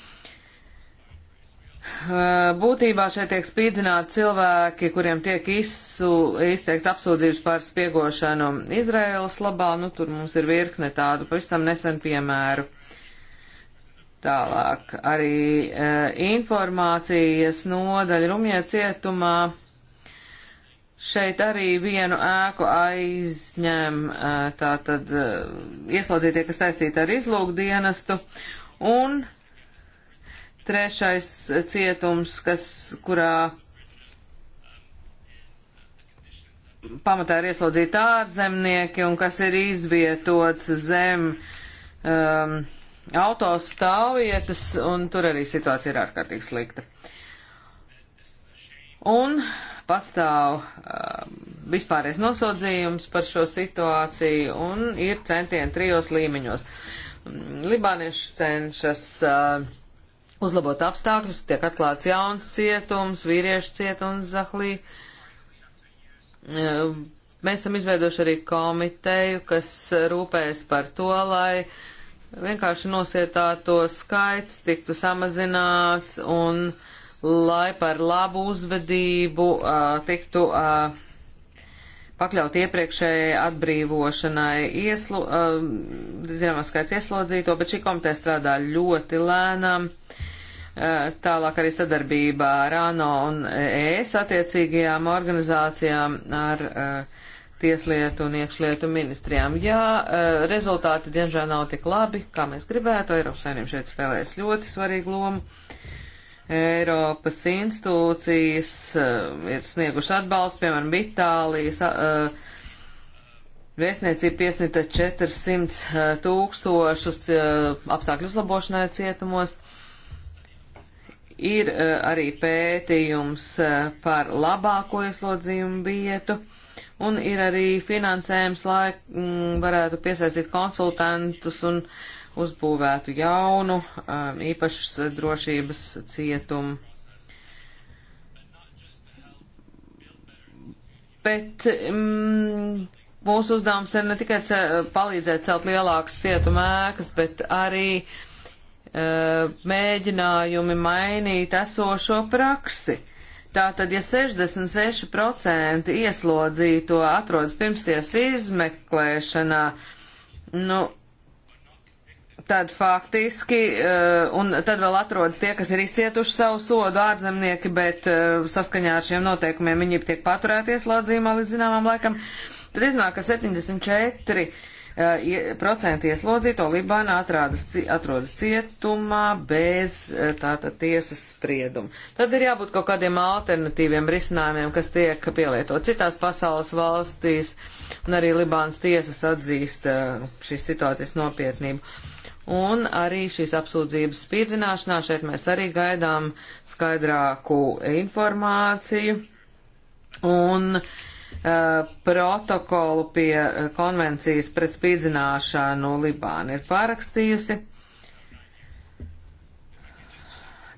A: Būtībā šeit tiek spīdzināti cilvēki, kuriem tiek izsu, izteikts apsūdzības par spiegošanu Izraēlas labā. Nu, tur mums ir virkne tādu pavisam nesen piemēru. Tālāk arī e, informācijas nodaļa Rumjē cietumā. Šeit arī vienu ēku aizņem e, tātad e, ieslodzītie, kas saistīti ar izlūkdienestu. Un Trešais cietums, kas, kurā pamatā ir ieslodzīti ārzemnieki un kas ir izvietots zem um, autostāvvietas, un tur arī situācija ir ārkārtīgi slikta. Un pastāv um, vispārējais nosodījums par šo situāciju un ir centieni trijos līmeņos. Libānieši cenšas uh, uzlabot apstākļus, tiek atklāts jauns cietums, vīriešu cietums Zahlī. Ehm, mēs esam izveidojuši arī komiteju, kas rūpēs par to, lai vienkārši nosietāto skaits tiktu samazināts un lai par labu uzvedību uh, tiktu uh, pakļaut iepriekšējai atbrīvošanai ieslu, uh, zināmā skaits ieslodzīto, bet šī komiteja strādā ļoti lēnām. Uh, Eh, tālāk arī sadarbībā ar ANO un ES attiecīgajām organizācijām ar eh, tieslietu un iekšlietu ministrijām. Jā, eh, rezultāti diemžēl nav tik labi, kā mēs gribētu. Eiropas saimnība šeit spēlēs ļoti svarīgu lomu. Eiropas institūcijas ir snieguši atbalstu, piemēram, Itālijas Vēstniecība piesnita 400 tūkstošus apstākļu uzlabošanai cietumos. Ir eh, arī pētījums eh, par labāko ieslodzījumu vietu, un ir arī finansējums, lai mm, varētu piesaistīt konsultantus un uzbūvētu jaunu eh, īpašas drošības cietumu. Bet mm, mūsu uzdevums ir ne tikai palīdzēt celt lielākas cietuma ēkas, bet arī uh, Eh, mēģinājumi mainīt esošo praksi. Tātad, ja 66% ieslodzīto atrodas pirmsties izmeklēšanā, nu, tad faktiski, eh, un tad vēl atrodas tie, kas ir izcietuši savu sodu ārzemnieki, bet eh, saskaņā ar šiem noteikumiem viņi tiek paturēti ieslodzījumā līdz zināmām laikam, tad iznāk, ka 74 Eh, procenti ieslodzīto Libānā atrodas, atrodas cietumā bez eh, tātad tiesas sprieduma. Tad ir jābūt kaut kādiem alternatīviem risinājumiem, kas tiek pielietot citās pasaules valstīs, un arī Libānas tiesas atzīst eh, šīs situācijas nopietnību. Un arī šīs apsūdzības spīdzināšanā šeit mēs arī gaidām skaidrāku informāciju. Un uh, Uh, protokolu pie uh, konvencijas pret spīdzināšanu Libāna ir pārakstījusi,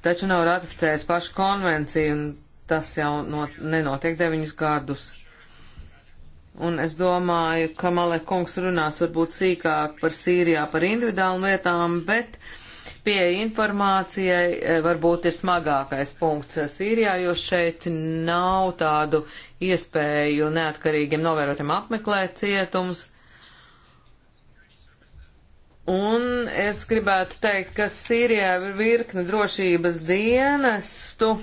A: taču nav ratificējusi pašu konvenciju, un tas jau not, nenotiek deviņus gadus. Un es domāju, ka Malek kungs runās varbūt sīkāk par Sīrijā, par individuālu lietām, bet uh, Pieeja informācijai eh, varbūt ir smagākais punkts Sīrijā, jo šeit nav tādu iespēju neatkarīgiem novērotiem apmeklēt cietums. Un es gribētu teikt, ka Sīrijā ir virkne drošības dienestu.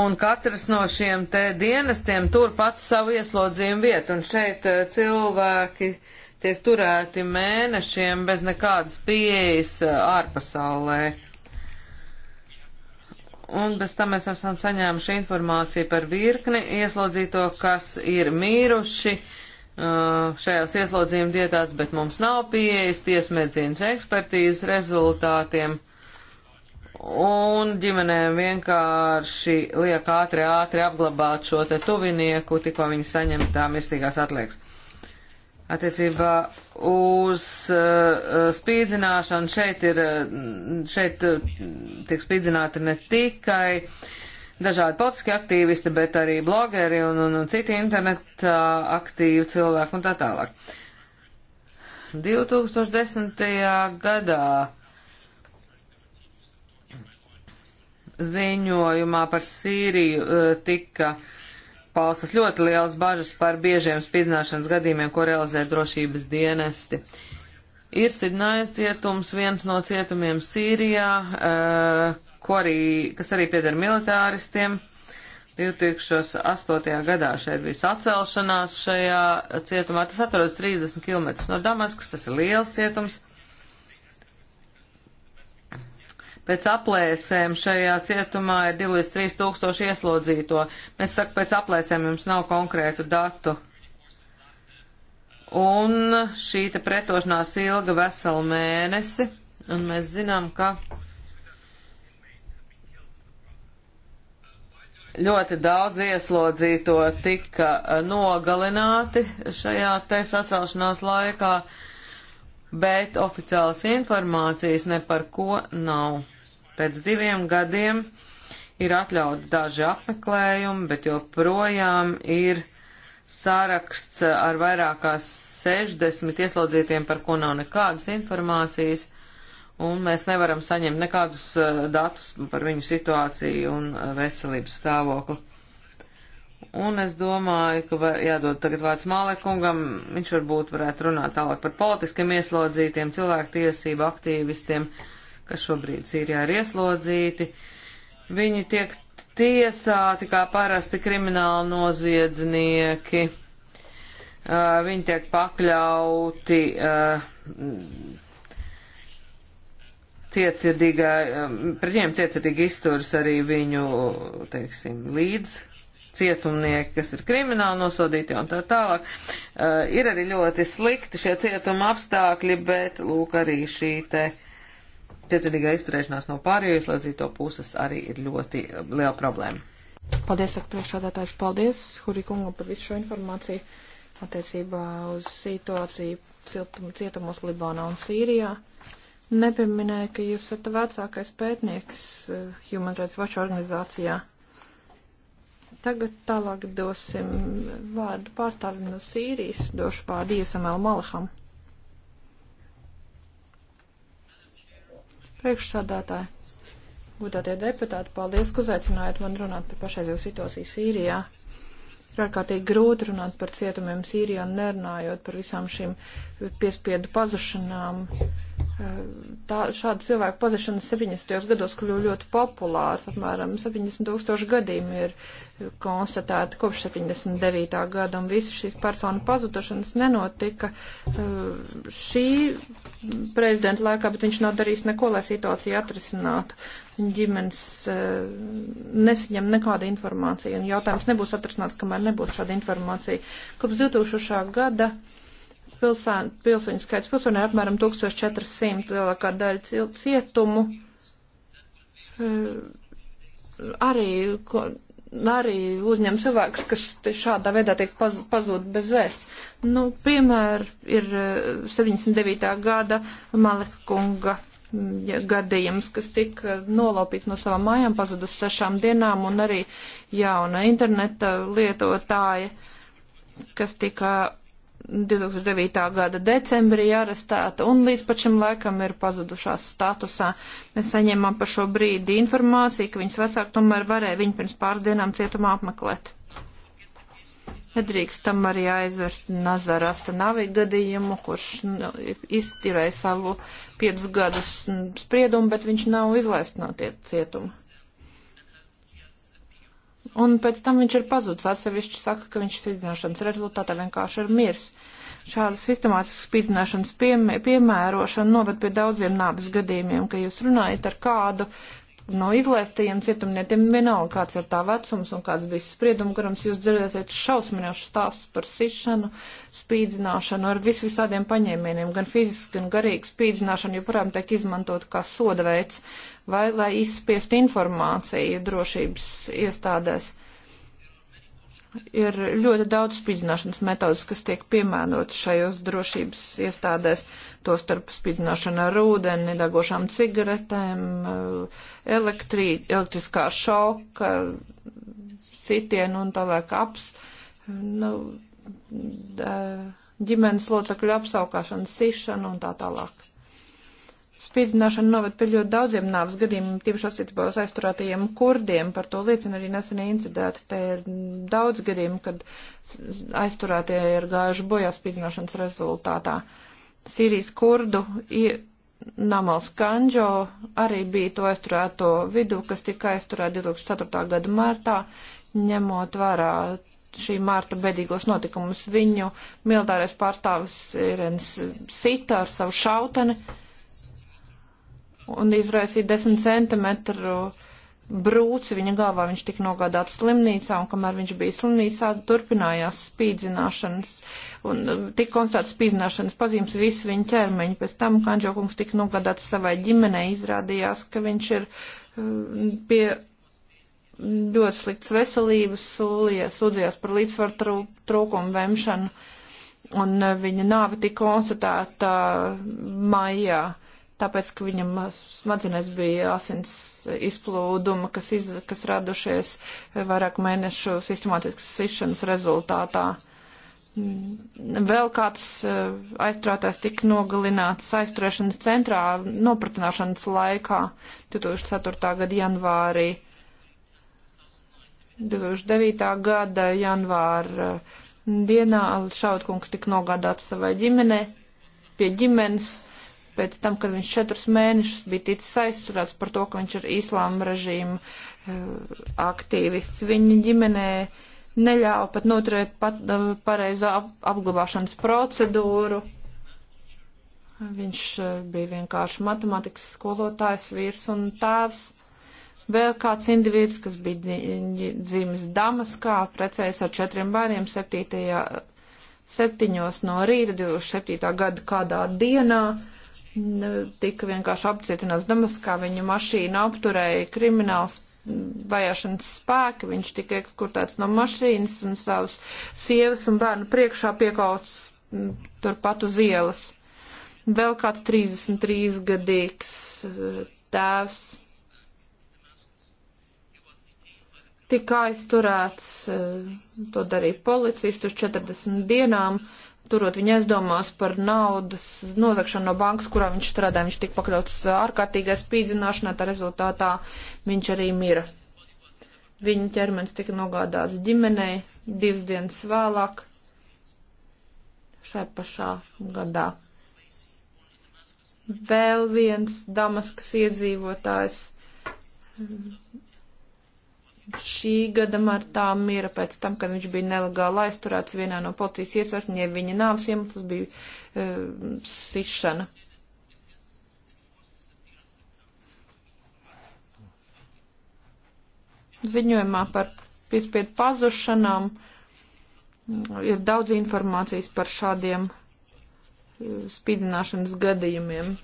A: Un katrs no šiem te dienestiem tur pats savu ieslodzījumu vietu. Un šeit eh, cilvēki uh, tiek turēti mēnešiem bez nekādas pieejas eh, ārpasaulē. Un bez tam mēs esam saņēmuši informāciju par virkni ieslodzīto, kas ir mīruši eh, šajās ieslodzījuma dietās, bet mums nav pieejas tiesmedzīnas ekspertīzes rezultātiem. Un ģimenēm vienkārši liek ātri, ātri apglabāt šo te tuvinieku, tikko viņi saņem tā mirstīgās atliekas. Attiecībā uz uh, spīdzināšanu šeit ir, eh, šeit eh, tiek spīdzināti ne tikai dažādi politiski aktīvisti, bet arī blogeri un, un, un citi internetā aktīvi cilvēki un tā tālāk. 2010. gadā ziņojumā par Sīriju tika uh, paustas ļoti liels bažas par biežiem spīdzināšanas gadījumiem, ko realizē drošības dienesti. Ir Sidnājas cietums, viens no cietumiem Sīrijā, eh, ko arī, kas arī pieder militāristiem. 2008. gadā šeit bija sacelšanās šajā cietumā. Tas atrodas 30 km no Damaskas, tas ir liels cietums. Pēc aplēsēm šajā cietumā ir 2 līdz 3 tūkstoši ieslodzīto. Mēs sakam, pēc aplēsēm jums nav konkrētu datu. Un šī te pretošanās ilga veselu mēnesi, un mēs zinām, ka ļoti daudz ieslodzīto tika nogalināti šajā te sacelšanās laikā, bet oficiālas informācijas ne par ko nav. Pēc diviem gadiem ir atļauti daži apmeklējumi, bet joprojām ir saraksts ar vairākās 60 ieslodzītiem, par ko nav nekādas informācijas, un mēs nevaram saņemt nekādus eh, datus par viņu situāciju un eh, veselības stāvokli. Un es domāju, ka var, jādod tagad vārds Mālekungam, viņš varbūt varētu runāt tālāk par politiskiem ieslodzītiem, cilvēktiesību aktīvistiem. Uh, kas šobrīd Sīrijā ir ieslodzīti, viņi tiek tiesāti kā parasti krimināli noziedznieki. Uh, viņi tiek pakļauti uh, cietsirdīgai, um, pret viņiem cietsirdīgi izturs arī viņu, teiksim, līdz cietumnieki, kas ir krimināli nosodīti un tā tālāk. Uh, ir arī ļoti slikti šie cietuma apstākļi, bet lūk arī šī te. Uh, Tiecīgā izturēšanās no pārējo ieslodzīto puses arī ir ļoti eh, liela problēma.
B: Paldies, saka priekšādātājs, paldies Hurikungam par visu šo informāciju attiecībā uz situāciju cietumos Libānā un Sīrijā. Nepieminēju, ka jūs esat vecākais pētnieks eh, Human Rights Watch organizācijā. Tagad tālāk dosim vārdu pārstāvim no Sīrijas, došu vārdu Iesam El Malaham. Priekšsādātāji, gudātie deputāti, paldies, ka uzaicinājāt man runāt par pašreizējo situāciju Sīrijā. Ir ārkārtīgi grūti runāt par cietumiem Sīrijā, nerunājot par visām šīm piespiedu pazušanām. Eh, tā, šāda cilvēka pazušana 70. gados kļuva ļoti populārs, apmēram 70 tūkstoši gadījumi ir konstatēti kopš 79. gada, un visas šīs personu pazudušanas nenotika eh, šī prezidenta laikā, bet viņš nav darījis neko, lai situāciju atrisinātu ģimenes eh, nesaņem nekādu informāciju, un jautājums nebūs atrasināts, kamēr nebūs šāda informācija. Kopš 2000. gada pilsēn, pilsoņu skaits pilsoņu ir apmēram 1400 lielākā daļa cietumu. Eh, arī, ko, arī uzņem cilvēks, kas šādā veidā tiek paz, pazūd bez vēsts. Nu, piemēr ir 79. Eh, gada Maleka kunga gadījums, kas tika nolaupīts no savām mājām, pazudus sešām dienām, un arī jauna interneta lietotāja, kas tika 2009. gada decembrī arestēta un līdz pat šim laikam ir pazudušās statusā. Mēs saņēmām par šo brīdi informāciju, ka viņas vecāki tomēr varēja viņu pirms pāris dienām cietumā apmeklēt. Nedrīkstam arī aizvērst Nazarasta navi gadījumu, kurš nu, izturēja savu 5 gadus spriedumu, bet viņš nav izlaists no cietuma. Un pēc tam viņš ir pazudis. Atsevišķi saka, ka viņš spīdzināšanas rezultātā vienkārši ir miris. Šāda sistemātiska spīdzināšanas piemērošana noved pie daudziem nāves gadījumiem, ka jūs runājat ar kādu, uh, no izlaistajiem cietumniekiem vienalga, kāds ir tā vecums un kāds bija sprieduma garums, jūs dzirdēsiet šausminošu stāstu par sišanu, spīdzināšanu ar vis visādiem paņēmieniem, gan fiziski, gan garīgi spīdzināšanu, joprojām tiek izmantot kā soda veids, vai lai izspiest informāciju drošības iestādēs. Ir ļoti daudz spīdzināšanas metodas, kas tiek piemērotas šajos drošības iestādēs. Uh, to starp spīdzināšanu ar ūdeni, degošām cigaretēm, eh, elektrī, elektriskā šoka, sitienu un tālāk aps, nu, ģimenes locekļu apsaukāšanu, sišanu un tā tālāk. Spīdzināšana noved pie ļoti daudziem nāves gadījumiem, tīpaši attiecībā uz aizturētajiem kurdiem. Par to liecina arī nesenie incidenti. Te ir daudz gadījumu, kad aizturētie ir gājuši bojā spīdzināšanas rezultātā. Uh, Sīrijas kurdu Namals Kanžo arī bija to aizturēto vidu, kas tika aizturēta 2004. gada martā, ņemot vērā šī mārta bedīgos notikumus. Viņu militārais pārstāvis Irens Sita ar savu šauteni un izraisīja 10 centimetru uh, brūci viņa galvā, viņš tika nogādāts slimnīcā, un kamēr viņš bija slimnīcā, turpinājās spīdzināšanas, un uh, tika konstatēts spīdzināšanas pazīmes visu viņa ķermeņu. Pēc tam Kanģokungs tika nogādāts savai ģimenei, izrādījās, ka viņš ir uh, pie ļoti slikts veselības sūlies, sūdzījās par līdzsvaru trūkumu vemšanu, un uh, viņa nāve tika konstatēta maijā. Uh, tāpēc, ka viņam smadzenēs bija asins izplūduma, kas, iz, kas radušies vairāk mēnešu sistemātiskas sišanas rezultātā. Mm, vēl kāds eh, aizturētājs tika nogalināts aizturēšanas centrā nopratināšanas laikā 2004. gada janvārī. 2009. gada janvāra dienā Šautkungs tika nogādāts savai ģimenei, pie ģimenes pēc tam, kad viņš četrus mēnešus bija ticis aizturēts par to, ka viņš ir islāma režīma eh, aktīvists. Viņa ģimenē neļāva pat noturēt pat, eh, pareizo ap, apglabāšanas procedūru. Viņš eh, bija vienkārši matemātikas skolotājs, vīrs un tēvs. Vēl kāds indivīds, kas bija dzīves Damaskā, precējies ar četriem bērniem 7 septiņos no rīta 27. gada kādā dienā tika vienkārši apcietināts Damaskā, viņu mašīnu apturēja krimināls vajāšanas spēki, viņš tika ekskurtēts no mašīnas un savas sievas un bērnu priekšā piekauts turpat uz ielas. Vēl kāds 33 gadīgs e, tēvs tika aizturēts, e, to darīja policists uz 40 dienām turot viņu aizdomās par naudas nozakšanu no bankas, kurā viņš strādāja. Viņš tika pakļauts ārkārtīgai spīdzināšanai, tā rezultātā viņš arī mira. Viņa ķermenis tika nogādāts ģimenei divas dienas vēlāk šai pašā gadā. Vēl viens Damaskas iedzīvotājs šī gada martā mira pēc tam, kad viņš bija nelegāli aizturēts vienā no policijas iesvarņiem. Viņa nāves iemesls bija uh, sišana. Ziņojumā par piespiedu pazušanām mm, ir daudz informācijas par šādiem eh, spīdzināšanas gadījumiem.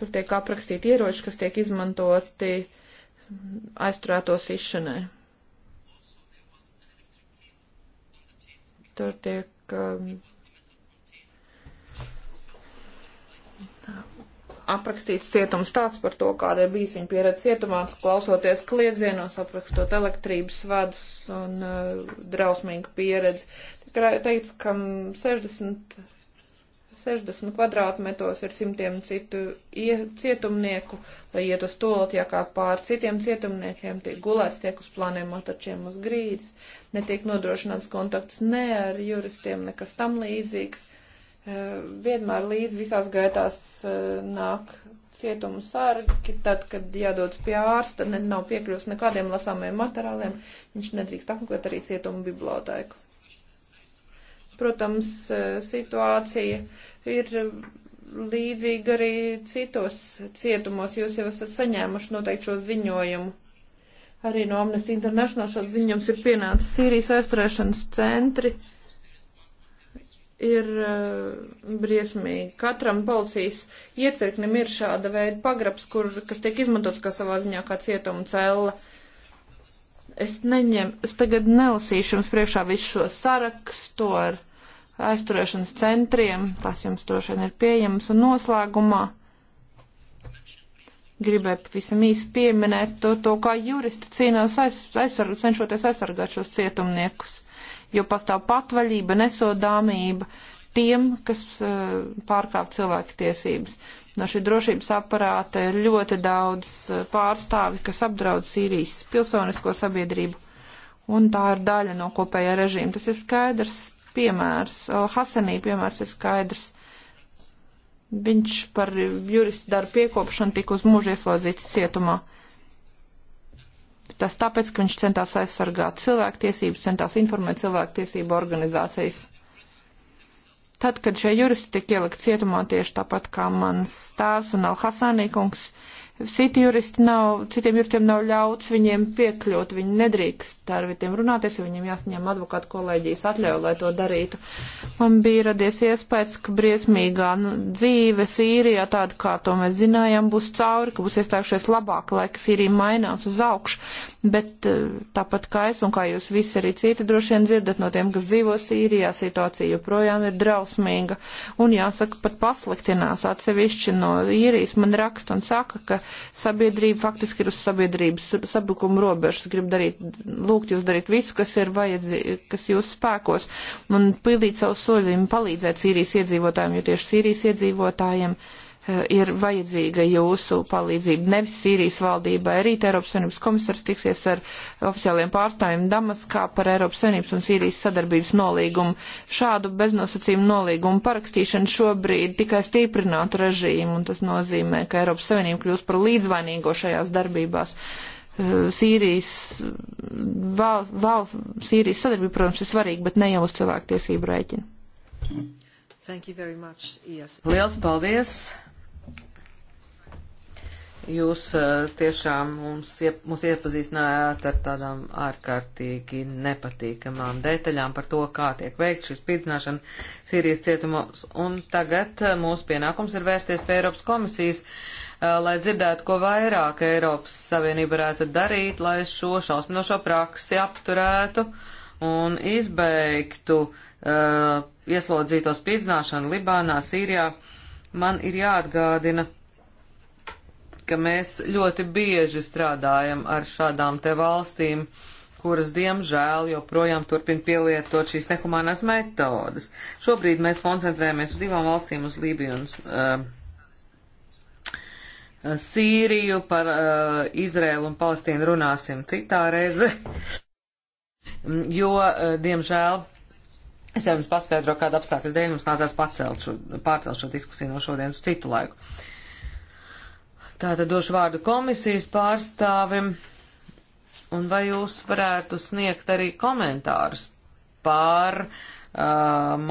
B: Tur tiek aprakstīti ieroči, kas tiek izmantoti uh, aizturētos izšanai. Tur tiek um, aprakstīts cietums stāsts par to, kāda ir bijis viņa pieredze cietumā, klausoties kliedzienos, aprakstot elektrības vedus un uh, drausmīgu pieredzi. Tikai teikts, ka 60 mm, 60 kvadrātmetos ir simtiem citu cietumnieku, lai iet uz tolti, ja kā pār citiem cietumniekiem, tiek gulēts, tiek uz planiem atačiem uz grīdas, netiek nodrošināts kontakts ne ar juristiem, nekas tam līdzīgs. Eh, vienmēr līdz visās gaitās eh, nāk cietuma sargi, tad, kad jādodas pie ārsta, ne, nav piekļūst nekādiem lasāmiem materiāliem, viņš nedrīkst apmeklēt arī cietuma bibliotēku. Protams, e, situācija ir līdzīga arī citos cietumos. Jūs jau esat saņēmuši noteikti šo ziņojumu. Arī no Amnesty International šāds ziņojums ir pienācis. Sīrijas aizturēšanas centri ir uh, briesmīgi. Katram policijas iecirknim ir šāda veida pagrabs, kur, kas tiek izmantots kā savā ziņā kā cietuma cella. Uh, Es neņem, es tagad nelasīšu jums priekšā visu šo sarakstu ar aizturēšanas centriem, tas jums droši vien ir pieejams, un noslēgumā gribēju pavisam īsi pieminēt to, to kā juristi cīnās aiz, aizsargu, cenšoties aizsargāt šos cietumniekus, jo pastāv patvaļība, nesodāmība, tiem, kas eh, pārkāp cilvēku tiesības. No šī drošības aparāta ir ļoti daudz eh, pārstāvi, kas apdraud Sīrijas pilsonisko sabiedrību, un tā ir daļa no kopējā režīma. Tas ir skaidrs piemērs, Hasanī piemērs ir skaidrs. Viņš par juristu darbu piekopšanu tika uz mūžu ieslodzīts cietumā. Tas tāpēc, ka viņš centās aizsargāt cilvēktiesības, centās informēt cilvēktiesību organizācijas. Tad, kad šie juristi tika ielikt cietumā tieši tāpat kā mans stāvs un Alhasanīkungs, kungs, Citi juristi nav, citiem juristiem nav ļauts viņiem piekļūt, viņi nedrīkst ar viņiem runāties, jo viņiem jāsaņem advokātu kolēģijas atļauja, lai to darītu. Man bija radies iespējas, ka briesmīgā nu, dzīve Sīrijā, tāda kā to mēs zinājām, būs cauri, ka būs iestājušies labāk, lai ka Sīrija mainās uz augšu, bet eh, tāpat kā es un kā jūs visi arī citi droši vien dzirdat no tiem, kas dzīvo Sīrijā, situācija joprojām ir drausmīga un jāsaka pat pasliktinās atsevišķi no īrijas man raksta un saka, ka sabiedrība faktiski ir uz sabiedrības sabukuma robežas. Gribu darīt, lūgt jūs darīt visu, kas ir vajadzīgs, kas jūs spēkos, un pildīt savu soļu un palīdzēt Sīrijas iedzīvotājiem, jo tieši Sīrijas iedzīvotājiem. Uh, Eh, ir vajadzīga jūsu palīdzība. Nevis Sīrijas valdībai. Rīt Eiropas Savienības komisars tiksies ar oficiāliem pārstāvjiem Damaskā par Eiropas Savienības un Sīrijas sadarbības nolīgumu. Šādu beznosacījumu nolīgumu parakstīšana šobrīd tikai stiprinātu režīmu, un tas nozīmē, ka Eiropas Savienība kļūs par līdzvainīgo šajās darbībās. Eh, Sīrijas, val, val, Sīrijas sadarbība, protams, ir svarīga, bet ne jau uz cilvēku tiesību
A: rēķina. Thank you very much, yes. Liels paldies! Jūs eh, tiešām mums, iep, mums iepazīstinājāt ar tādām ārkārtīgi nepatīkamām detaļām par to, kā tiek veikt šī spīdzināšana Sīrijas cietumos. Un tagad eh, mūsu pienākums ir vērsties pie Eiropas komisijas, eh, lai dzirdētu, ko vairāk Eiropas Savienība varētu darīt, lai šo šausminošo praksi apturētu un izbeigtu uh, ieslodzīto spīdzināšanu Libānā, Sīrijā. Man ir jāatgādina ka mēs ļoti bieži strādājam ar šādām te valstīm, kuras, diemžēl, joprojām turpina pielietot šīs nehumānās metodas. Šobrīd mēs koncentrējamies uz divām valstīm, uz Lībiju un uh, Sīriju, par uh, Izrēlu un Palestīnu runāsim citā reize, jo, uh, diemžēl, es jau jums paskaidroju, kāda apstākļa dēļ mums nācās pacelt šo, pārcelt šo diskusiju no šodienas citu laiku. Uh, Tātad došu vārdu komisijas pārstāvim, un vai jūs varētu sniegt arī komentārus par uh,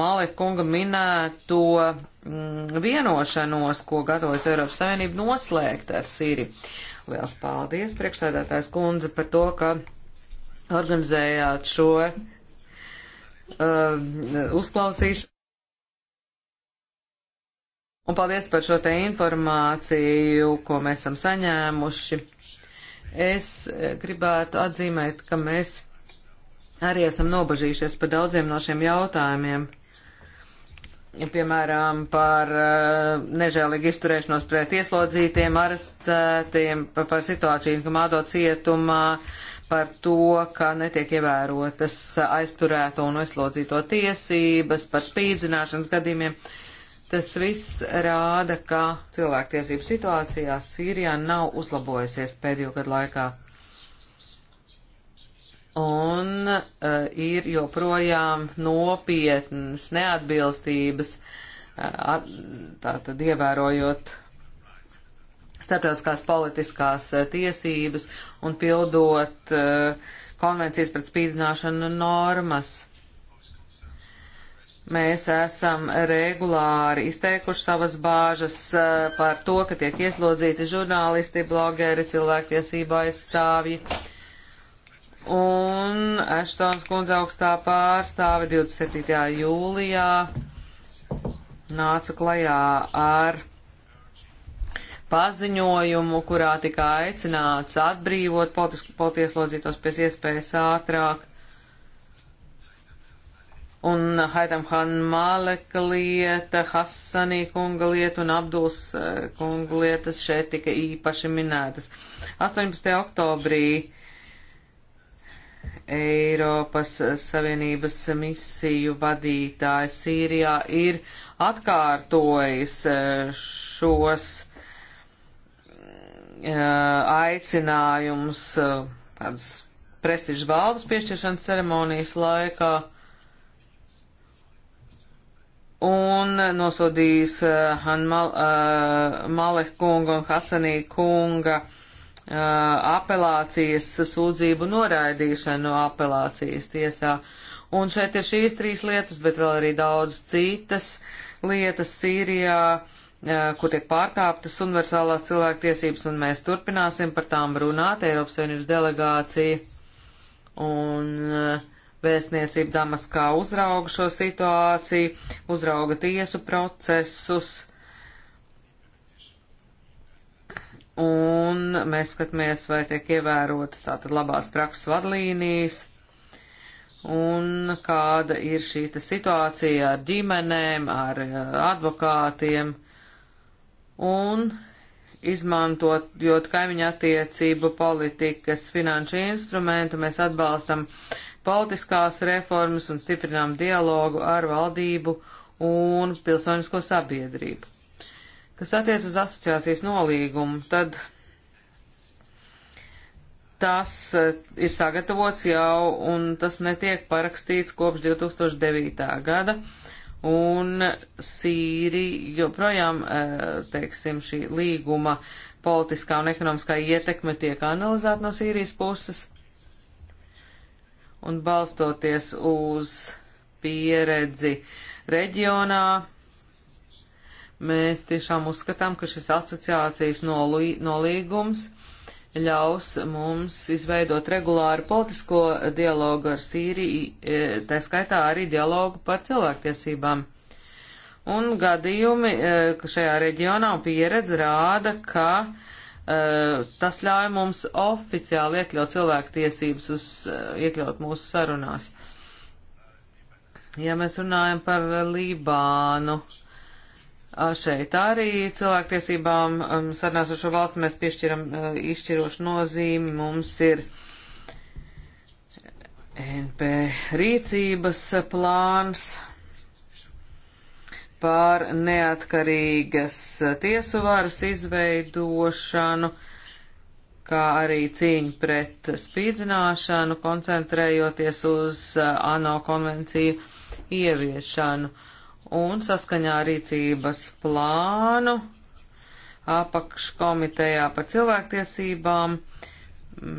A: Malekunga minēto mm, vienošanos, ko gatavojas Eiropas Savienība noslēgt ar Sīriju. Liels paldies, priekšsēdētājs kundze, par to, ka organizējāt šo uh, uzklausīšanu. Un paldies par šo te informāciju, ko mēs esam saņēmuši. Es eh, gribētu atzīmēt, ka mēs arī esam nobažījušies par daudziem no šiem jautājumiem. Ja, piemēram, par uh, nežēlīgu izturēšanos pret ieslodzītiem, arestētiem, par, par situāciju, ka mādo cietumā, par to, ka netiek ievērotas aizturēto un ieslodzīto tiesības, par spīdzināšanas gadījumiem. Uh, Tas viss rāda, ka cilvēktiesību situācijā Sīrijā nav uzlabojusies pēdējo gadu laikā. Un uh, ir joprojām nopietnas neatbilstības, uh, tātad ievērojot starptautiskās politiskās eh, tiesības un pildot uh, konvencijas pret spīdināšanu normas. Mēs esam regulāri izteikuši savas bāžas eh, par to, ka tiek ieslodzīti žurnālisti, blogeri, cilvēktiesība aizstāvji. Un Eštons kundze augstā pārstāve 27. jūlijā nāca klajā ar paziņojumu, kurā tika aicināts atbrīvot politieslodzītos pēc iespējas ātrāk un Haidam Han Māleka lieta, Hassanī kunga lieta un Abduls eh, kunga lietas šeit tika īpaši minētas. 18. oktobrī Eiropas Savienības misiju vadītājs Sīrijā ir atkārtojis eh, šos eh, aicinājums kādas prestižu valdes piešķiršanas ceremonijas laikā un nosodījis uh, eh, Hanmal, uh, eh, Malek kunga un Hasanī kunga uh, apelācijas sūdzību noraidīšanu no apelācijas tiesā. Un šeit ir šīs trīs lietas, bet vēl arī daudz citas lietas Sīrijā, uh, kur tiek pārkāptas universālās cilvēktiesības, un mēs turpināsim par tām runāt Eiropas Savienības delegācija. Un uh, Vēstniecība Damaskā uzrauga šo situāciju, uzrauga tiesu procesus. Un mēs skatāmies, vai tiek ievērotas tātad labās prakses vadlīnijas un kāda ir šī situācija ar ģimenēm, ar eh, advokātiem un izmantot, jo kaimiņa attiecību politikas finanšu instrumentu mēs atbalstam uh, politiskās reformas un stiprinām dialogu ar valdību un pilsonisko sabiedrību. Kas attiec uz asociācijas nolīgumu, tad tas eh, ir sagatavots jau un tas netiek parakstīts kopš 2009. gada. Un Sīri joprojām, eh, teiksim, šī līguma politiskā un ekonomiskā ietekme tiek analizēta no Sīrijas puses un balstoties uz pieredzi reģionā, mēs tiešām uzskatām, ka šis asociācijas nolīgums ļaus mums izveidot regulāru politisko dialogu ar Sīriju, e, tā skaitā arī dialogu par cilvēktiesībām. Un gadījumi e, šajā reģionā pieredze rāda, ka Eh, tas ļauj mums oficiāli iekļaut cilvēktiesības, uz, eh, iekļaut mūsu sarunās. Ja mēs runājam par Lībānu, šeit arī cilvēktiesībām um, sarunās ar šo valstu mēs piešķiram eh, izšķirošu nozīmi. Mums ir NP rīcības plāns, par neatkarīgas tiesu varas izveidošanu, kā arī cīņu pret spīdzināšanu, koncentrējoties uz eh, ANO konvenciju ieviešanu un saskaņā rīcības plānu apakškomitejā par cilvēktiesībām.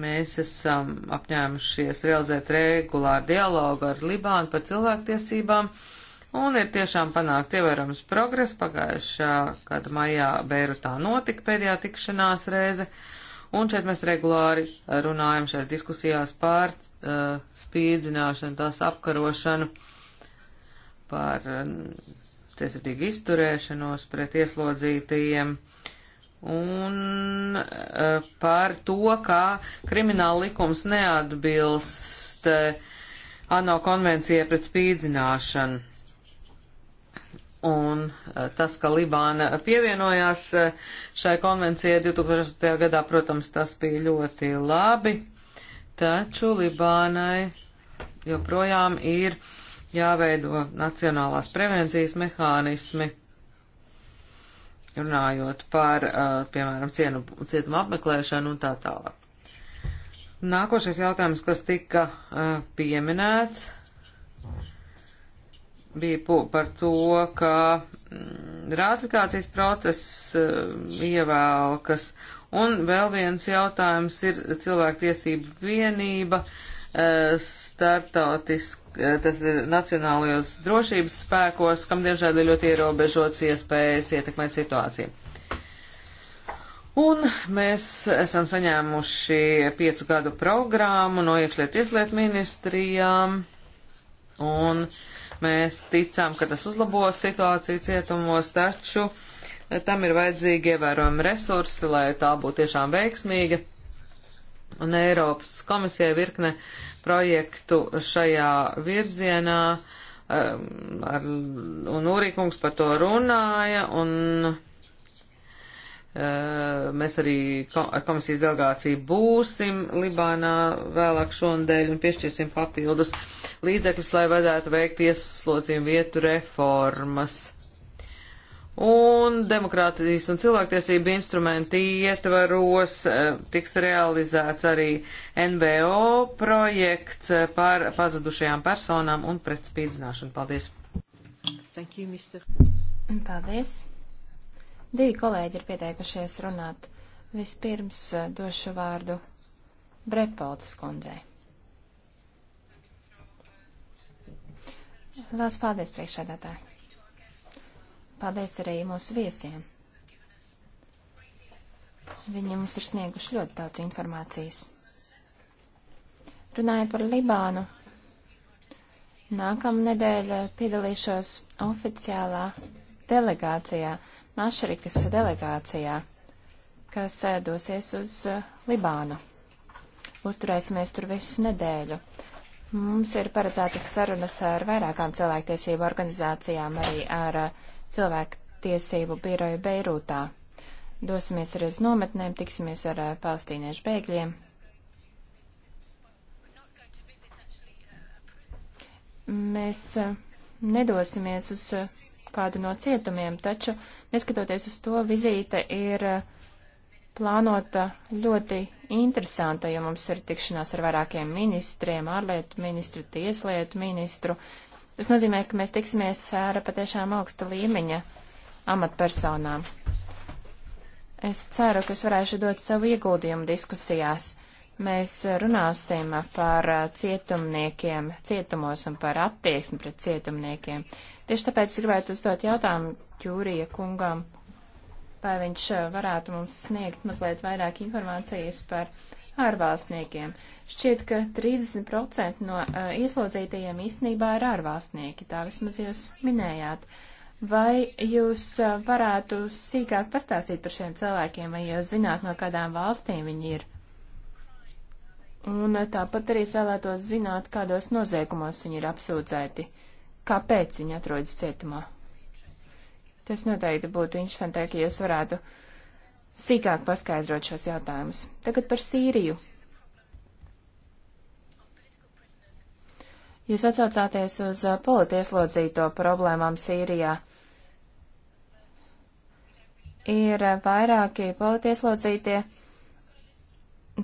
A: Mēs esam apņēmušies realizēt regulāru dialogu ar Libānu par cilvēktiesībām. Uh, un ir tiešām panākt ievērams progress. Pagājušā gada maijā Beirutā notika pēdējā tikšanās reize, un šeit mēs regulāri runājam šajās diskusijās par uh, spīdzināšanu, tās apkarošanu, par uh, tiesvedīgu izturēšanos pret ieslodzītajiem. Un uh, par to, kā krimināla likums neatbilst uh, ANO konvencijai pret spīdzināšanu Un eh, tas, ka Libāna pievienojās eh, šai konvencijai 2008. gadā, protams, tas bija ļoti labi, taču Libānai joprojām ir jāveido nacionālās prevencijas mehānismi, runājot par, eh, piemēram, cienu, cietumu apmeklēšanu un tā tālāk. Nākošais jautājums, kas tika pieminēts, bija par to, ka mm, ratifikācijas process mm, ievēlkas. Un vēl viens jautājums ir cilvēktiesība vienība eh, startautiski, eh, tas ir nacionālajos drošības spēkos, kam diemžēl ir ļoti ierobežots iespējas ietekmēt situāciju. Un mēs esam saņēmuši piecu gadu programmu no iekšliet tieslietu ministrijām, un uh, Mēs ticām, ka tas uzlabos situāciju cietumos, taču eh, tam ir vajadzīgi ievērojami resursi, lai tā būtu tiešām veiksmīga. Un Eiropas komisija virkne projektu šajā virzienā, um, ar, un Ūrīkungs par to runāja, un Eh, mēs arī ar komisijas delegāciju būsim Libānā vēlāk šonadēļ un piešķirsim papildus līdzekļus, lai varētu veikt ieslodzījumu vietu reformas. Un demokrātijas un cilvēktiesība instrumenti ietvaros eh, tiks realizēts arī NVO projekts eh, par pazudušajām personām un pret spīdzināšanu. Paldies! Thank you, Mr.
C: Paldies! Divi kolēģi ir pieteikušies runāt. Vispirms eh, došu vārdu Brepolds kundzei. Lielas paldies priekšsēdētāji. Paldies arī mūsu viesiem. Viņi mums ir snieguši ļoti daudz informācijas. Runājot par Libānu, nākamnedēļ eh, piedalīšos oficiālā delegācijā, Mašarikas delegācijā, kas eh, dosies uz eh, Libānu. Uzturēsimies tur visu nedēļu. Mums ir paredzētas sarunas ar vairākām cilvēktiesību organizācijām, arī ar eh, cilvēktiesību biroju Beirūtā. Dosimies arī uz nometnēm, tiksimies ar palestīniešu bēgļiem. Mēs nedosimies uz kādu no cietumiem, taču, neskatoties uz to, vizīte ir eh, plānota ļoti interesanta, jo mums ir tikšanās ar vairākiem ministriem, ārlietu ministru, tieslietu ministru. Tas nozīmē, ka mēs tiksimies ar patiešām augsta līmeņa amatpersonām. Es ceru, ka es varēšu dot savu ieguldījumu diskusijās mēs runāsim par cietumniekiem, cietumos un par attieksmi pret cietumniekiem. Tieši tāpēc es gribētu uzdot jautājumu Jūrija kungam, vai viņš varētu mums sniegt mazliet vairāk informācijas par ārvalstniekiem. Šķiet, ka 30% no uh, ieslodzītajiem īstenībā ir ārvalstnieki, tā vismaz jūs minējāt. Vai jūs eh, varētu sīkāk pastāstīt par šiem cilvēkiem, vai jūs zināt, no kādām valstīm viņi ir? Un eh, tāpat arī es vēlētos zināt, kādos noziegumos viņi ir apsūdzēti. Kāpēc viņi atrodas cietumā? Tas noteikti būtu interesantāk, ja jūs varētu sīkāk paskaidrot šos jautājumus. Tagad par Sīriju. Jūs atsaucāties uz eh, politieslodzīto problēmām Sīrijā. Ir eh, vairāki politieslodzītie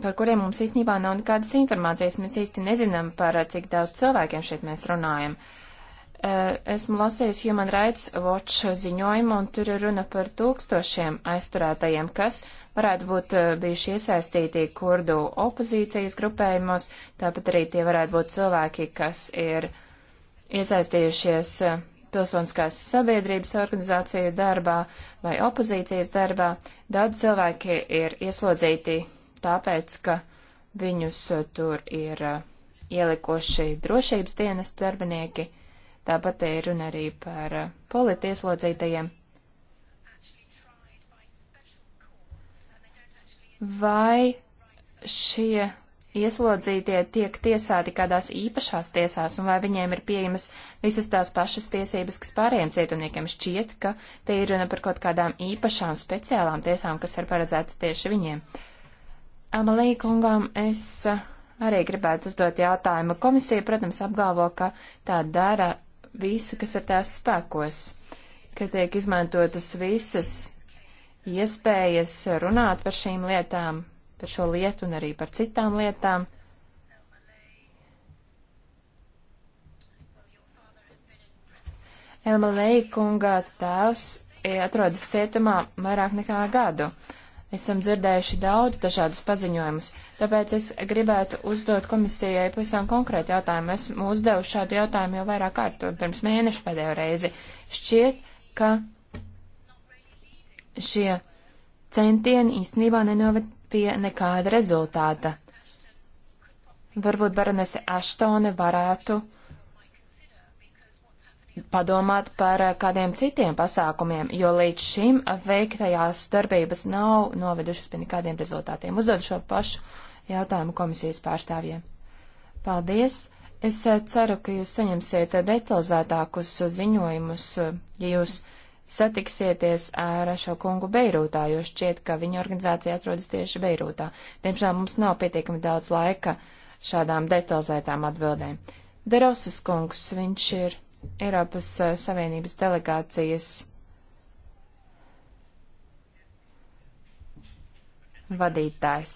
C: par kuriem mums īstenībā nav nekādas informācijas. Mēs īsti nezinām, par eh, cik daudz cilvēkiem šeit mēs runājam. Eh, esmu lasījusi Human Rights Watch ziņojumu, un tur ir runa par tūkstošiem aizturētajiem, kas varētu būt eh, bijuši iesaistīti kurdu opozīcijas grupējumos, tāpat arī tie varētu būt cilvēki, kas ir iesaistījušies pilsoniskās sabiedrības organizāciju darbā vai opozīcijas darbā. Daudz cilvēki ir ieslodzīti tāpēc, ka viņus uh, tur ir uh, ielikoši drošības dienas darbinieki, tāpat ir runa arī par uh, politieslodzītajiem. Vai šie ieslodzītie tiek tiesāti kādās īpašās tiesās, un vai viņiem ir pieejamas visas tās pašas tiesības, kas pārējiem cietumniekiem šķiet, ka te ir runa par kaut kādām īpašām speciālām tiesām, kas ir paredzētas tieši viņiem. Uh, Amalī kungam es eh, arī gribētu uzdot jautājumu. Komisija, protams, apgalvo, ka tā dara visu, kas ir tās spēkos, ka tiek izmantotas visas iespējas runāt par šīm lietām, par šo lietu un arī par citām lietām. Elma Leikunga tēvs eh, atrodas cietumā vairāk nekā gadu. Esam dzirdējuši daudz dažādus paziņojumus, tāpēc es gribētu uzdot komisijai pavisam konkrētu jautājumu. Esmu uzdevusi šādu jautājumu jau vairāk kārt, pirms mēneša pēdējo reizi. Šķiet, ka šie centieni īstenībā nenoved pie nekāda rezultāta. Varbūt baronese Aštone varētu uh, padomāt par eh, kādiem citiem pasākumiem, jo līdz šim veiktajās darbības nav novedušas pie nekādiem rezultātiem. Uzdod šo pašu jautājumu komisijas pārstāvjiem. Paldies! Es eh, ceru, ka jūs saņemsiet eh, detalizētākus ziņojumus, ja jūs satiksieties ar šo kungu Beirūtā, jo šķiet, ka viņa organizācija atrodas tieši Beirūtā. Diemžēl mums nav pietiekami daudz laika šādām detalizētām atbildēm. Derosas kungs, viņš ir Eiropas eh, Savienības delegācijas vadītājs.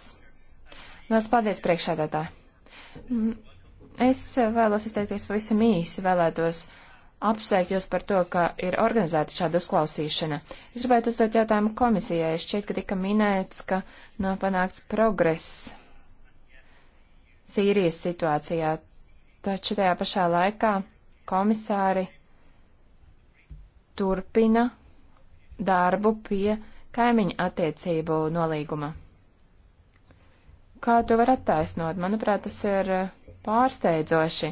C: Lielas nu, paldies priekšādātāji. Mm, es vēlos izteikties pavisam īsi, vēlētos apsveikt jūs par to, ka ir organizēta šāda uzklausīšana. Es gribētu uzdot jautājumu komisijai. Šķiet, ka tika minēts, ka nav panākts progress Sīrijas situācijā, taču tajā pašā laikā komisāri turpina darbu pie kaimiņa attiecību nolīguma. Kā to var attaisnot? Manuprāt, tas ir eh, pārsteidzoši.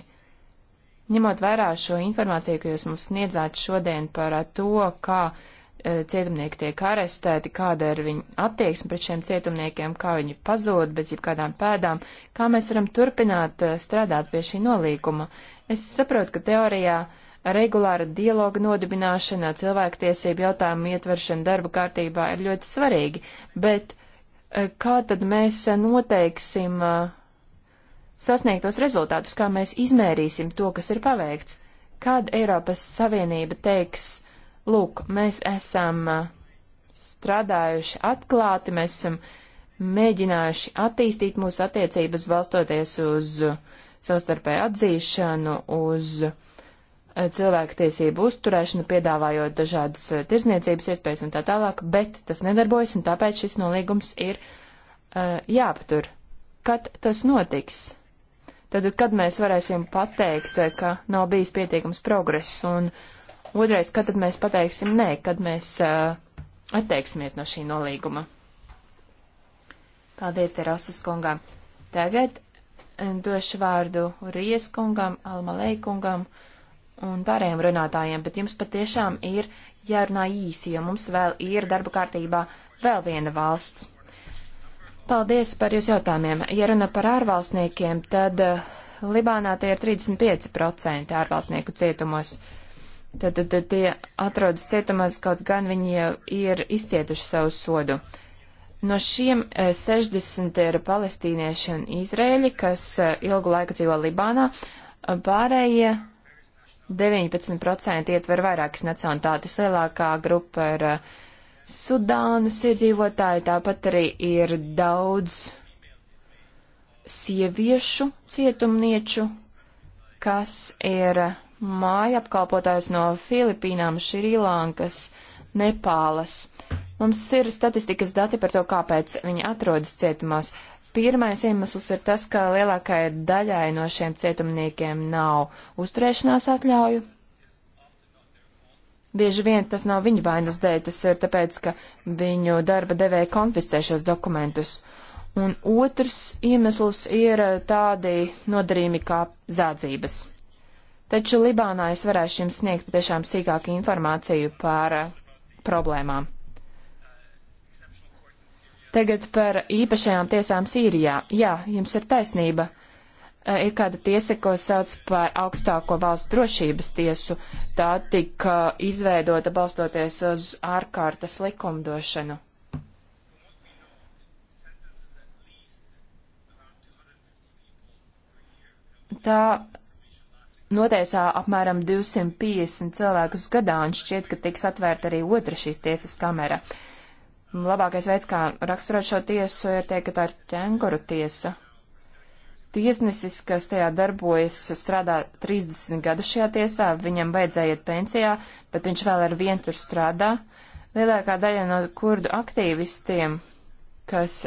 C: Ņemot vērā šo informāciju, ko jūs mums sniedzāt šodien par to, kā Eh, cietumnieki tiek arestēti, kāda ir viņa attieksme pret šiem cietumniekiem, kā viņi pazūd bez jebkādām pēdām, kā mēs varam turpināt eh, strādāt pie šī nolīguma. Es saprotu, ka teorijā regulāra dialoga nodibināšana, cilvēktiesību jautājumu ietveršana darba kārtībā ir ļoti svarīgi, bet eh, kā tad mēs noteiksim sasniegtos rezultātus, kā mēs izmērīsim to, kas ir paveikts? Kad Eiropas Savienība teiks, uh, Lūk, mēs esam uh, strādājuši atklāti, mēs esam mēģinājuši attīstīt mūsu attiecības balstoties uz uh, savstarpēju atzīšanu, uz uh, cilvēktiesību uzturēšanu, piedāvājot dažādas tirzniecības iespējas un tā tālāk, bet tas nedarbojas un tāpēc šis nolīgums ir uh, jāaptur. Kad tas notiks? Tad, kad mēs varēsim pateikt, ka nav bijis pietiekams progress un uh, Otrais, kad tad mēs pateiksim nē, kad mēs uh, atteiksimies no šī nolīguma. Paldies, Terasas kungam. Tagad eh, došu vārdu Rijas kungam, Almalei kungam un pārējiem runātājiem, bet jums patiešām ir jārunā īsi, jo mums vēl ir darba kārtībā vēl viena valsts. Paldies par jūsu jautājumiem. Ja runa par ārvalstniekiem, tad eh, Libānā tie ir 35% ārvalstnieku cietumos. Uh, Tad, tad tie atrodas cietumās, kaut gan viņi jau ir izcietuši savu sodu. No šiem 60 eh, ir palestīnieši un izrēļi, kas eh, ilgu laiku dzīvo Libānā, eh, pārējie 19% ietver vairākas nacionalitātes. Lielākā grupa ir Sudānas iedzīvotāji, tāpat arī ir daudz sieviešu cietumnieču, kas ir māja apkalpotājs no Filipīnām, Šrilankas, Nepālas. Mums ir statistikas dati par to, kāpēc viņi atrodas cietumos. Pirmais iemesls ir tas, ka lielākajai daļai no šiem cietumniekiem nav uzturēšanās atļauju. Bieži vien tas nav viņu vainas dēļ, tas ir tāpēc, ka viņu darba devēja konfiscē šos dokumentus. Un otrs iemesls ir tādi nodarījumi kā zādzības. Taču Libānā es varēšu jums sniegt patiešām sīkāku informāciju par eh, problēmām. Tagad par īpašajām tiesām Sīrijā. Jā, jums ir taisnība. Eh, ir kāda tiesa, ko sauc par augstāko valsts drošības tiesu. Tā tika eh, izveidota balstoties uz ārkārtas likumdošanu. Tā notiesā apmēram 250 cilvēkus gadā, un šķiet, ka tiks atvērta arī otra šīs tiesas kamera. Labākais veids, kā raksturot šo tiesu, ir teikt, ka tā ir ķenguru tiesa. Tiesnesis, kas tajā darbojas, strādā 30 gadus šajā tiesā, viņam vajadzēja iet pensijā, bet viņš vēl ar vienu tur strādā. Lielākā daļa no kurdu aktīvistiem, kas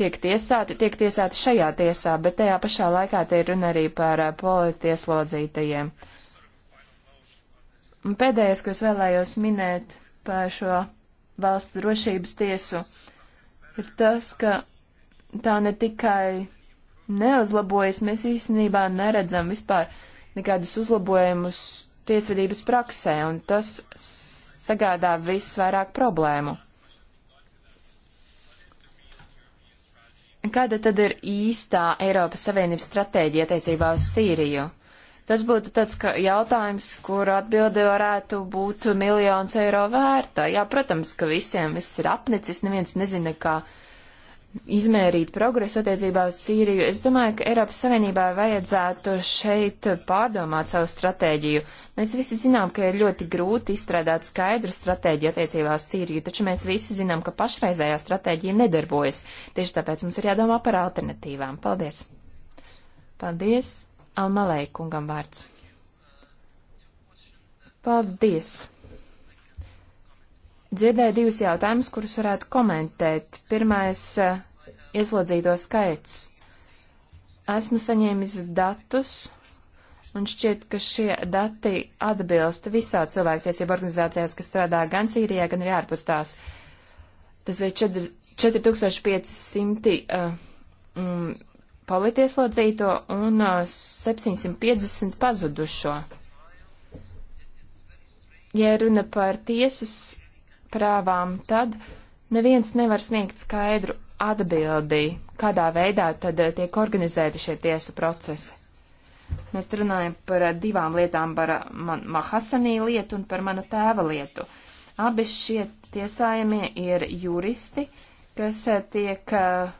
C: tiek tiesāti, tiek tiesāti šajā tiesā, bet tajā pašā laikā te ir runa arī par eh, politieslodzītajiem. Un pēdējais, ko es vēlējos minēt par šo valsts drošības tiesu, ir tas, ka tā ne tikai neuzlabojas, mēs īstenībā neredzam vispār nekādus uzlabojumus tiesvedības praksē, un tas sagādā visvairāk problēmu. Kāda tad ir īstā Eiropas Savienības stratēģija attiecībā uz Sīriju? Tas būtu tāds jautājums, kur atbildi varētu būt miljons eiro vērta. Jā, protams, ka visiem viss ir apnicis, neviens nezina, kā. Ka izmērīt progresu attiecībā uz Sīriju. Es domāju, ka Eiropas Savienībā vajadzētu šeit pārdomāt savu stratēģiju. Mēs visi zinām, ka ir ļoti grūti izstrādāt skaidru stratēģiju attiecībā uz Sīriju, taču mēs visi zinām, ka pašreizējā stratēģija nedarbojas. Tieši tāpēc mums ir jādomā par alternatīvām. Paldies! Paldies! Almalei kungam vārds. Paldies! dzirdēju divus jautājumus, kurus varētu komentēt. Pirmais eh, - ieslodzīto skaits. Esmu saņēmis datus, un šķiet, ka šie dati atbilst visās cilvēktiesību organizācijās, kas strādā gan Sīrijā, gan arī ārpus tās. Tas ir 4500 uh, eh, mm, politieslodzīto un uh, eh, 750 pazudušo ja runa par tiesas prāvām, tad neviens nevar sniegt skaidru atbildi, kādā veidā tad eh, tiek organizēti šie tiesu procesi. Mēs runājam par eh, divām lietām, par eh, man, Mahasanī lietu un par mana tēva lietu. Abi šie tiesājumie ir juristi, kas tiek uh,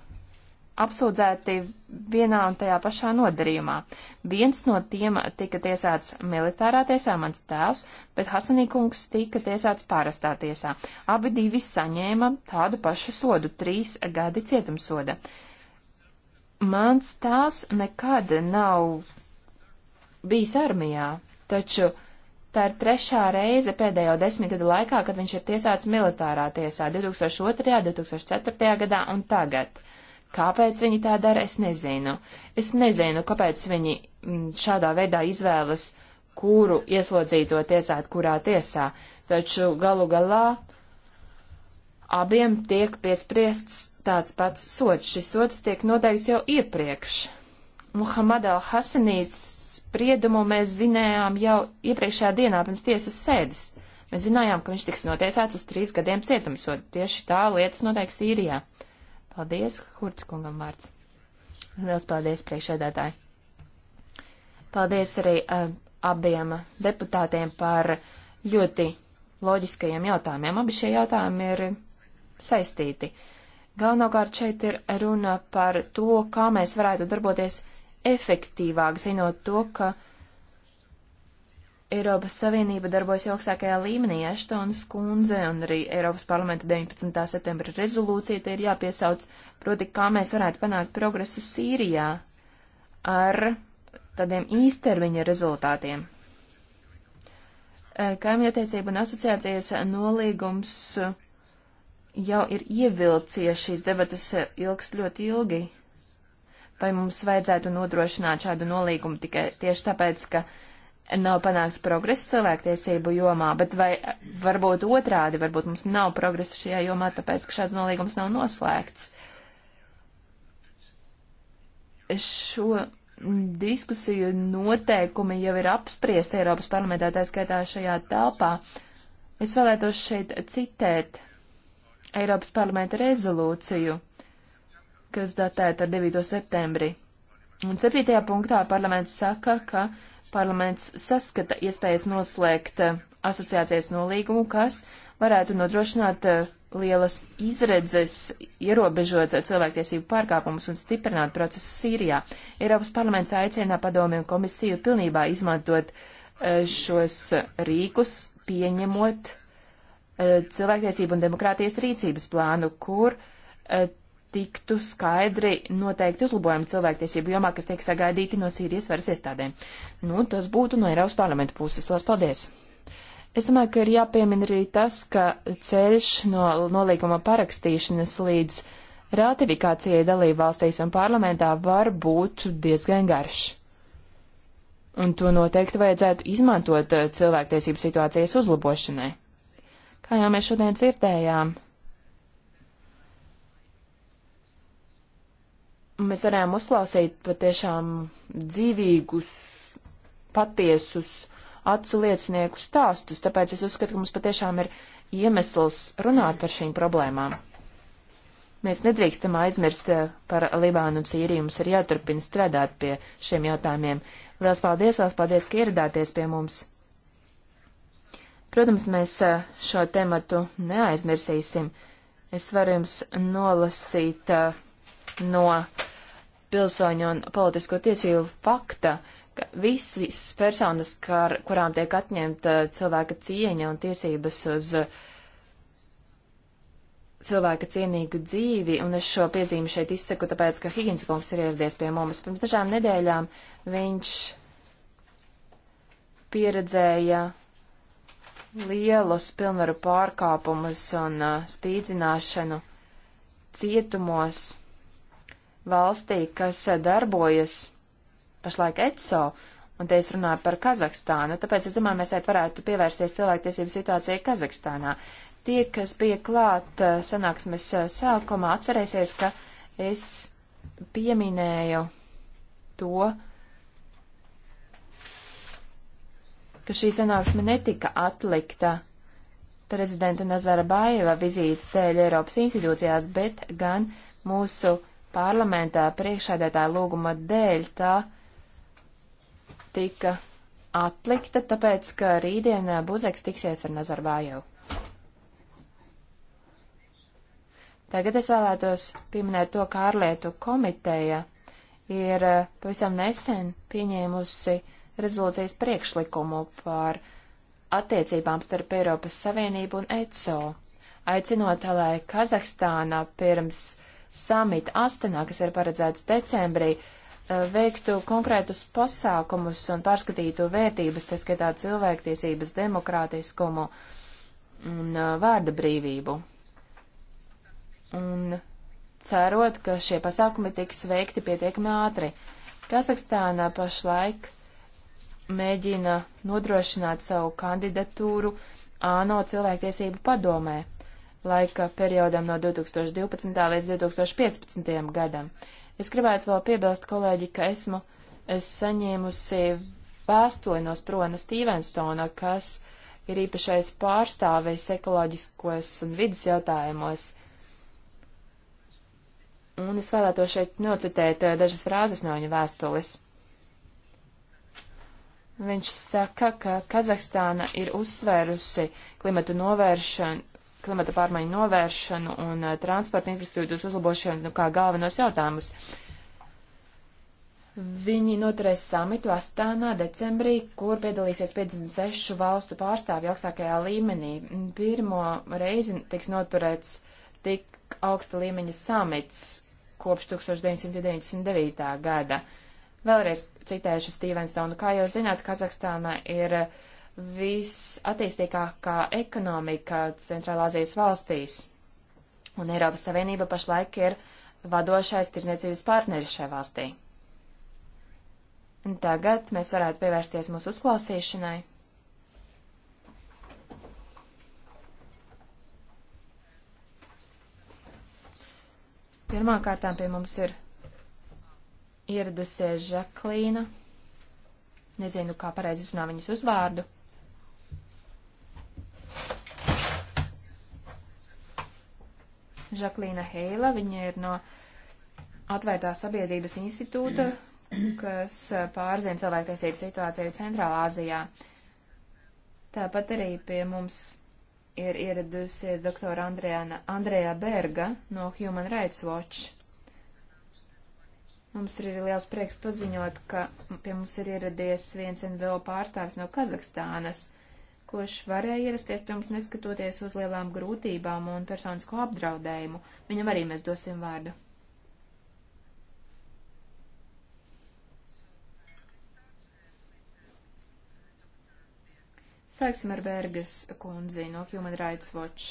C: apsūdzēti vienā un tajā pašā nodarījumā. Viens no tiem tika tiesāts militārā tiesā, mans tēvs, bet Hasanīkungs tika tiesāts pārastā tiesā. Abi divi saņēma tādu pašu sodu - trīs gadi cietumsoda. Mans tēvs nekad nav bijis armijā, taču tā ir trešā reize pēdējo desmitgadu laikā, kad viņš ir tiesāts militārā tiesā - 2002., 2004. gadā un tagad. Kāpēc viņi tā dara, es nezinu. Es nezinu, kāpēc viņi mm, šādā veidā izvēlas, kuru ieslodzīto tiesāt kurā tiesā, taču galu galā abiem tiek piespriests tāds pats sots. Šis sots tiek noteikts jau iepriekš. Muhamad al-Hasanīs spriedumu mēs zinājām jau iepriekšējā dienā pirms tiesas sēdes. Mēs zinājām, ka viņš tiks notiesāts uz trīs gadiem cietumsodu. Tieši tā lietas notiek Sīrijā. Paldies, Hurts kungam vārds. Liels paldies, priekšēdētāji. Paldies arī uh, abiem deputātiem par ļoti loģiskajiem jautājumiem. Abi šie jautājumi ir saistīti. Galvenokārt šeit ir runa par to, kā mēs varētu darboties efektīvāk, zinot to, ka uh, Eiropas Savienība darbojas augstākajā līmenī, Eštonas kundze un arī Eiropas parlamenta 19. septembra rezolūcija te ir jāpiesauc, proti, kā mēs varētu panākt progresu Sīrijā ar tādiem īstermiņa rezultātiem. Eh, Kaimietiecība un asociācijas nolīgums eh, jau ir ievilcies, šīs debatas eh, ilgst ļoti ilgi. Vai mums vajadzētu nodrošināt šādu nolīgumu tikai tieši tāpēc, ka uh, nav panāks progress cilvēktiesību jomā, bet vai varbūt otrādi, varbūt mums nav progresa šajā jomā, tāpēc, ka šāds nolīgums nav noslēgts. Šo diskusiju noteikumi jau ir apspriesti Eiropas parlamentā, tā skaitā šajā telpā. Es vēlētos šeit citēt Eiropas parlamenta rezolūciju, kas datēta ar 9. septembri. Un 7. punktā parlaments saka, ka uh, Parlaments saskata iespējas noslēgt eh, asociācijas nolīgumu, kas varētu nodrošināt eh, lielas izredzes, ierobežot eh, cilvēktiesību pārkāpumus un stiprināt procesu Sīrijā. Eiropas parlaments aicina padomju un komisiju pilnībā izmantot šos rīkus, pieņemot cilvēktiesību un demokrātijas rīcības plānu, kur tiktu skaidri noteikti uzlabojumi cilvēktiesību jomā, kas tiek sagaidīti no Sīrijas varas iestādēm. Nu, tas būtu no Eiropas parlamenta puses. Lielas paldies! Es domāju, ka ir jāpiemina arī tas, ka ceļš no nolīguma parakstīšanas līdz ratifikācijai dalību valstīs un parlamentā var būt diezgan garš. Un to noteikti vajadzētu izmantot uh, cilvēktiesību situācijas uzlabošanai. Kā jau mēs šodien dzirdējām, mēs varējām uzklausīt patiešām dzīvīgus, patiesus, acu liecinieku stāstus, tāpēc es uzskatu, ka mums patiešām ir iemesls runāt par šīm problēmām. Mēs nedrīkstam aizmirst eh, par Libānu un Sīriju, mums ir jāturpina strādāt pie šiem jautājumiem. Lielas paldies, lielas paldies, ka ieradāties pie mums. Protams, mēs eh, šo tematu neaizmirsīsim. Es varu jums nolasīt eh, no pilsoņu un politisko tiesību fakta, ka visas personas, kar, kurām tiek atņemta cilvēka cieņa un tiesības uz uh, cilvēka cienīgu dzīvi, un es šo piezīmi šeit izsaku, tāpēc, ka Higgins kungs ir ieradies pie mums. Pirms dažām nedēļām viņš pieredzēja lielus pilnvaru pārkāpumus un uh, spīdzināšanu cietumos valstī, kas darbojas pašlaik ECO, un te es runāju par Kazahstānu, tāpēc es domāju, mēs šeit varētu pievērsties cilvēktiesību situācijai Kazahstānā. Tie, kas bija klāt eh, sanāksmes eh, sākumā, atcerēsies, ka es pieminēju to, ka šī sanāksme netika atlikta prezidenta Nazara Baieva vizītes dēļ Eiropas institūcijās, bet gan mūsu parlamentā priekšēdētāja lūguma dēļ tā tika atlikta, tāpēc, ka rītdien eh, Buzeks tiksies ar Nazarbājevu. Tagad es vēlētos pieminēt to, ka ārlietu komiteja ir eh, pavisam nesen pieņēmusi rezolūcijas priekšlikumu par attiecībām starp Eiropas Savienību un ECO, aicinot, lai Kazahstāna pirms uh, samita Astenā, kas ir paredzēts decembrī, eh, veiktu konkrētus pasākumus un pārskatītu vērtības, tas skaitā cilvēktiesības, demokrātiskumu un eh, vārda brīvību. Un cerot, ka šie pasākumi tiks veikti pietiekami ātri. Kazahstānā pašlaik mēģina nodrošināt savu kandidatūru ANO cilvēktiesību padomē laika periodam no 2012. līdz 2015. gadam. Es gribētu vēl piebilst, kolēģi, ka esmu es saņēmusi vēstuli no Strona Stevenstona, kas ir īpašais pārstāvis ekoloģiskos un vidas jautājumos. Un es vēlētos šeit nocitēt eh, dažas frāzes no viņa vēstules. Viņš saka, ka Kazahstāna ir uzsvērusi klimatu novēršanu klimata pārmaiņu novēršanu un eh, transporta infrastruktūras uzlabošanu nu, kā galvenos jautājumus. Viņi noturēs samitu Astānā decembrī, kur piedalīsies 56 valstu pārstāvju augstākajā līmenī. Mm, pirmo reizi tiks noturēts tik augsta līmeņa samits kopš 1999. gada. Vēlreiz citēšu Stīvensonu, kā jau zināt, Kazahstānā ir uh, visattīstīgākā ekonomika Centrālāzijas valstīs, un Eiropas Savienība pašlaik ir vadošais tirdzniecības partneris šai valstī. Tagad mēs varētu pievērsties mūsu uzklausīšanai. Pirmkārtām pie mums ir ieradusies Žaklīna. Nezinu, kā pareizi izrunā viņas uzvārdu. Žaklīna Heila. Viņa ir no Atvērtā sabiedrības institūta, kas pārzina cilvēktiesību situāciju Centrālā Azijā. Tāpat arī pie mums ir ieradusies doktora Andrejā Berga no Human Rights Watch. Mums ir liels prieks paziņot, ka pie mums ir ieradies viens NVO pārstāvis no Kazahstānas kurš varēja ierasties pie mums neskatoties uz lielām grūtībām un personisko apdraudējumu. Viņam arī mēs dosim vārdu. Sāksim ar Bergas kundzi no Human Rights Watch.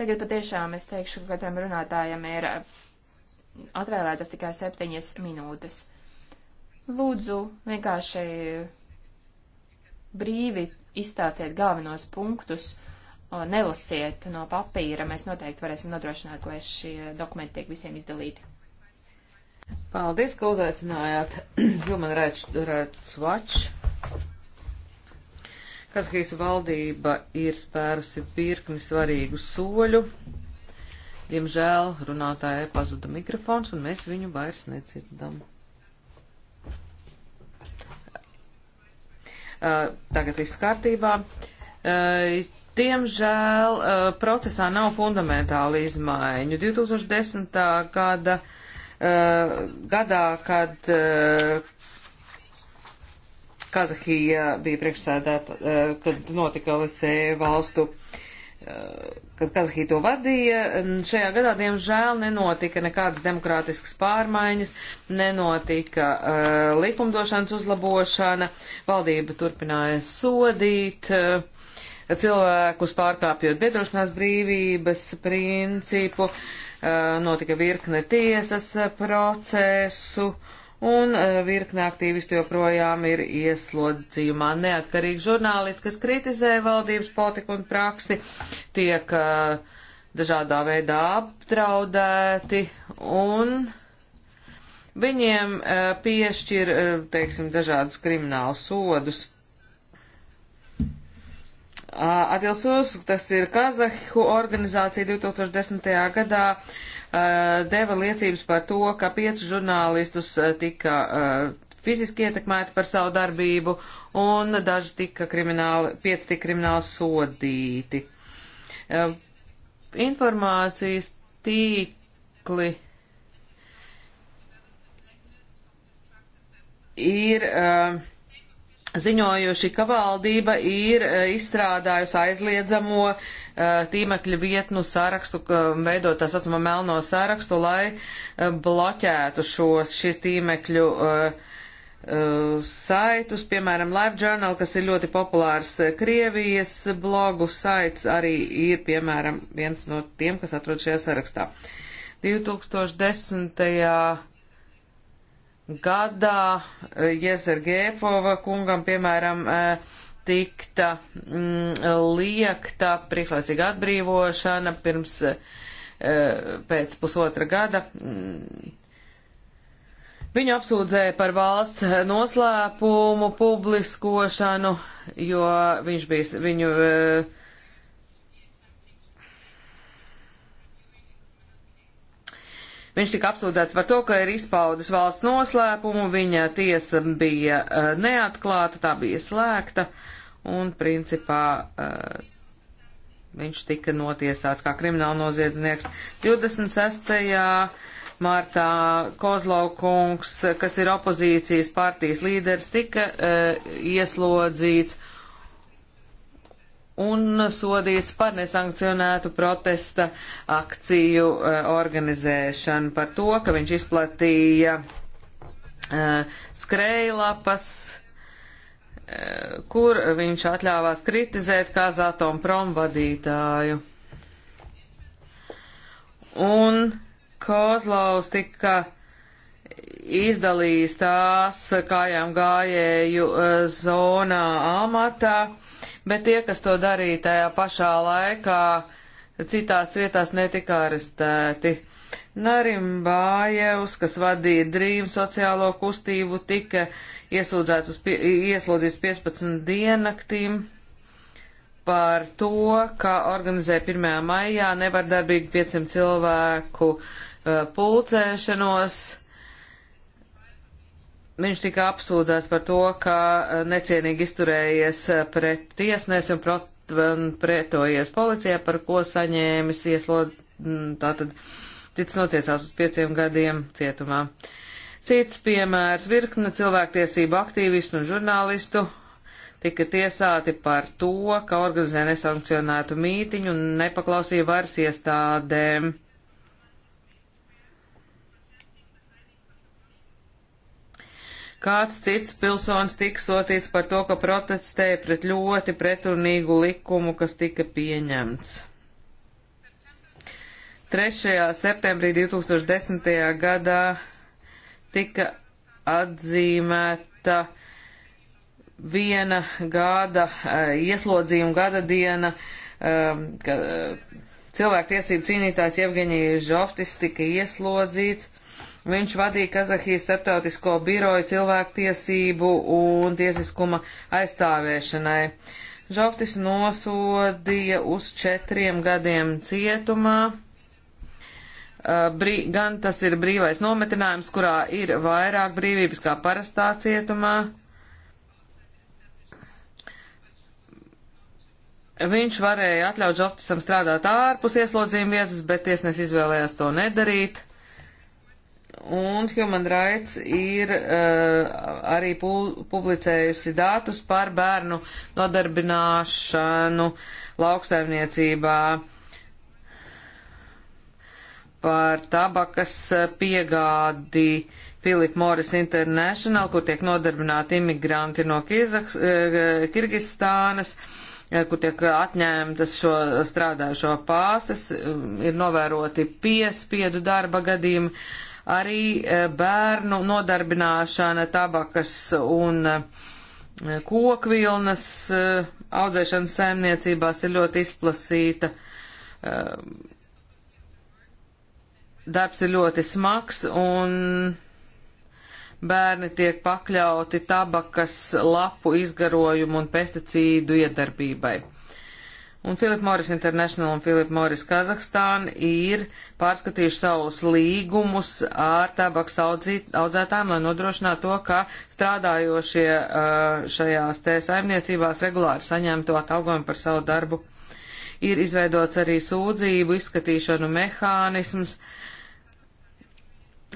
C: Tagad patiešām es teikšu, ka katram runātājam ir atvēlētas tikai septiņas minūtes. Lūdzu, vienkārši brīvi izstāstiet galvenos punktus, nelasiet no papīra. Mēs noteikti varēsim nodrošināt,
A: lai šie dokumenti tiek visiem izdalīti. Paldies, ka uzaicinājāt Human Rights Watch. Kazahijas valdība ir spērusi virkni svarīgu soļu. Diemžēl runātājai pazuda mikrofons, un mēs viņu vairs nedzirdam. Tagad viss kārtībā. Diemžēl procesā nav fundamentāli izmaiņu. 2010. gada gadā, kad Kazahija bija priekšsēdēta, kad notika OSE valstu uh, kad Kazahī to vadīja, šajā gadā, diemžēl, nenotika nekādas demokrātiskas pārmaiņas, nenotika uh, likumdošanas uzlabošana, valdība turpināja sodīt uh, cilvēkus pārkāpjot biedrošanās brīvības principu, uh, notika virkne tiesas procesu. Uh, un eh, virkne aktīvisti joprojām ir ieslodzījumā. Neatkarīgi žurnālisti, kas kritizē valdības politiku un praksi, tiek eh, dažādā veidā apdraudēti un viņiem eh, piešķir, teiksim, dažādus kriminālus sodus. Atilsus, tas ir Kazahu organizācija 2010. gadā, deva liecības par to, ka pieci žurnālistus tika fiziski ietekmēti par savu darbību un daži tika krimināli, pieci tika krimināli sodīti. Informācijas tīkli ir uh, ziņojuši, ka valdība ir e, izstrādājusi aizliedzamo e, tīmekļa vietnu sarakstu, veidot tā saucamo melno sarakstu, lai e, bloķētu šos, šīs tīmekļu saitus, piemēram, Live Journal, kas ir ļoti populārs Krievijas blogu saits, arī ir, piemēram, viens no tiem, kas atrod šajā sarakstā. 2010 gadā eh, Jezergēpova kungam, piemēram, eh, tikta mm, liekta priekšlaicīga atbrīvošana pirms eh, pēc pusotra gada. Mm. Viņu apsūdzēja par valsts noslēpumu publiskošanu, jo viņš bija, viņu uh, Viņš tika apsūdzēts par to, ka ir izpaudis valsts noslēpumu, viņa tiesa bija uh, neatklāta, tā bija slēgta, un principā uh, viņš tika notiesāts kā krimināla noziedznieks 26. martā Kozlaukungs, kas ir opozīcijas partijas līderis, tika uh, ieslodzīts un sodīts par nesankcionētu protesta akciju eh, organizēšanu par to, ka viņš izplatīja eh, skrējlapas, eh, kur viņš atļāvās kritizēt Kazatomu prom vadītāju. Un Kozlovs tika izdalījis tās kājām gājēju zonā amatā bet tie, kas to darīja tajā pašā laikā, citās vietās netika arestēti. Narimbājevs, kas vadīja drīvu sociālo kustību, tika iesūdzēts uz pie, ieslodzīts 15 diennaktīm par to, ka organizē 1. maijā nevardarbīgi 500 cilvēku uh, pulcēšanos. Uh, Viņš tika apsūdzēts par to, ka eh, necienīgi izturējies eh, pret tiesnesi un, prot, un pretojies policijai, par ko saņēmis ieslod, mm, tātad tic nociesās uz pieciem gadiem cietumā. Cits piemērs virkne cilvēktiesību aktīvistu un žurnālistu tika tiesāti par to, ka organizē nesankcionētu mītiņu un nepaklausīja varas iestādēm kāds cits pilsonis tika sotīts par to, ka protestēja pret ļoti pretrunīgu likumu, kas tika pieņemts. 3. septembrī 2010. gadā tika atzīmēta viena gada eh, ieslodzījuma gada diena, ehm, ka eh, cilvēktiesību cīnītājs Jevgeņija Žoftis tika ieslodzīts Viņš vadīja Kazahijas starptautisko biroju cilvēktiesību un tiesiskuma aizstāvēšanai. Žoftis nosodīja uz četriem gadiem cietumā. Uh, brī, gan tas ir brīvais nometinājums, kurā ir vairāk brīvības kā parastā cietumā. Viņš varēja atļaut Žoftisam strādāt ārpus ieslodzījuma vietas, bet tiesnes izvēlējās to nedarīt un Human Rights ir uh, arī pu publicējusi datus par bērnu nodarbināšanu lauksaimniecībā, par tabakas piegādi Philip Morris International, kur tiek nodarbināti imigranti no Kizaks, uh, Kirgistānas eh, kur tiek atņēmtas šo strādājušo pāses, ir novēroti piespiedu darba gadījumi. Uh, Arī e, bērnu nodarbināšana tabakas un e, kokvilnas e, audzēšanas saimniecībās ir ļoti izplasīta. Darbs ir ļoti smags un bērni tiek pakļauti tabakas lapu izgarojumu un pesticīdu iedarbībai un Philip Morris International un Philip Morris Kazahstāna ir pārskatījuši savus līgumus ar tabaks audzētājiem, lai nodrošinātu to, ka strādājošie uh, šajās te saimniecībās regulāri saņemtu atalgojumu par savu darbu. Ir izveidots arī sūdzību izskatīšanu mehānisms, uh,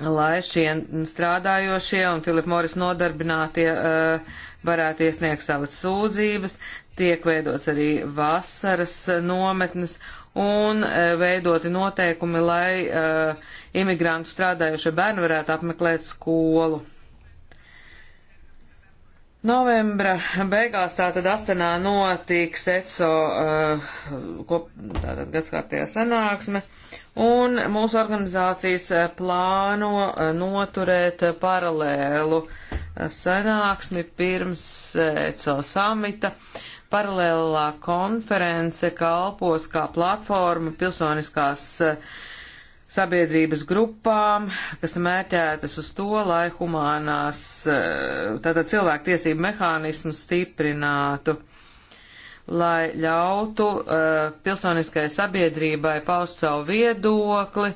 A: lai šie strādājošie un Filipa Moris nodarbinātie eh, varētu iesniegt savas sūdzības, tiek veidots arī vasaras eh, nometnes un eh, veidoti noteikumi, lai imigrantu strādājošie bērni varētu apmeklēt skolu. Novembra beigās tātad Astenā notiks ECO uh, kop, tātad gadskārtējā sanāksme. Uh, un mūsu organizācijas eh, plāno eh, noturēt eh, paralēlu sanāksmi pirms ECO samita. Paralēlā konference kalpos kā platforma pilsoniskās sabiedrības grupām, kas mērķētas uz to, lai humānās, tātad cilvēktiesību mehānismus stiprinātu lai ļautu uh, pilsoniskai sabiedrībai paust savu viedokli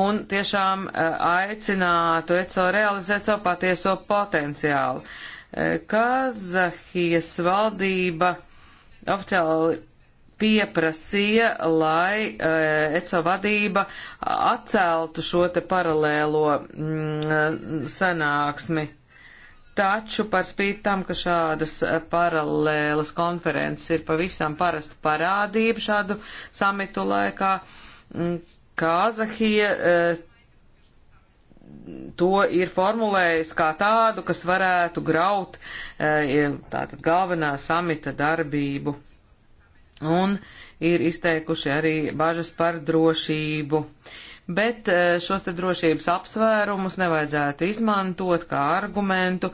A: un tiešām uh, aicinātu ECO realizēt savu patieso potenciālu. Uh, Kazahijas valdība oficiāli pieprasīja, lai ECO vadība atceltu šo te paralēlo mm, sanāksmi Taču par spīti tam, ka šādas eh, paralēlas konferences ir pavisam parasta parādība šādu samitu laikā, mm, Kāzahija eh, to ir formulējis kā tādu, kas varētu graut eh, tātad galvenā samita darbību. Un ir izteikuši arī bažas par drošību. Uh, bet eh, šos te drošības apsvērumus nevajadzētu izmantot kā argumentu,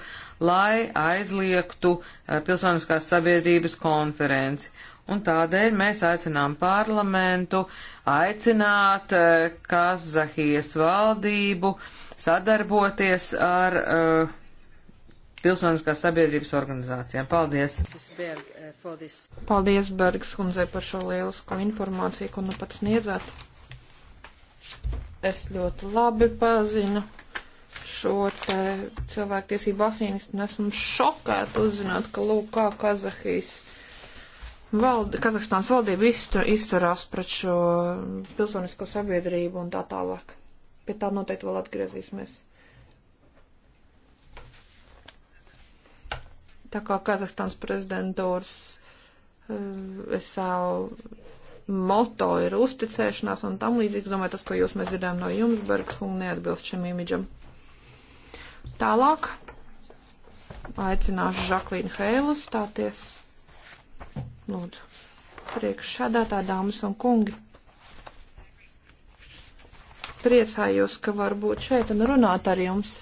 A: lai aizliegtu eh, pilsoniskās sabiedrības konferenci. Un tādēļ mēs aicinām parlamentu aicināt eh, Kazahijas valdību sadarboties ar uh, pilsoniskās sabiedrības organizācijām. Paldies! Paldies,
B: Bergs kundzei, par šo lielisko informāciju, ko nu pat sniedzāt. Es ļoti labi pazinu šo te cilvēktiesību afrīnismu un esmu šokēta uzzināt, ka lūk, kā Kazahijas valde, Kazahstānas valdība iztur, izturās pret šo pilsonisko sabiedrību un tā tālāk. Pie tā noteikti vēl atgriezīsimies. Tā kā Kazahstānas prezidentūras eh, es jau moto ir uzticēšanās un tam līdzīgs. Domāju, tas, ko jūs mēs dzirdējām no jums, Bergs, un neatbilst šim imidžam. Tālāk aicināšu Žaklīnu Heilu stāties. Lūdzu, priekšsēdētā dāmas un kungi. Priecājos, ka var būt šeit un runāt ar jums.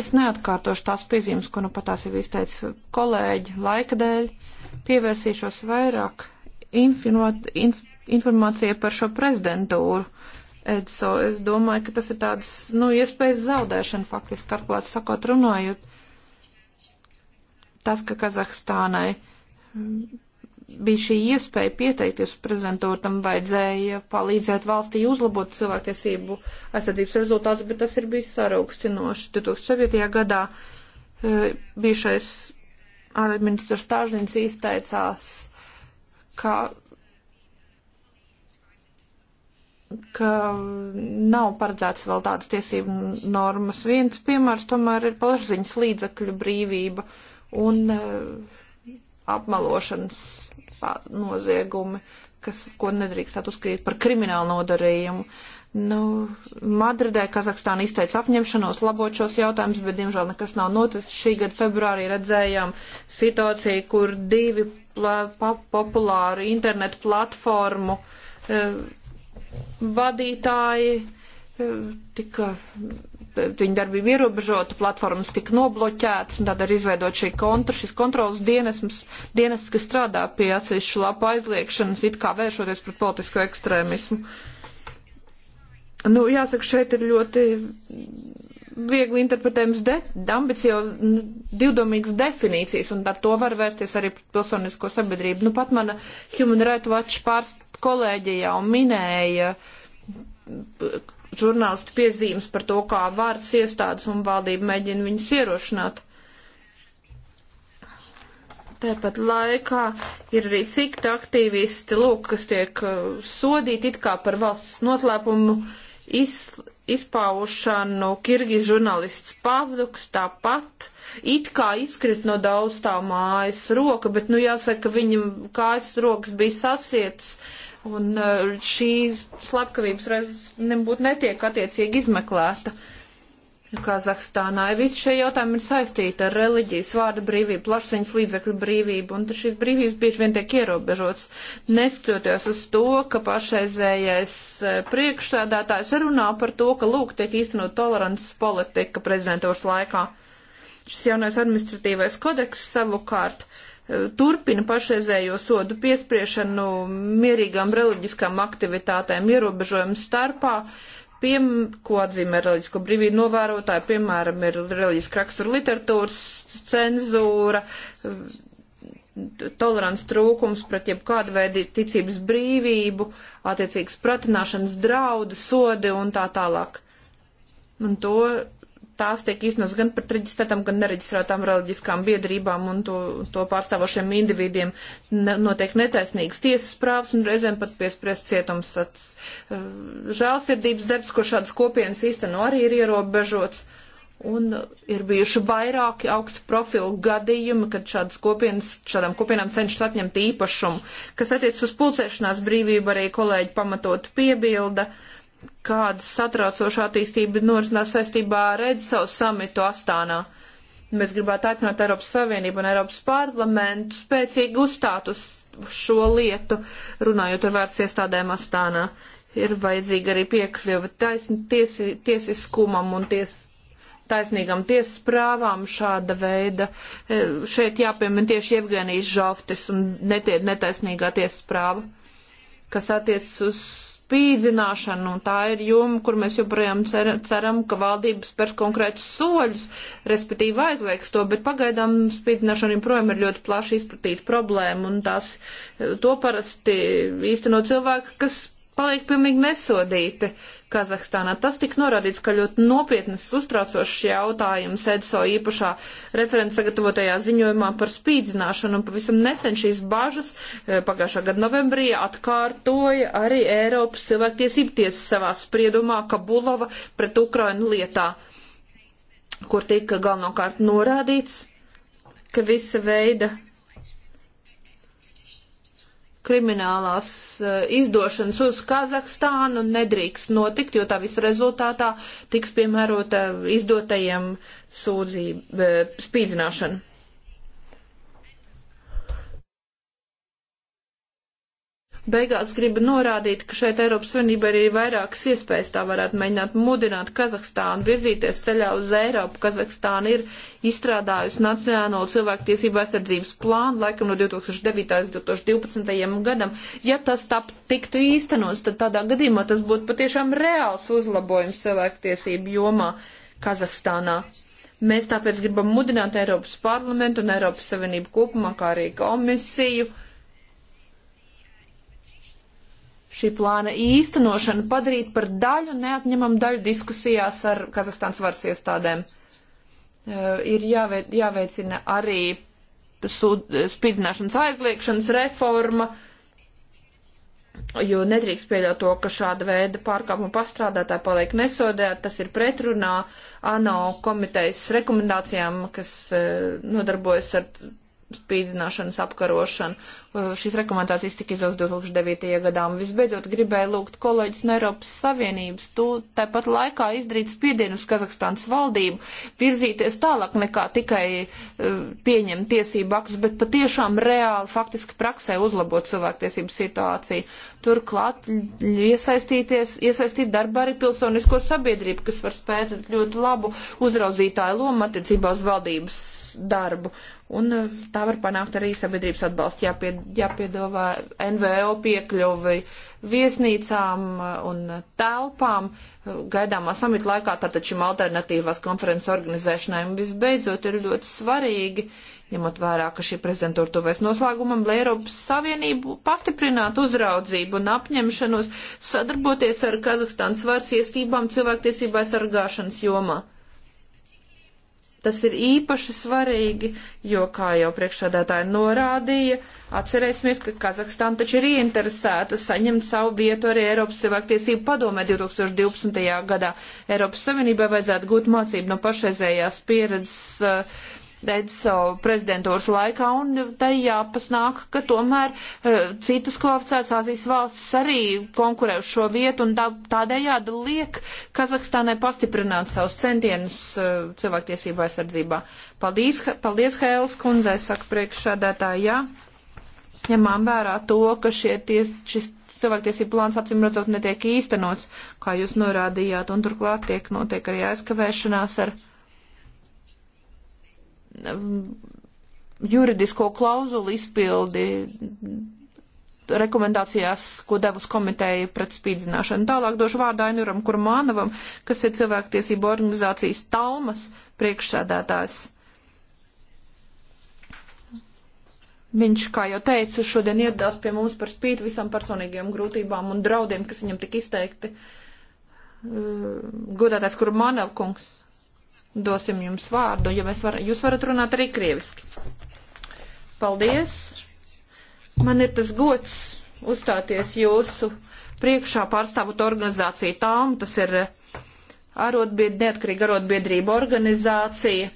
B: Es neatkārtošu tās piezīmes, ko nu patās jau izteica kolēģi laika dēļ, pievērsīšos vairāk informāt, inf, informācija par šo prezidentūru. EDSO, es domāju, ka tas ir tāds, nu, iespējas zaudēšana faktiski, atklāt sakot, runājot. Tas, ka Kazahstānai bija šī iespēja pieteikties uz prezidentūru, tam vajadzēja palīdzēt valstī uzlabot cilvēktiesību aizsardzības rezultātus, bet tas ir bijis saraukstinoši. 2007. gadā eh, bijušais ārministrs Stāžins izteicās ka, ka nav paredzēts vēl tādas tiesību normas. Viens piemērs tomēr ir plašsaziņas līdzakļu brīvība un eh, apmelošanas noziegumi kas, ko nedrīkstētu uzskatīt par kriminālu nodarījumu. Nu, Madridē Kazahstāna izteica apņemšanos labot šos jautājumus, bet, diemžēl, nekas nav noticis. Šī gada februārī redzējām situāciju, kur divi populāru internetu platformu eh, vadītāji eh, tika viņu darbību ierobežota, platformas tika nobloķētas, un tad ir izveidot šī kontra, šis kontrolas dienesms, dienests, kas strādā pie atsevišķu lapu aizliekšanas, it kā vēršoties pret politisko ekstrēmismu. Nu, jāsaka, šeit ir ļoti viegli interpretējums de, ambicioz, divdomīgas definīcijas, un ar to var vērsties arī pilsonisko sabiedrību. Nu, pat mana Human Rights Watch pārst kolēģi jau minēja žurnālistu piezīmes par to, kā varas iestādes un valdība mēģina viņus ierošināt. Tāpat laikā ir arī cikta aktīvisti, lūk, kas tiek uh, sodīti it kā par valsts noslēpumu iz, izpaušanu. Kirgis žurnālists Pavduks tāpat it kā izkrit no daustā mājas roka, bet, nu, jāsaka, viņam kājas rokas bija sasietas. Uh, un uh, šīs slepkavības reiz nebūtu netiek attiecīgi izmeklēta. Kazahstānā visi šie jautājumi ir saistīti ar reliģijas, vārda brīvību, plašsaņas līdzekļu brīvību, un šīs brīvības bieži vien tiek ierobežotas, neskatoties uz to, ka pašreizējais uh, priekšsēdētājs runā par to, ka lūk tiek īstenot tolerants politika prezidentūras laikā. Šis jaunais administratīvais kodeks savukārt uh, turpina pašreizējo sodu piespriešanu mierīgām reliģiskām aktivitātēm ierobežojumu starpā, piem, ko atzīmē reliģisko brīvību novērotāji, piemēram, ir reliģiska rakstura literatūras cenzūra, tolerants trūkums pret jebkādu veidu ticības brīvību, attiecīgas pratināšanas draudu, sodi un tā tālāk. Un to tās tiek īstenotas gan pret reģistrētām, gan nereģistrētām reliģiskām biedrībām un to, to pārstāvošiem individiem ne, notiek netaisnīgas tiesas prāvas un reizēm pat piespriezt cietums. Eh, žēlsirdības darbs, ko šādas kopienas īsteno, arī ir ierobežots. Un ir bijuši vairāki augstu profilu gadījumi, kad šādas kopienas, šādām kopienām cenšas atņemt īpašumu, kas attiec uz pulcēšanās brīvību, arī kolēģi pamatot piebilda. Uh, kāda satraucoša attīstība norisinās saistībā ar Edsavu samitu Astānā. Mēs gribētu aicināt Eiropas Savienību un Eiropas parlamentu spēcīgi uzstāt uz šo lietu, runājot ar vērts iestādēm Astānā. Ir vajadzīga arī piekļuva taisn, tiesi, tiesiskumam un ties, taisnīgam tiesas prāvām šāda veida. E, šeit jāpiemina tieši Evgenijas žalftis un netiet netaisnīgā tiesas prāva, kas attiecas uz spīdzināšanu, un tā ir joma, kur mēs joprojām cer, ceram, ka valdības spērs konkrētus soļus, respektīvi aizliegs to, bet pagaidām spīdzināšana joprojām ir ļoti plaši izplatīta problēma, un tās to parasti īsteno cilvēki, kas paliek pilnīgi nesodīti Kazahstānā. Tas tika norādīts, ka ļoti nopietnas uztraucošs jautājums EDSO īpašā referents sagatavotajā ziņojumā par spīdzināšanu un pavisam nesen šīs bažas e, pagājušā gada novembrī atkārtoja arī Eiropas cilvēktiesību tiesa savā spriedumā Kabulova pret Ukrainu lietā, kur tika galvenokārt norādīts, ka visa veida kriminālās eh, izdošanas uz Kazahstānu nedrīkst notikt, jo tā visa rezultātā tiks piemērota izdotajiem sūdzību eh, spīdzināšana. Beigās gribu norādīt, ka šeit Eiropas Savienība arī ir vairākas iespējas tā varētu mēģināt mudināt Kazahstānu virzīties ceļā uz Eiropu. Kazahstāna ir izstrādājusi Nacionālo cilvēktiesību aizsardzības plānu laikam no 2009. līdz 2012. gadam. Ja tas tap tiktu īstenos, tad tādā gadījumā tas būtu patiešām reāls uzlabojums cilvēktiesību jomā Kazahstānā. Mēs tāpēc gribam mudināt Eiropas parlamentu un Eiropas Savienību kopumā, kā arī komisiju šī plāna īstenošanu padarīt par daļu, neatņemam daļu diskusijās ar Kazahstānas varas iestādēm. E, ir jāveic, jāveicina arī spīdzināšanas aizliekšanas reforma, jo nedrīkst pieļaut to, ka šāda veida pārkāpuma pastrādātāji paliek nesodēti. Tas ir pretrunā ANO komitejas rekomendācijām, kas e, nodarbojas ar spīdzināšanas apkarošanu. Uh, šīs rekomendācijas tika izdotas 2009. gadā. Un visbeidzot, gribēju lūgt kolēģis no Eiropas Savienības, tu tāpat laikā izdarīt spiedienu uz Kazahstānas valdību, virzīties tālāk nekā tikai uh, pieņemt tiesību aktus, bet patiešām reāli, faktiski praksē uzlabot cilvēktiesību situāciju. Turklāt iesaistīties, iesaistīt darbā arī pilsonisko sabiedrību, kas var spēt ļoti labu uzraudzītāju lomu attiecībā uz valdības darbu. Un eh, tā var panākt arī sabiedrības atbalstu, jāpie, jāpiedāvā NVO piekļuvi viesnīcām eh, un telpām. Gaidāmā samita laikā tātad šim alternatīvās konferences organizēšanai un visbeidzot ir ļoti svarīgi, ņemot vērā, ka šī prezidentūra tuvēs noslēgumam, lai Eiropas Savienību pastiprinātu uzraudzību un apņemšanos sadarboties ar Kazahstānas varas iestībām cilvēktiesībā sargāšanas jomā. Tas ir īpaši svarīgi, jo, kā jau priekšādātāji norādīja, atcerēsimies, ka Kazahstāna taču ir ieinteresēta saņemt savu vietu arī Eiropas cilvēktiesību padomē 2012. gadā. Eiropas Savienībai vajadzētu gūt mācību no pašreizējās pieredzes uh, EDSO prezidentūras laikā, un tai jāpasnāk, ka tomēr uh, citas kvalificētas Azijas valstis arī konkurē uz šo vietu, un tā, tādējādi liek Kazahstānai pastiprināt savus centienus uh, cilvēktiesību aizsardzībā. Paldies, paldies Hēles kundzei, saka priekšsādātāji, jā. Ņemām ja vērā to, ka šie ties, šis cilvēktiesību plāns acīm redzot netiek īstenots, kā jūs norādījāt, un turklāt tiek notiek arī aizkavēšanās ar juridisko klauzulu izpildi rekomendācijās, ko devus komiteja pret spīdzināšanu. Tālāk došu vārdu Ainuram Kurmānovam, kas ir cilvēktiesību organizācijas Talmas priekšsēdētājs. Viņš, kā jau teicu, šodien ieradās pie mums par spīti visām personīgajām grūtībām un draudiem, kas viņam tik izteikti. Uh, godātais Kurmānov kungs dosim jums vārdu, ja var, jūs varat runāt arī krieviski. Paldies! Man ir tas gods uzstāties jūsu priekšā pārstāvot organizāciju tām, tas ir arotbied, neatkarīga arotbiedrība organizācija,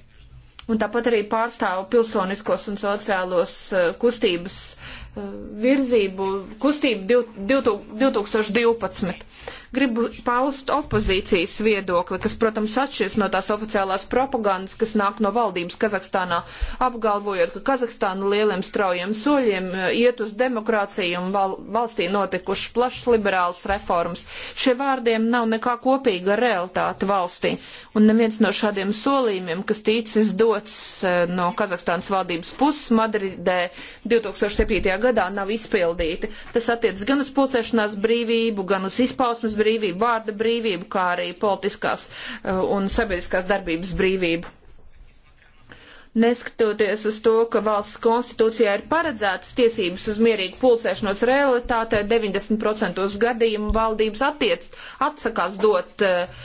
B: un tāpat arī pārstāvu pilsoniskos un sociālos uh, kustības uh, virzību, kustību 2012. Gribu paust opozīcijas viedokli, kas, protams, atšķiras no tās oficiālās propagandas, kas nāk no valdības Kazahstānā, apgalvojot, ka Kazahstāna lieliem straujiem soļiem eh, iet uz demokrāciju un val valstī notikušas plašas liberālas reformas. Šie vārdiem nav nekā kopīga ar realitāti valstī. Un neviens no šādiem solījumiem, kas ticis dots eh, no Kazahstānas valdības puses Madridē 2007. gadā, nav izpildīti. Tas attiec gan uz pulcēšanās brīvību, gan uz izpausmes brīvību brīvību, vārda brīvību, kā arī politiskās eh, un sabiedriskās darbības brīvību neskatoties uz to, ka valsts konstitūcijā ir paredzētas tiesības uz mierīgu pulcēšanos realitātē, 90% gadījumu valdības attiec, atsakās dot eh,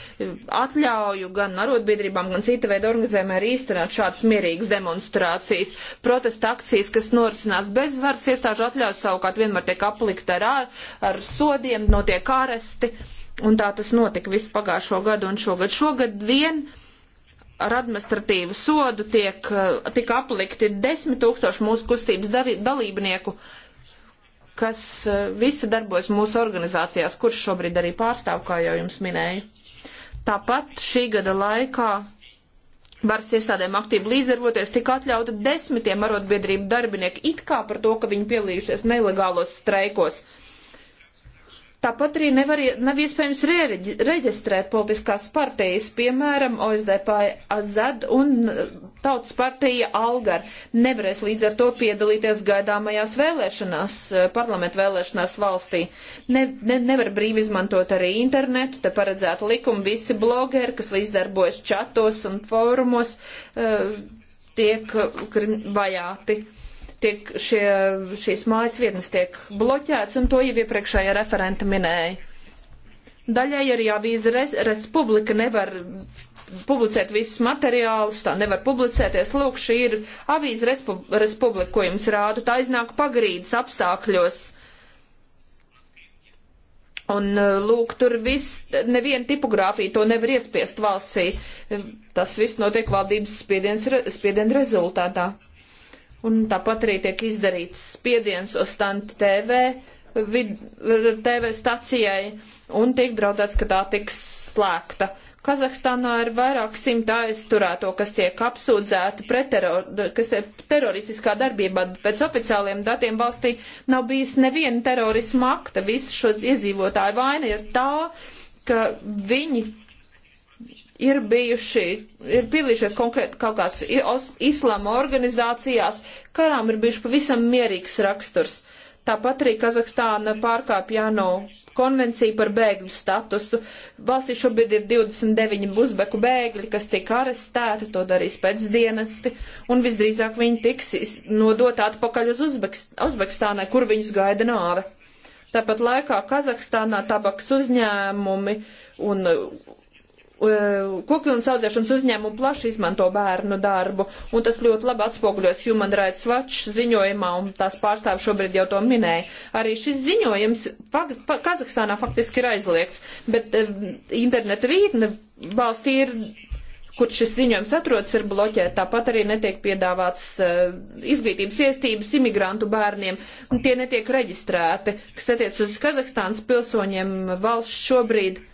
B: atļauju gan arotbiedrībām, gan cita veida organizējumiem arī īstenot šādas mierīgas demonstrācijas. Protesta akcijas, kas norisinās bez varas iestāžu atļaujas, savukārt vienmēr tiek aplikta ar, ar sodiem, notiek āresti. Un tā tas notika visu pagājušo gadu un šogad. Šogad vien uh, ar administratīvu sodu tiek, eh, tiek aplikti desmit tūkstoši mūsu kustības dalībnieku, kas eh, visi darbojas mūsu organizācijās, kuras šobrīd arī pārstāv, kā jau jums minēju. Tāpat šī gada laikā varas iestādēm aktīvi līdzdarboties tika atļauta desmitiem arotbiedrību darbinieku it kā par to, ka viņi pielījušies nelegālos streikos. Uh, Tāpat arī nevar, nav iespējams reģi, reģistrēt politiskās partijas, piemēram, OSDP AZ un Tautas partija Algar. Nevarēs līdz ar to piedalīties gaidāmajās vēlēšanās, parlamentu vēlēšanās valstī. Ne, ne, nevar brīvi izmantot arī internetu, te paredzētu likumu visi blogeri, kas līdzdarbojas čatos un fórumos, eh, tiek vajāti tiek šie, šīs mājas vietnes tiek bloķēts, un to jau iepriekšējā referenta minēja. Daļai arī avīze Respublika nevar publicēt visus materiālus, tā nevar publicēties. Lūk, šī ir avīze Respublika, ko jums rādu. Tā iznāk pagrīdes apstākļos. Un, lūk, tur viss, neviena tipogrāfija to nevar iespiest valstī. Tas viss notiek valdības spiediens, spiediena rezultātā. Un tāpat arī tiek izdarīts spiediens uz Stanti TV, vid, TV stacijai un tiek draudēts, ka tā tiks slēgta. Kazahstānā ir vairāk simt aizturēto, kas tiek apsūdzēti pret teror, kas ir teroristiskā darbībā, bet pēc oficiāliem datiem valstī nav bijis neviena terorisma akta. Visu šo iedzīvotāju vaina ir tā, ka viņi ir bijuši, ir piedalījušies konkrēti kaut kādās islama organizācijās, karām ir bijuši pavisam mierīgs raksturs. Tāpat arī Kazahstāna pārkāpj ANO konvenciju par bēgļu statusu. Valstī šobrīd ir 29 uzbeku bēgļi, kas tika arestēti, to darīs pēcdienesti, un visdrīzāk viņi tiks nodot atpakaļ uz Uzbekistānai, kur viņus gaida nāve. Tāpat laikā Kazahstānā tabaks uzņēmumi un E, Kokvilnas audēšanas uzņēmumu plaši izmanto bērnu darbu, un tas ļoti labi atspoguļos Human Rights Watch ziņojumā, un tās pārstāvi šobrīd jau to minēja. Arī šis ziņojums pa, pa, Kazahstānā faktiski ir aizliegts, bet e, interneta vītne valstī ir, kur šis ziņojums atrodas, ir bloķēta. Tāpat arī netiek piedāvāts e, izglītības iestības imigrantu bērniem, un tie netiek reģistrēti, kas attiec uz Kazahstānas pilsoņiem valsts šobrīd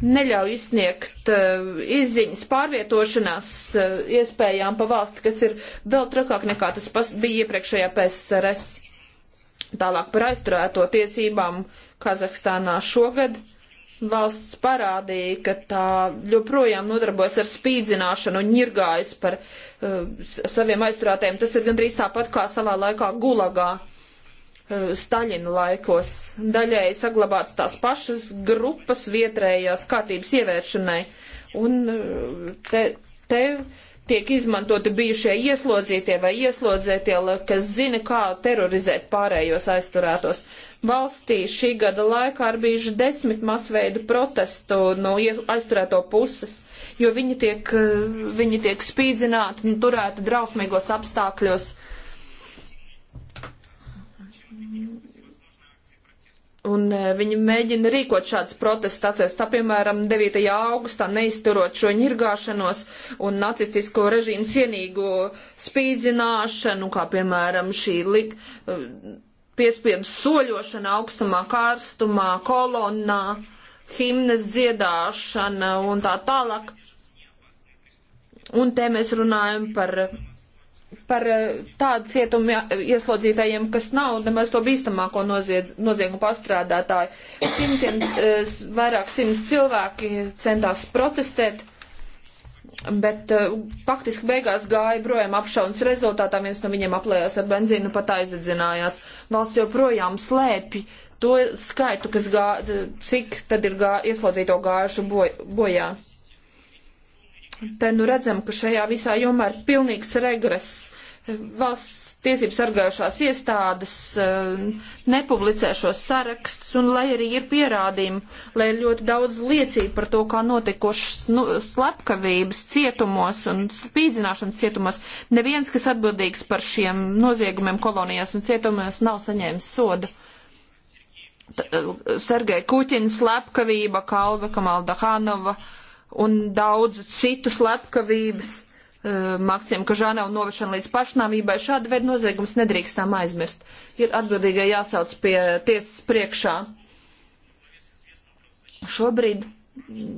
B: neļauj izsniegt uh, izziņas pārvietošanās uh, iespējām pa valsti, kas ir vēl trakāk nekā tas bija iepriekšējā PSRS. Tālāk par aizturēto tiesībām Kazahstānā šogad valsts parādīja, ka tā joprojām nodarbojas ar spīdzināšanu un ņirgājas par uh, saviem aizturētiem. Tas ir gandrīz tāpat kā savā laikā gulagā. Uh, Eh, Staļina laikos, daļēji saglabāts tās pašas grupas vietējās kārtības ievēršanai. Un eh, te, te tiek izmantoti bijušie ieslodzītie vai ieslodzītie, kas zina, kā terorizēt pārējos aizturētos. Valstī šī gada laikā ir bijuši desmit masveidu protestu no aizturēto puses, jo viņi tiek, eh, viņi tiek spīdzināti un turēti drausmīgos apstākļos. Uh, Un e, viņi mēģina rīkot šādas protestācijas, tā piemēram 9. augustā neizturot šo ņirgāšanos un nacistisko režīmu cienīgo spīdzināšanu, kā piemēram šī lik, e, piespiedu soļošana augstumā, karstumā, kolonnā, himnes dziedāšana un tā tālāk. Un te mēs runājam par par eh, tādu cietumu ieslodzītajiem, kas nav nemaz to bīstamāko noziedz, noziegumu pastrādātāju. Simtiem, eh, vairāk simts cilvēki centās protestēt, bet eh, faktiski beigās gāja projām apšaunas rezultātā, viens no viņiem aplējās ar benzīnu, pat aizdedzinājās. Valsts joprojām slēpi to skaitu, kas gā, cik tad ir gā, ieslodzīto gājuši boj, bojā. Te nu redzam, ka šajā visā jomā ir pilnīgs regress. Valsts tiesības sargājušās iestādes eh, nepublicē šos sarakstus, un lai arī ir pierādījumi, lai ir ļoti daudz liecību par to, kā notikušas nu, slepkavības cietumos un spīdzināšanas cietumos, neviens, kas atbildīgs par šiem noziegumiem kolonijās un cietumos, nav saņēmis sodu. Eh, Sergei Kuķins, slepkavība, Kalva Kamaldahānova. Uh, un daudzu citu slepkavības. Eh, Maksiem Kažānavu novešana līdz pašnāvībai šāda veida noziegums nedrīkstām aizmirst. Ir atbildīgai jāsauc pie tiesas priekšā. Šobrīd mm,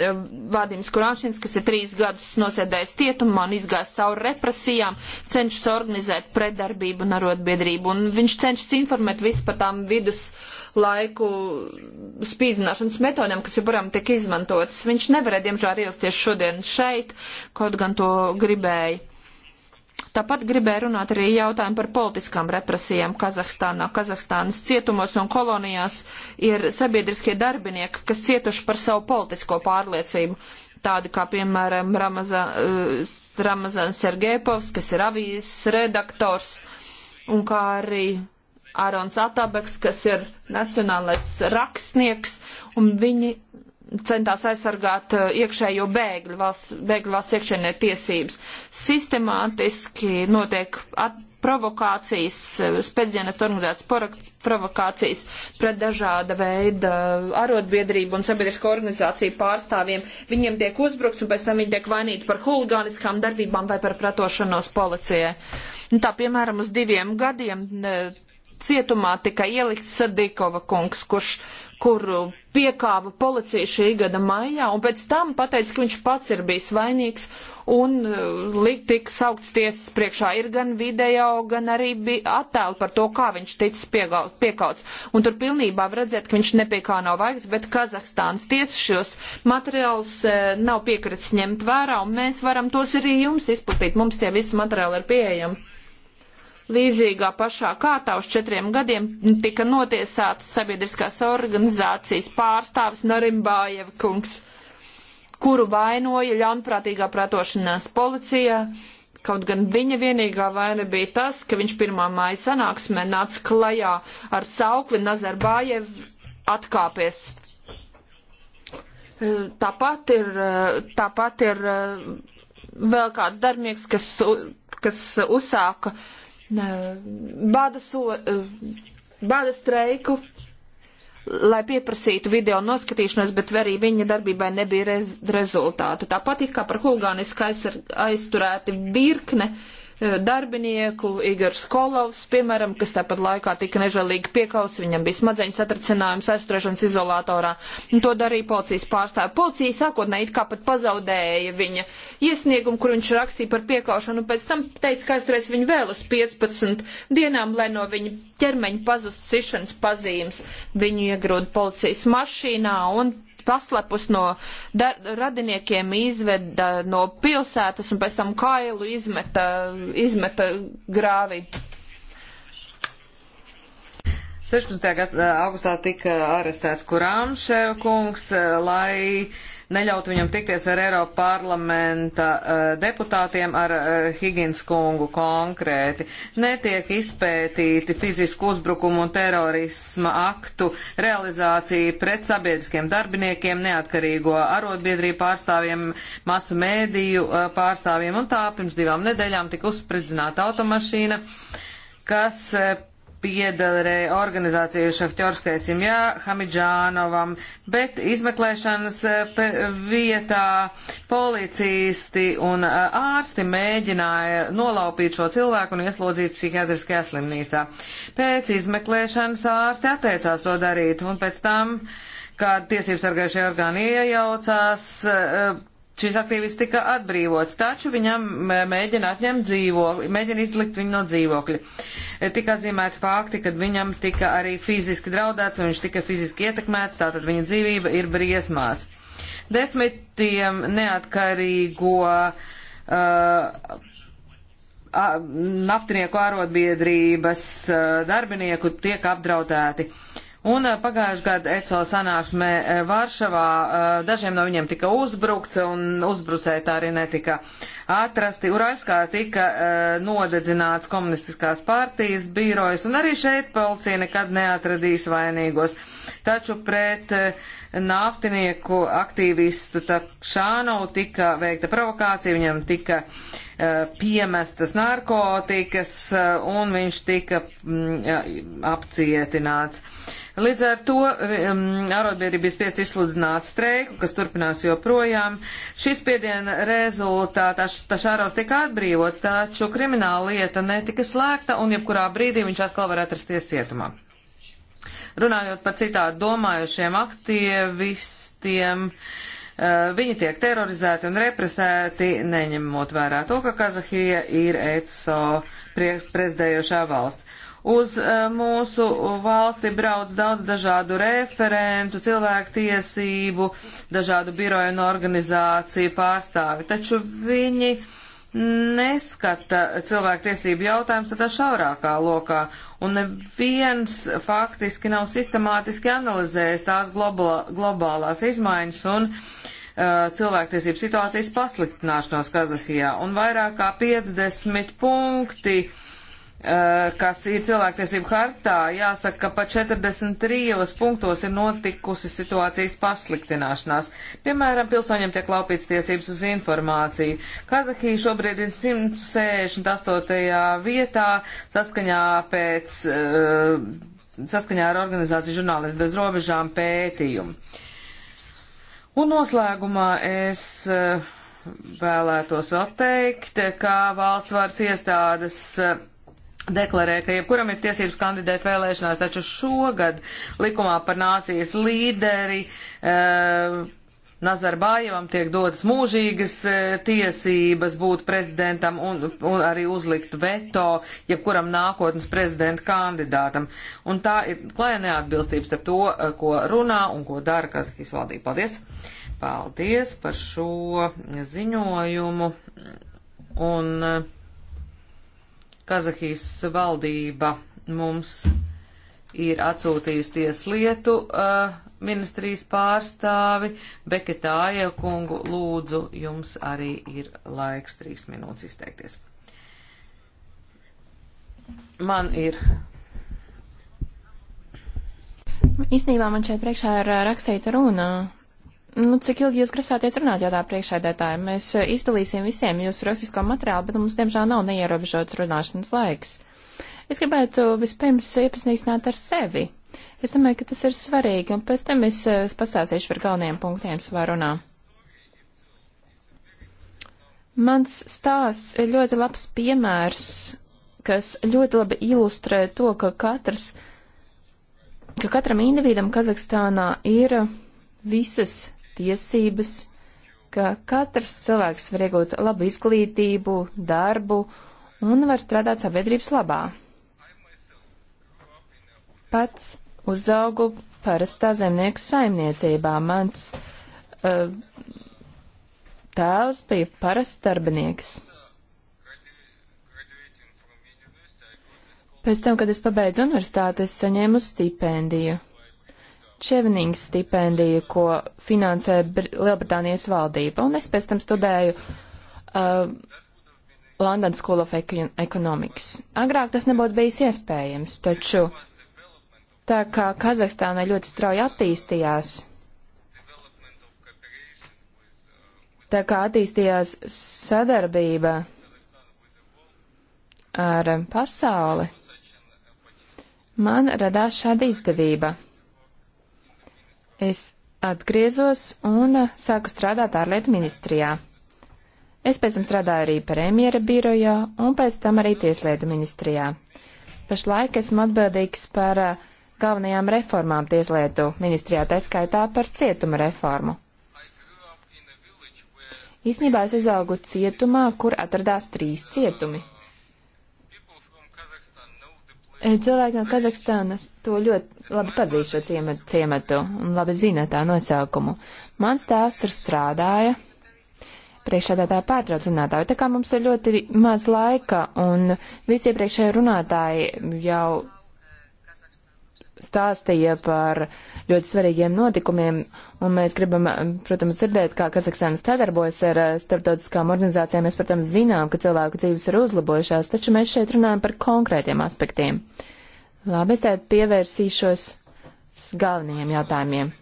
B: eh, Vādījums Kurāšins, kas ir trīs gadus nosēdējis cietumā un izgājis cauri represijām, cenšas organizēt predarbību un arotbiedrību. Un viņš cenšas informēt visu par tām vidus uh, laiku spīdzināšanas metodēm, kas joprojām tiek izmantotas. Viņš nevarēja, diemžēl, ierasties šodien šeit, kaut gan to gribēja. Tāpat gribēju runāt arī jautājumu par politiskām represijām Kazahstānā. Kazahstānas cietumos un kolonijās ir sabiedriskie darbinieki, kas cietuši par savu politisko pārliecību. Tādi kā, piemēram, Ramazan, eh, Ramazan Sergepovs, kas ir avīzes redaktors, un kā arī Ārons Atabeks, kas ir nacionālais rakstnieks, un viņi centās aizsargāt eh, iekšējo bēgļu valsts, bēgļu valsts iekšēnē tiesības. Sistemātiski notiek provokācijas, eh, spēcdienas organizētas provokācijas pret dažāda veida arotbiedrību un sabiedrisko organizāciju pārstāvjiem. Viņiem tiek uzbrukts un pēc tam viņi tiek vainīti par huligāniskām darbībām vai par pretošanos policijai. Nu, tā piemēram uz diviem gadiem cietumā tika ielikts Sadikova kungs, kurš kuru piekāva policija šī gada maijā, un pēc tam pateica, ka viņš pats ir bijis vainīgs un uh, likt tik saukts tiesas priekšā. Ir gan video, gan arī bija attēli par to, kā viņš ticis piekauts. Un tur pilnībā var redzēt, ka viņš nepie kā nav vaigs, bet Kazahstānas tiesas šos materiālus e, nav piekritis ņemt vērā, un mēs varam tos arī jums izplatīt. Mums tie visi materiāli ir pieejami līdzīgā pašā kārtā uz četriem gadiem tika notiesāts sabiedriskās organizācijas pārstāvis Narimbājev kungs, kuru vainoja ļaunprātīgā pratošanās policijā. Kaut gan viņa vienīgā vaina bija tas, ka viņš pirmā māja sanāksmē nāca klajā ar saukli Nazarbājev atkāpies. Eh, tāpat ir, eh, tāpat ir eh, vēl kāds darbnieks, kas, kas uzsāka uh, bada, so, bada streiku, lai pieprasītu video noskatīšanos, bet arī viņa darbībai nebija rez, rezultātu. Tāpat ir kā par huligānisku aizturēti virkne uh, Eh, darbinieku, Igors Kolovs, piemēram, kas tāpat laikā tika nežēlīgi piekauts, viņam bija smadzeņu satricinājums aizturēšanas izolatorā. Un to darīja policijas pārstāvi. Policija sākotnēji it kā pat pazaudēja viņa iesniegumu, kur viņš rakstīja par piekaušanu, un pēc tam teica, ka aizturēs viņu vēl uz 15 dienām, lai no viņa ķermeņa pazust sišanas pazīmes. Viņu iegrūda policijas mašīnā un paslepus no dar, radiniekiem izveda no pilsētas
A: un pēc tam kailu izmeta, izmeta grāvī. 16. Gada, augustā tika arestēts Kurāmšev kungs, lai neļaut viņam tikties ar Eiropa parlamenta uh, deputātiem, ar uh, Higgins kungu konkrēti. Netiek izpētīti fizisku uzbrukumu un terorisma aktu realizācija pret sabiedriskiem darbiniekiem, neatkarīgo arotbiedrību pārstāvjiem, masu mēdīju uh, pārstāvjiem un tā pirms divām nedēļām tika uzspridzināta automašīna kas piedarē organizāciju Šahķorskaisim Jā, Hamidžānovam, bet izmeklēšanas eh, vietā policisti un eh, ārsti mēģināja nolaupīt šo cilvēku un ieslodzīt psihiatriskajā slimnīcā. Pēc izmeklēšanas ārsti atteicās to darīt un pēc tam, kad tiesības sargājušie orgāni iejaucās, eh, šis aktīvis tika atbrīvots, taču viņam mēģina atņemt dzīvokli, mēģina izlikt viņu no dzīvokļa. E, tika atzīmēti fakti, kad viņam tika arī fiziski draudēts un viņš tika fiziski ietekmēts, tātad viņa dzīvība ir briesmās. Desmitiem neatkarīgo uh, naftinieku ārotbiedrības e, darbinieku tiek apdraudēti. Uh, Un eh, pagājušajā gadā ECO sanāksmē eh, Varšavā eh, dažiem no viņiem tika uzbrukts, un uzbrucēji tā arī netika atrasti. Uraiskā tika nodedzināts komunistiskās partijas birojas, un arī šeit policija nekad neatradīs vainīgos. Taču pret naftinieku aktīvistu Takšānu tika veikta provokācija, viņam tika uh, Eh, piemestas narkotikas, eh, un viņš tika mm, apcietināts. Līdz ar to arotbiedrība bija spiest izsludināt streiku, kas turpinās joprojām. Šis spiediena rezultātā Tašāros tika atbrīvots, taču krimināla lieta netika slēgta, un jebkurā brīdī viņš atkal var atrasties cietumā. Runājot par citādi domājušiem aktīvistiem, uh, Eh, viņi tiek terorizēti un represēti, neņemot vērā to, ka Kazahija ir ECO prezidējošā valsts. Uz eh, mūsu valsti brauc daudz dažādu referentu, cilvēktiesību, dažādu biroju un organizāciju pārstāvi, taču viņi uh, neskata cilvēktiesību jautājums tādā šaurākā lokā, un neviens faktiski nav sistemātiski analizējis tās globala, globālās izmaiņas un uh, cilvēktiesību situācijas pasliktināšanos Kazahijā, un vairāk kā 50 punkti uh, Eh, kas ir cilvēktiesību hartā, jāsaka, ka pa 43 punktos ir notikusi situācijas pasliktināšanās. Piemēram, pilsoņiem tiek laupīts tiesības uz informāciju. Kazahija šobrīd ir 168. vietā saskaņā pēc, eh, saskaņā ar organizāciju žurnālisti bez robežām pētījumu. Un noslēgumā es eh, vēlētos vēl teikt, ka valsts varas iestādes deklarē, ka jebkuram ir tiesības kandidēt vēlēšanās, taču šogad likumā par nācijas līderi eh, Nazarbājevam tiek dotas mūžīgas eh, tiesības būt prezidentam un, un arī uzlikt veto jebkuram nākotnes prezidenta kandidātam. Un tā ir klēja neatbilstības ar to, eh, ko runā un ko dara Kazahijas valdība. Paldies! Paldies par šo ziņojumu. Un, uh, Kazahijas valdība mums ir atsūtījusi tieslietu uh, ministrijas pārstāvi Beketāja kungu. Lūdzu, jums arī ir laiks trīs minūtes izteikties. Man ir.
C: Īsnībā man šeit priekšā ir eh, rakstīta runa Nu, cik ilgi jūs grasāties runāt, jautā priekšēdētāji? Mēs eh, izdalīsim visiem jūsu rakstisko materiālu, bet mums, diemžēl, nav neierobežots runāšanas laiks. Es gribētu vispirms iepazīstināt ar sevi. Es domāju, ka tas ir svarīgi, un pēc tam es eh, pastāstīšu par galvenajiem punktiem savā runā. Mans stāsts ir ļoti labs piemērs, kas ļoti labi ilustrē to, ka katrs, ka katram individam Kazahstānā ir visas tiesības, ka katrs cilvēks var iegūt labu izglītību, darbu un var strādāt sabiedrības labā. Pats uzaugu parastā zemnieku saimniecībā. Mans uh, tēls bija parasts darbinieks. Pēc tam, kad es pabeidzu universitāti, es saņēmu stipendiju. Čevnings stipendiju, ko finansē Br Lielbritānijas valdība, un es pēc tam studēju uh, London School of Economics. Agrāk tas nebūtu bijis iespējams, taču tā kā Kazahstāna ļoti strauji attīstījās, tā kā attīstījās sadarbība ar um, pasauli, man radās šāda izdevība. Es atgriezos un sāku strādāt ārlietu ministrijā. Es pēc tam strādāju arī premjera birojā un pēc tam arī tieslietu ministrijā. Pašlaik esmu atbildīgs par uh, galvenajām reformām tieslietu ministrijā, tā skaitā par cietuma reformu. Īsnībā es uzaugu cietumā, kur atradās trīs cietumi. Eh, cilvēki no Kazahstānas to ļoti labi pazīst šo ciematu, ciematu un labi zina tā nosaukumu. Mans tēvs tur strādāja, priekšādātāja pārtrauc runātāju, tā kā mums ir ļoti maz laika un visi priekšēji runātāji jau stāstīja par ļoti svarīgiem notikumiem, un mēs gribam, protams, dzirdēt, kā Kazahstāna sadarbojas ar eh, starptautiskām organizācijām. Mēs, protams, zinām, ka cilvēku dzīves ir uzlabojušās, taču mēs šeit runājam par konkrētiem aspektiem. Labi, es tagad pievērsīšos galvenajiem jautājumiem.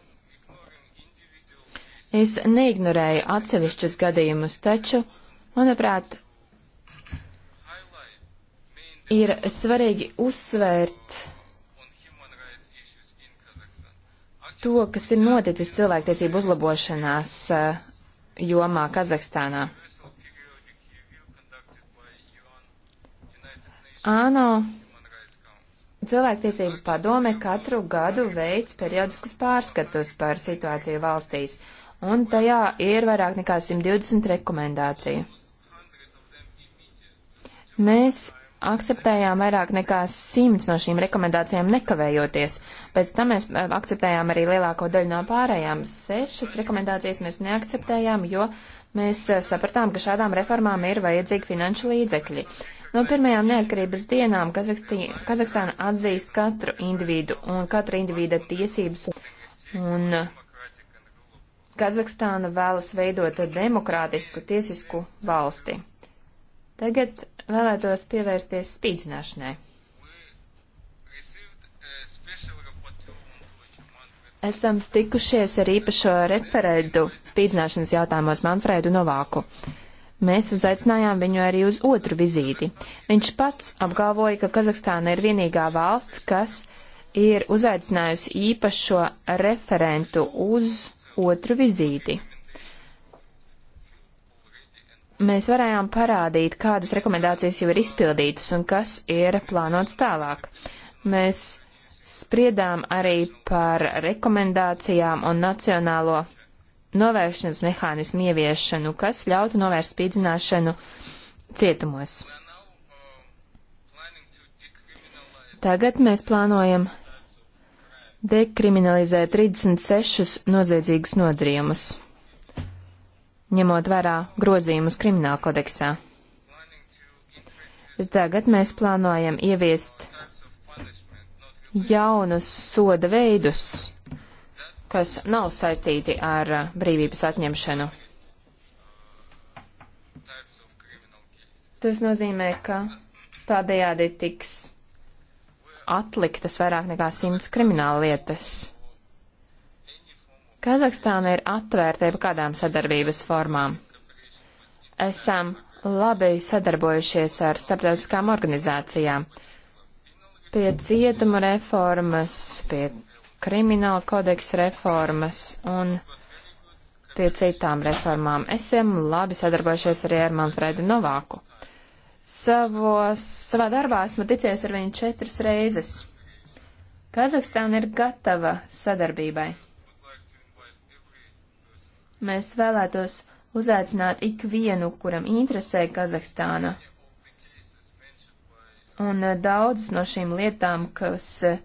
C: Es neignorēju atsevišķus gadījumus, taču, manuprāt, ir svarīgi uzsvērt to, kas ir noticis cilvēktiesību uzlabošanās eh, jomā Kazahstānā. ANO cilvēktiesību padome katru gadu veids periodiskus pārskatus par situāciju valstīs, un tajā ir vairāk nekā 120 rekomendāciju. Mēs akceptējām vairāk nekā simts no šīm rekomendācijām nekavējoties. Pēc tam mēs eh, akceptējām arī lielāko daļu no pārējām. Sešas rekomendācijas mēs neakceptējām, jo mēs eh, sapratām, ka šādām reformām ir vajadzīgi finanšu līdzekļi. No pirmajām neatkarības dienām Kazakstī, Kazahstāna atzīst katru individu un katru individu tiesības. Un Kazahstāna vēlas veidot demokrātisku tiesisku valsti. Tagad vēlētos pievērsties spīdzināšanai. Esam tikušies ar īpašo referēdu spīdzināšanas jautājumos Manfredu Novāku. Mēs uzaicinājām viņu arī uz otru vizīti. Viņš pats apgalvoja, ka Kazahstāna ir vienīgā valsts, kas ir uzaicinājusi īpašo referentu uz otru vizīti mēs varējām parādīt, kādas rekomendācijas jau ir izpildītas un kas ir plānots tālāk. Mēs spriedām arī par rekomendācijām un nacionālo novēršanas mehānismu ieviešanu, kas ļautu novērst spīdzināšanu cietumos. Tagad mēs plānojam dekriminalizēt 36 noziedzīgus nodarījumus ņemot vērā grozījumus krimināla kodeksā. Tagad mēs plānojam ieviest jaunus soda veidus, kas nav saistīti ar uh, brīvības atņemšanu. Tas nozīmē, ka tādējādi tiks atliktas vairāk nekā simts krimināla lietas. Kazahstāna ir atvērta jau kādām sadarbības formām. Esam labi sadarbojušies ar starptautiskām organizācijām. Pie cietuma reformas, pie krimināla kodeksa reformas un pie citām reformām. Esam labi sadarbojušies arī ar Manfredu Novāku. Savos, savā darbā esmu ticies ar viņu četras reizes. Kazahstāna ir gatava sadarbībai. Mēs vēlētos uzaicināt ikvienu, kuram interesē Kazahstāna. Un eh, daudzas no šīm lietām, kas eh,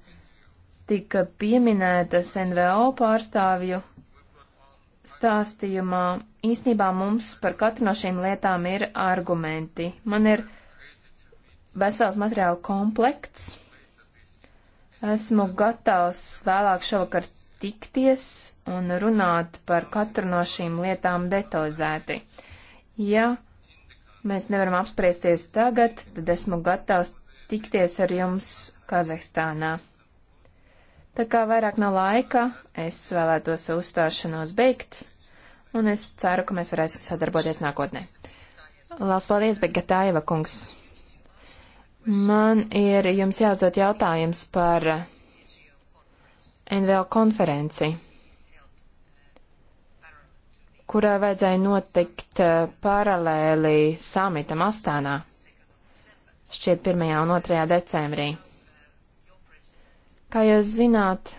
C: tika pieminētas NVO pārstāvju stāstījumā, īsnībā mums par katru no šīm lietām ir argumenti. Man ir vesels materiāla komplekts. Esmu gatavs vēlāk šovakar tikties un runāt par katru no šīm lietām detalizēti. Ja mēs nevaram apspriesties tagad, tad esmu gatavs tikties ar jums Kazahstānā. Tā kā vairāk nav laika, es vēlētos uzstāšanos beigt, un es ceru, ka mēs varēsim sadarboties nākotnē. Lās paldies, bet Gatāieva kungs. Man ir jums jāuzdot jautājums par NVL konferenci, kurā vajadzēja notikt eh, paralēli samitam Astānā, šķiet 1. un 2. decembrī. Kā jūs zināt,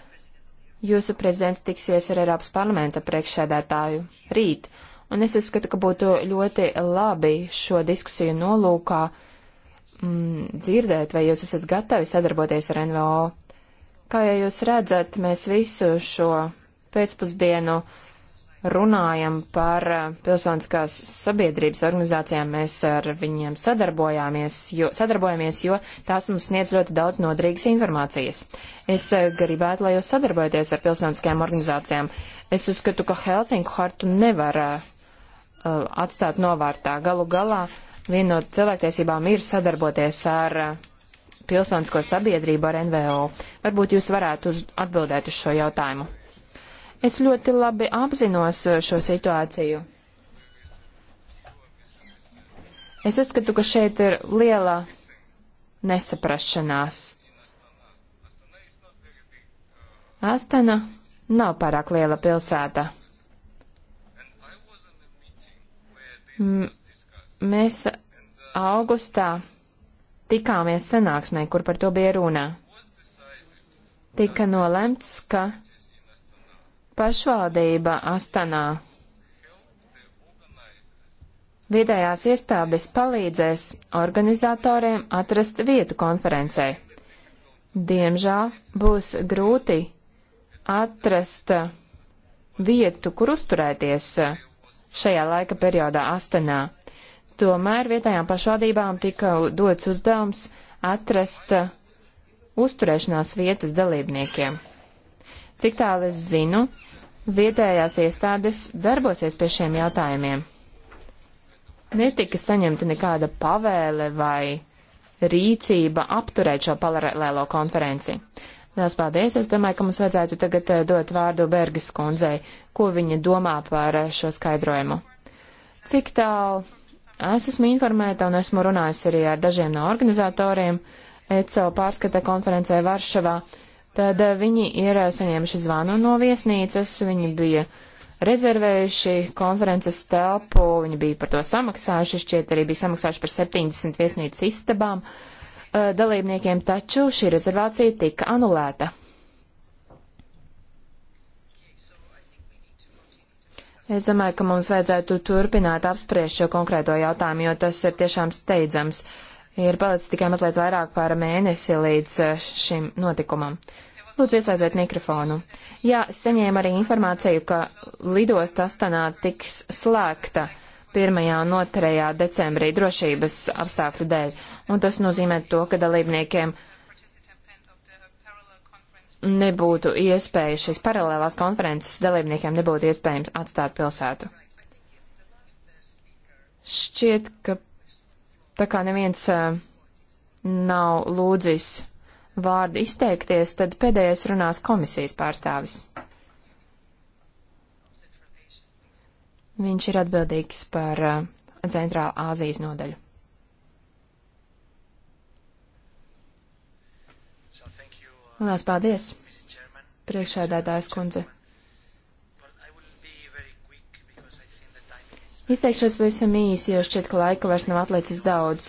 C: jūsu prezidents tiksies ar Eiropas parlamenta priekšsēdētāju rīt, un es uzskatu, ka būtu ļoti labi šo diskusiju nolūkā mm, dzirdēt, vai jūs esat gatavi sadarboties ar NVO Kā jau jūs redzat, mēs visu šo pēcpusdienu runājam par eh, pilsoniskās sabiedrības organizācijām, mēs ar viņiem sadarbojāmies, jo, sadarbojamies, jo tās mums sniedz ļoti daudz nodrīgas informācijas. Es eh, gribētu, lai jūs sadarbojaties ar pilsoniskajām organizācijām. Es uzskatu, ka Helsinku hartu nevar uh, atstāt novārtā. Galu galā viena no cilvēktiesībām ir sadarboties ar uh, pilsonisko sabiedrību ar NVO. Varbūt jūs varētu uz, atbildēt uz šo jautājumu. Es ļoti labi apzinos uh, šo situāciju. Es uzskatu, ka šeit ir liela nesaprašanās. Astana nav pārāk liela pilsēta. M mēs augustā tikāmies sanāksmē, kur par to bija runā. Tika nolemts, ka pašvaldība Astanā vietējās iestādes palīdzēs organizatoriem atrast vietu konferencē. Diemžēl būs grūti atrast vietu, kur uzturēties šajā laika periodā Astenā. Tomēr vietējām pašvaldībām tika dots uzdevums atrast uh, uzturēšanās vietas dalībniekiem. Cik tālu es zinu, vietējās iestādes darbosies pie šiem jautājumiem. Netika saņemta nekāda pavēle vai rīcība apturēt šo paralēlo konferenci. Lielas paldies! Es domāju, ka mums vajadzētu tagad uh, dot vārdu Bergas kundzei, ko viņa domā par uh, šo skaidrojumu. Cik tālu Es esmu informēta un esmu runājusi arī ar dažiem no organizatoriem ECO pārskata konferencē Varšavā. Tad eh, viņi ir eh, saņēmuši zvanu no viesnīcas, viņi bija rezervējuši konferences telpu, viņi bija par to samaksājuši, šķiet arī bija samaksājuši par 70 viesnīcas istabām eh, dalībniekiem, taču šī rezervācija tika anulēta. Es domāju, ka mums vajadzētu turpināt apspriest šo konkrēto jautājumu, jo tas ir tiešām steidzams. Ir palicis tikai mazliet vairāk pār mēnesi līdz eh, šim notikumam. Lūdzu, ieslēdziet mikrofonu. Jā, saņēmu arī informāciju, ka lidosta Astanā tiks slēgta 1. un 2. decembrī drošības apstākļu dēļ, un tas nozīmē to, ka dalībniekiem nebūtu iespēja, šīs paralēlās konferences dalībniekiem nebūtu iespējams atstāt pilsētu. Šķiet, ka tā kā neviens nav lūdzis vārdu izteikties, tad pēdējais runās komisijas pārstāvis. Viņš ir atbildīgs par Centrāla Āzijas nodaļu. Lielas paldies, priekšēdētājs kundze. Izteikšos pavisam īsi, jo šķiet, ka laika vairs nav atlicis daudz.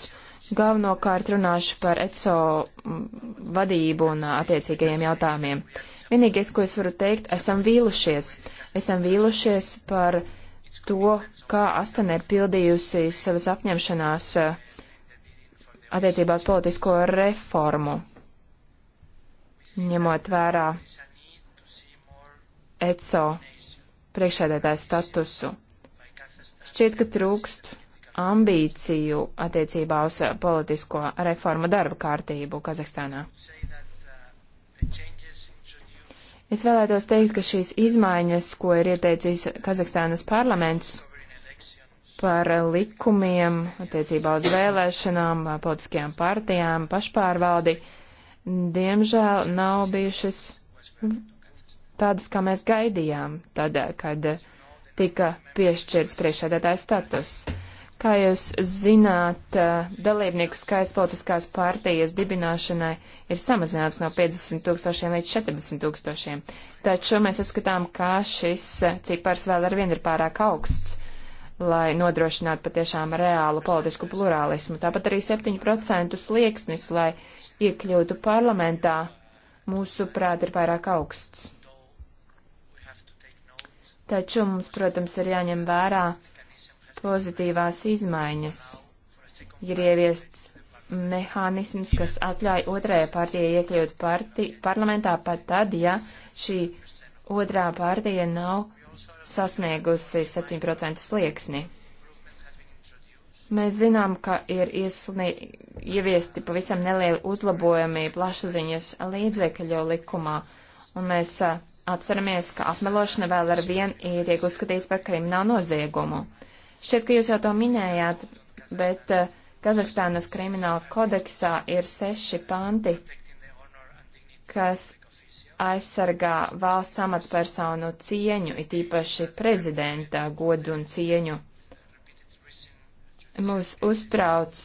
C: Galvenokārt runāšu par ECO mm, vadību un attiecīgajiem jautājumiem. Vienīgais, ko es varu teikt, esam vīlušies. Esam vīlušies par to, kā Astana ir pildījusi savas apņemšanās attiecībās politisko reformu, ņemot vērā ECO priekšēdētāju statusu. Šķiet, ka trūkst ambīciju attiecībā uz politisko reformu darba kārtību Kazahstānā. Es vēlētos teikt, ka šīs izmaiņas, ko ir ieteicis Kazahstānas parlaments par likumiem attiecībā uz vēlēšanām, politiskajām partijām, pašpārvaldi, uh, diemžēl nav bijušas tādas, kā mēs gaidījām, tad, kad tika piešķirts priekšsēdētājs status. Kā jūs zināt, dalībnieku skaits politiskās pārtījas dibināšanai ir samazināts no 50 tūkstošiem līdz 40 tūkstošiem, taču mēs uzskatām, ka šis cipars vēl ar vienu ir pārāk augsts lai nodrošinātu patiešām reālu politisku plurālismu. Tāpat arī 7% slieksnis, lai iekļūtu parlamentā, mūsuprāt, ir pārāk augsts. Taču mums, protams, ir jāņem vērā pozitīvās izmaiņas. Ir ieviests mehānisms, kas atļauj otrajai partijai iekļūt parti, parlamentā pat tad, ja šī otrā partija nav sasniegusi 7% slieksni. Mēs zinām, ka ir iesni, ieviesti pavisam nelieli uzlabojumi plašsaziņas līdzekļu likumā, un mēs atceramies, ka apmelošana vēl ar vienu tiek uzskatīts par kriminālu noziegumu. Šķiet, ka jūs jau to minējāt, bet Kazahstānas krimināla kodeksā ir seši panti, kas aizsargā valsts amatpersonu cieņu, it īpaši prezidenta godu un cieņu. Mūs uztrauc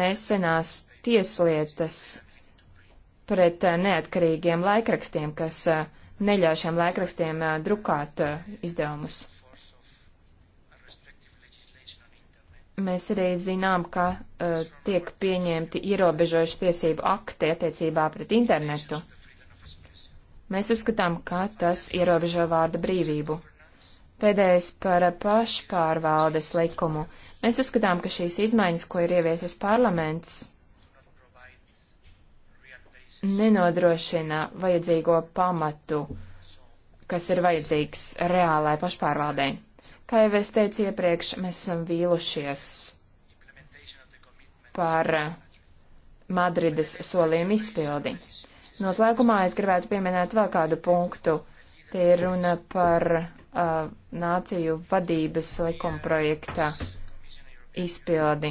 C: nesenās tieslietas pret neatkarīgiem laikrakstiem, kas neļauj šiem laikrakstiem drukāt izdevumus. Mēs arī zinām, ka uh, tiek pieņemti ierobežojuši tiesību akti attiecībā pret internetu. Uh, Mēs uzskatām, ka tas ierobežo vārda brīvību. Pēdējais par pašpārvaldes likumu. Mēs uzskatām, ka šīs izmaiņas, ko ir ieviesis parlaments, nenodrošina vajadzīgo pamatu, kas ir vajadzīgs reālai pašpārvaldei. Kā jau es teicu iepriekš, mēs esam vīlušies par Madrides solījumu izpildi. Noslēgumā es gribētu pieminēt vēl kādu punktu. Tie ir runa par uh, nāciju vadības likumprojekta izpildi.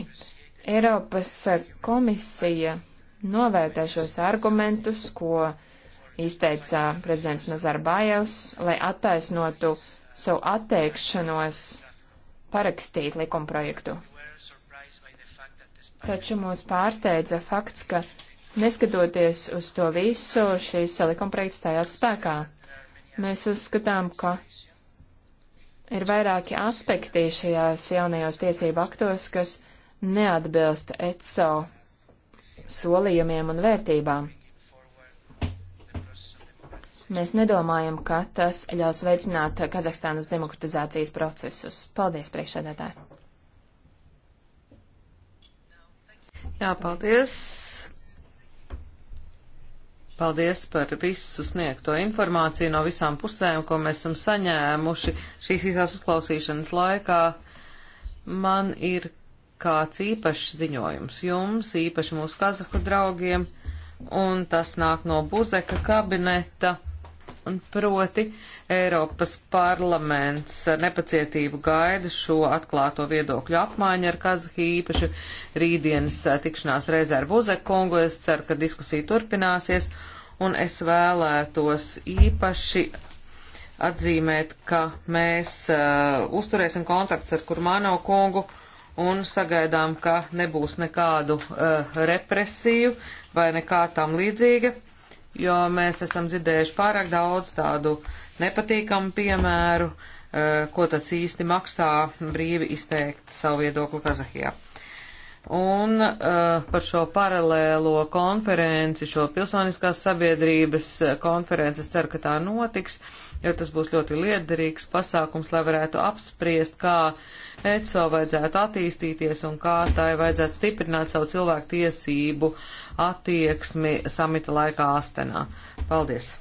C: Eiropas komisija novērtē šos argumentus, ko izteica prezidents Nazarbājevs, lai attaisnotu savu atteikšanos parakstīt likumprojektu. Taču mūs pārsteidza fakts, ka Neskatoties uz to visu, šīs likumprojekts stājās spēkā. Mēs uzskatām, ka ir vairāki aspekti šajās jaunajos tiesību aktos, kas neatbilst ECO solījumiem un vērtībām. Mēs nedomājam, ka tas ļaus veicināt Kazahstānas demokratizācijas procesus. Paldies, priekšsēdētāji!
A: Jā, paldies! Paldies par visu sniegto informāciju no visām pusēm, ko mēs esam saņēmuši šīs īsās uzklausīšanas laikā. Man ir kāds īpašs ziņojums jums, īpaši mūsu kazahu draugiem, un tas nāk no Buzeka kabineta un proti Eiropas parlaments ar nepacietību gaida šo atklāto viedokļu apmaiņu ar Kazahī īpaši rītdienas tikšanās reizē ar Buzekungu. Es ceru, ka diskusija turpināsies un es vēlētos īpaši atzīmēt, ka mēs uh, uzturēsim kontakts ar Kurmāno kungu un sagaidām, ka nebūs nekādu uh, represiju vai nekā tam līdzīga jo mēs esam dzirdējuši pārāk daudz tādu nepatīkamu piemēru, eh, ko tas īsti maksā brīvi izteikt savu viedokli Kazahijā. Un uh, par šo paralēlo konferenci, šo pilsoniskās sabiedrības eh, konferenci, es ceru, ka tā notiks, jo tas būs ļoti liederīgs pasākums, lai varētu apspriest, kā ECO vajadzētu attīstīties un kā tai vajadzētu stiprināt savu cilvēku tiesību uh, attieksmi samita laikā Astenā. Paldies!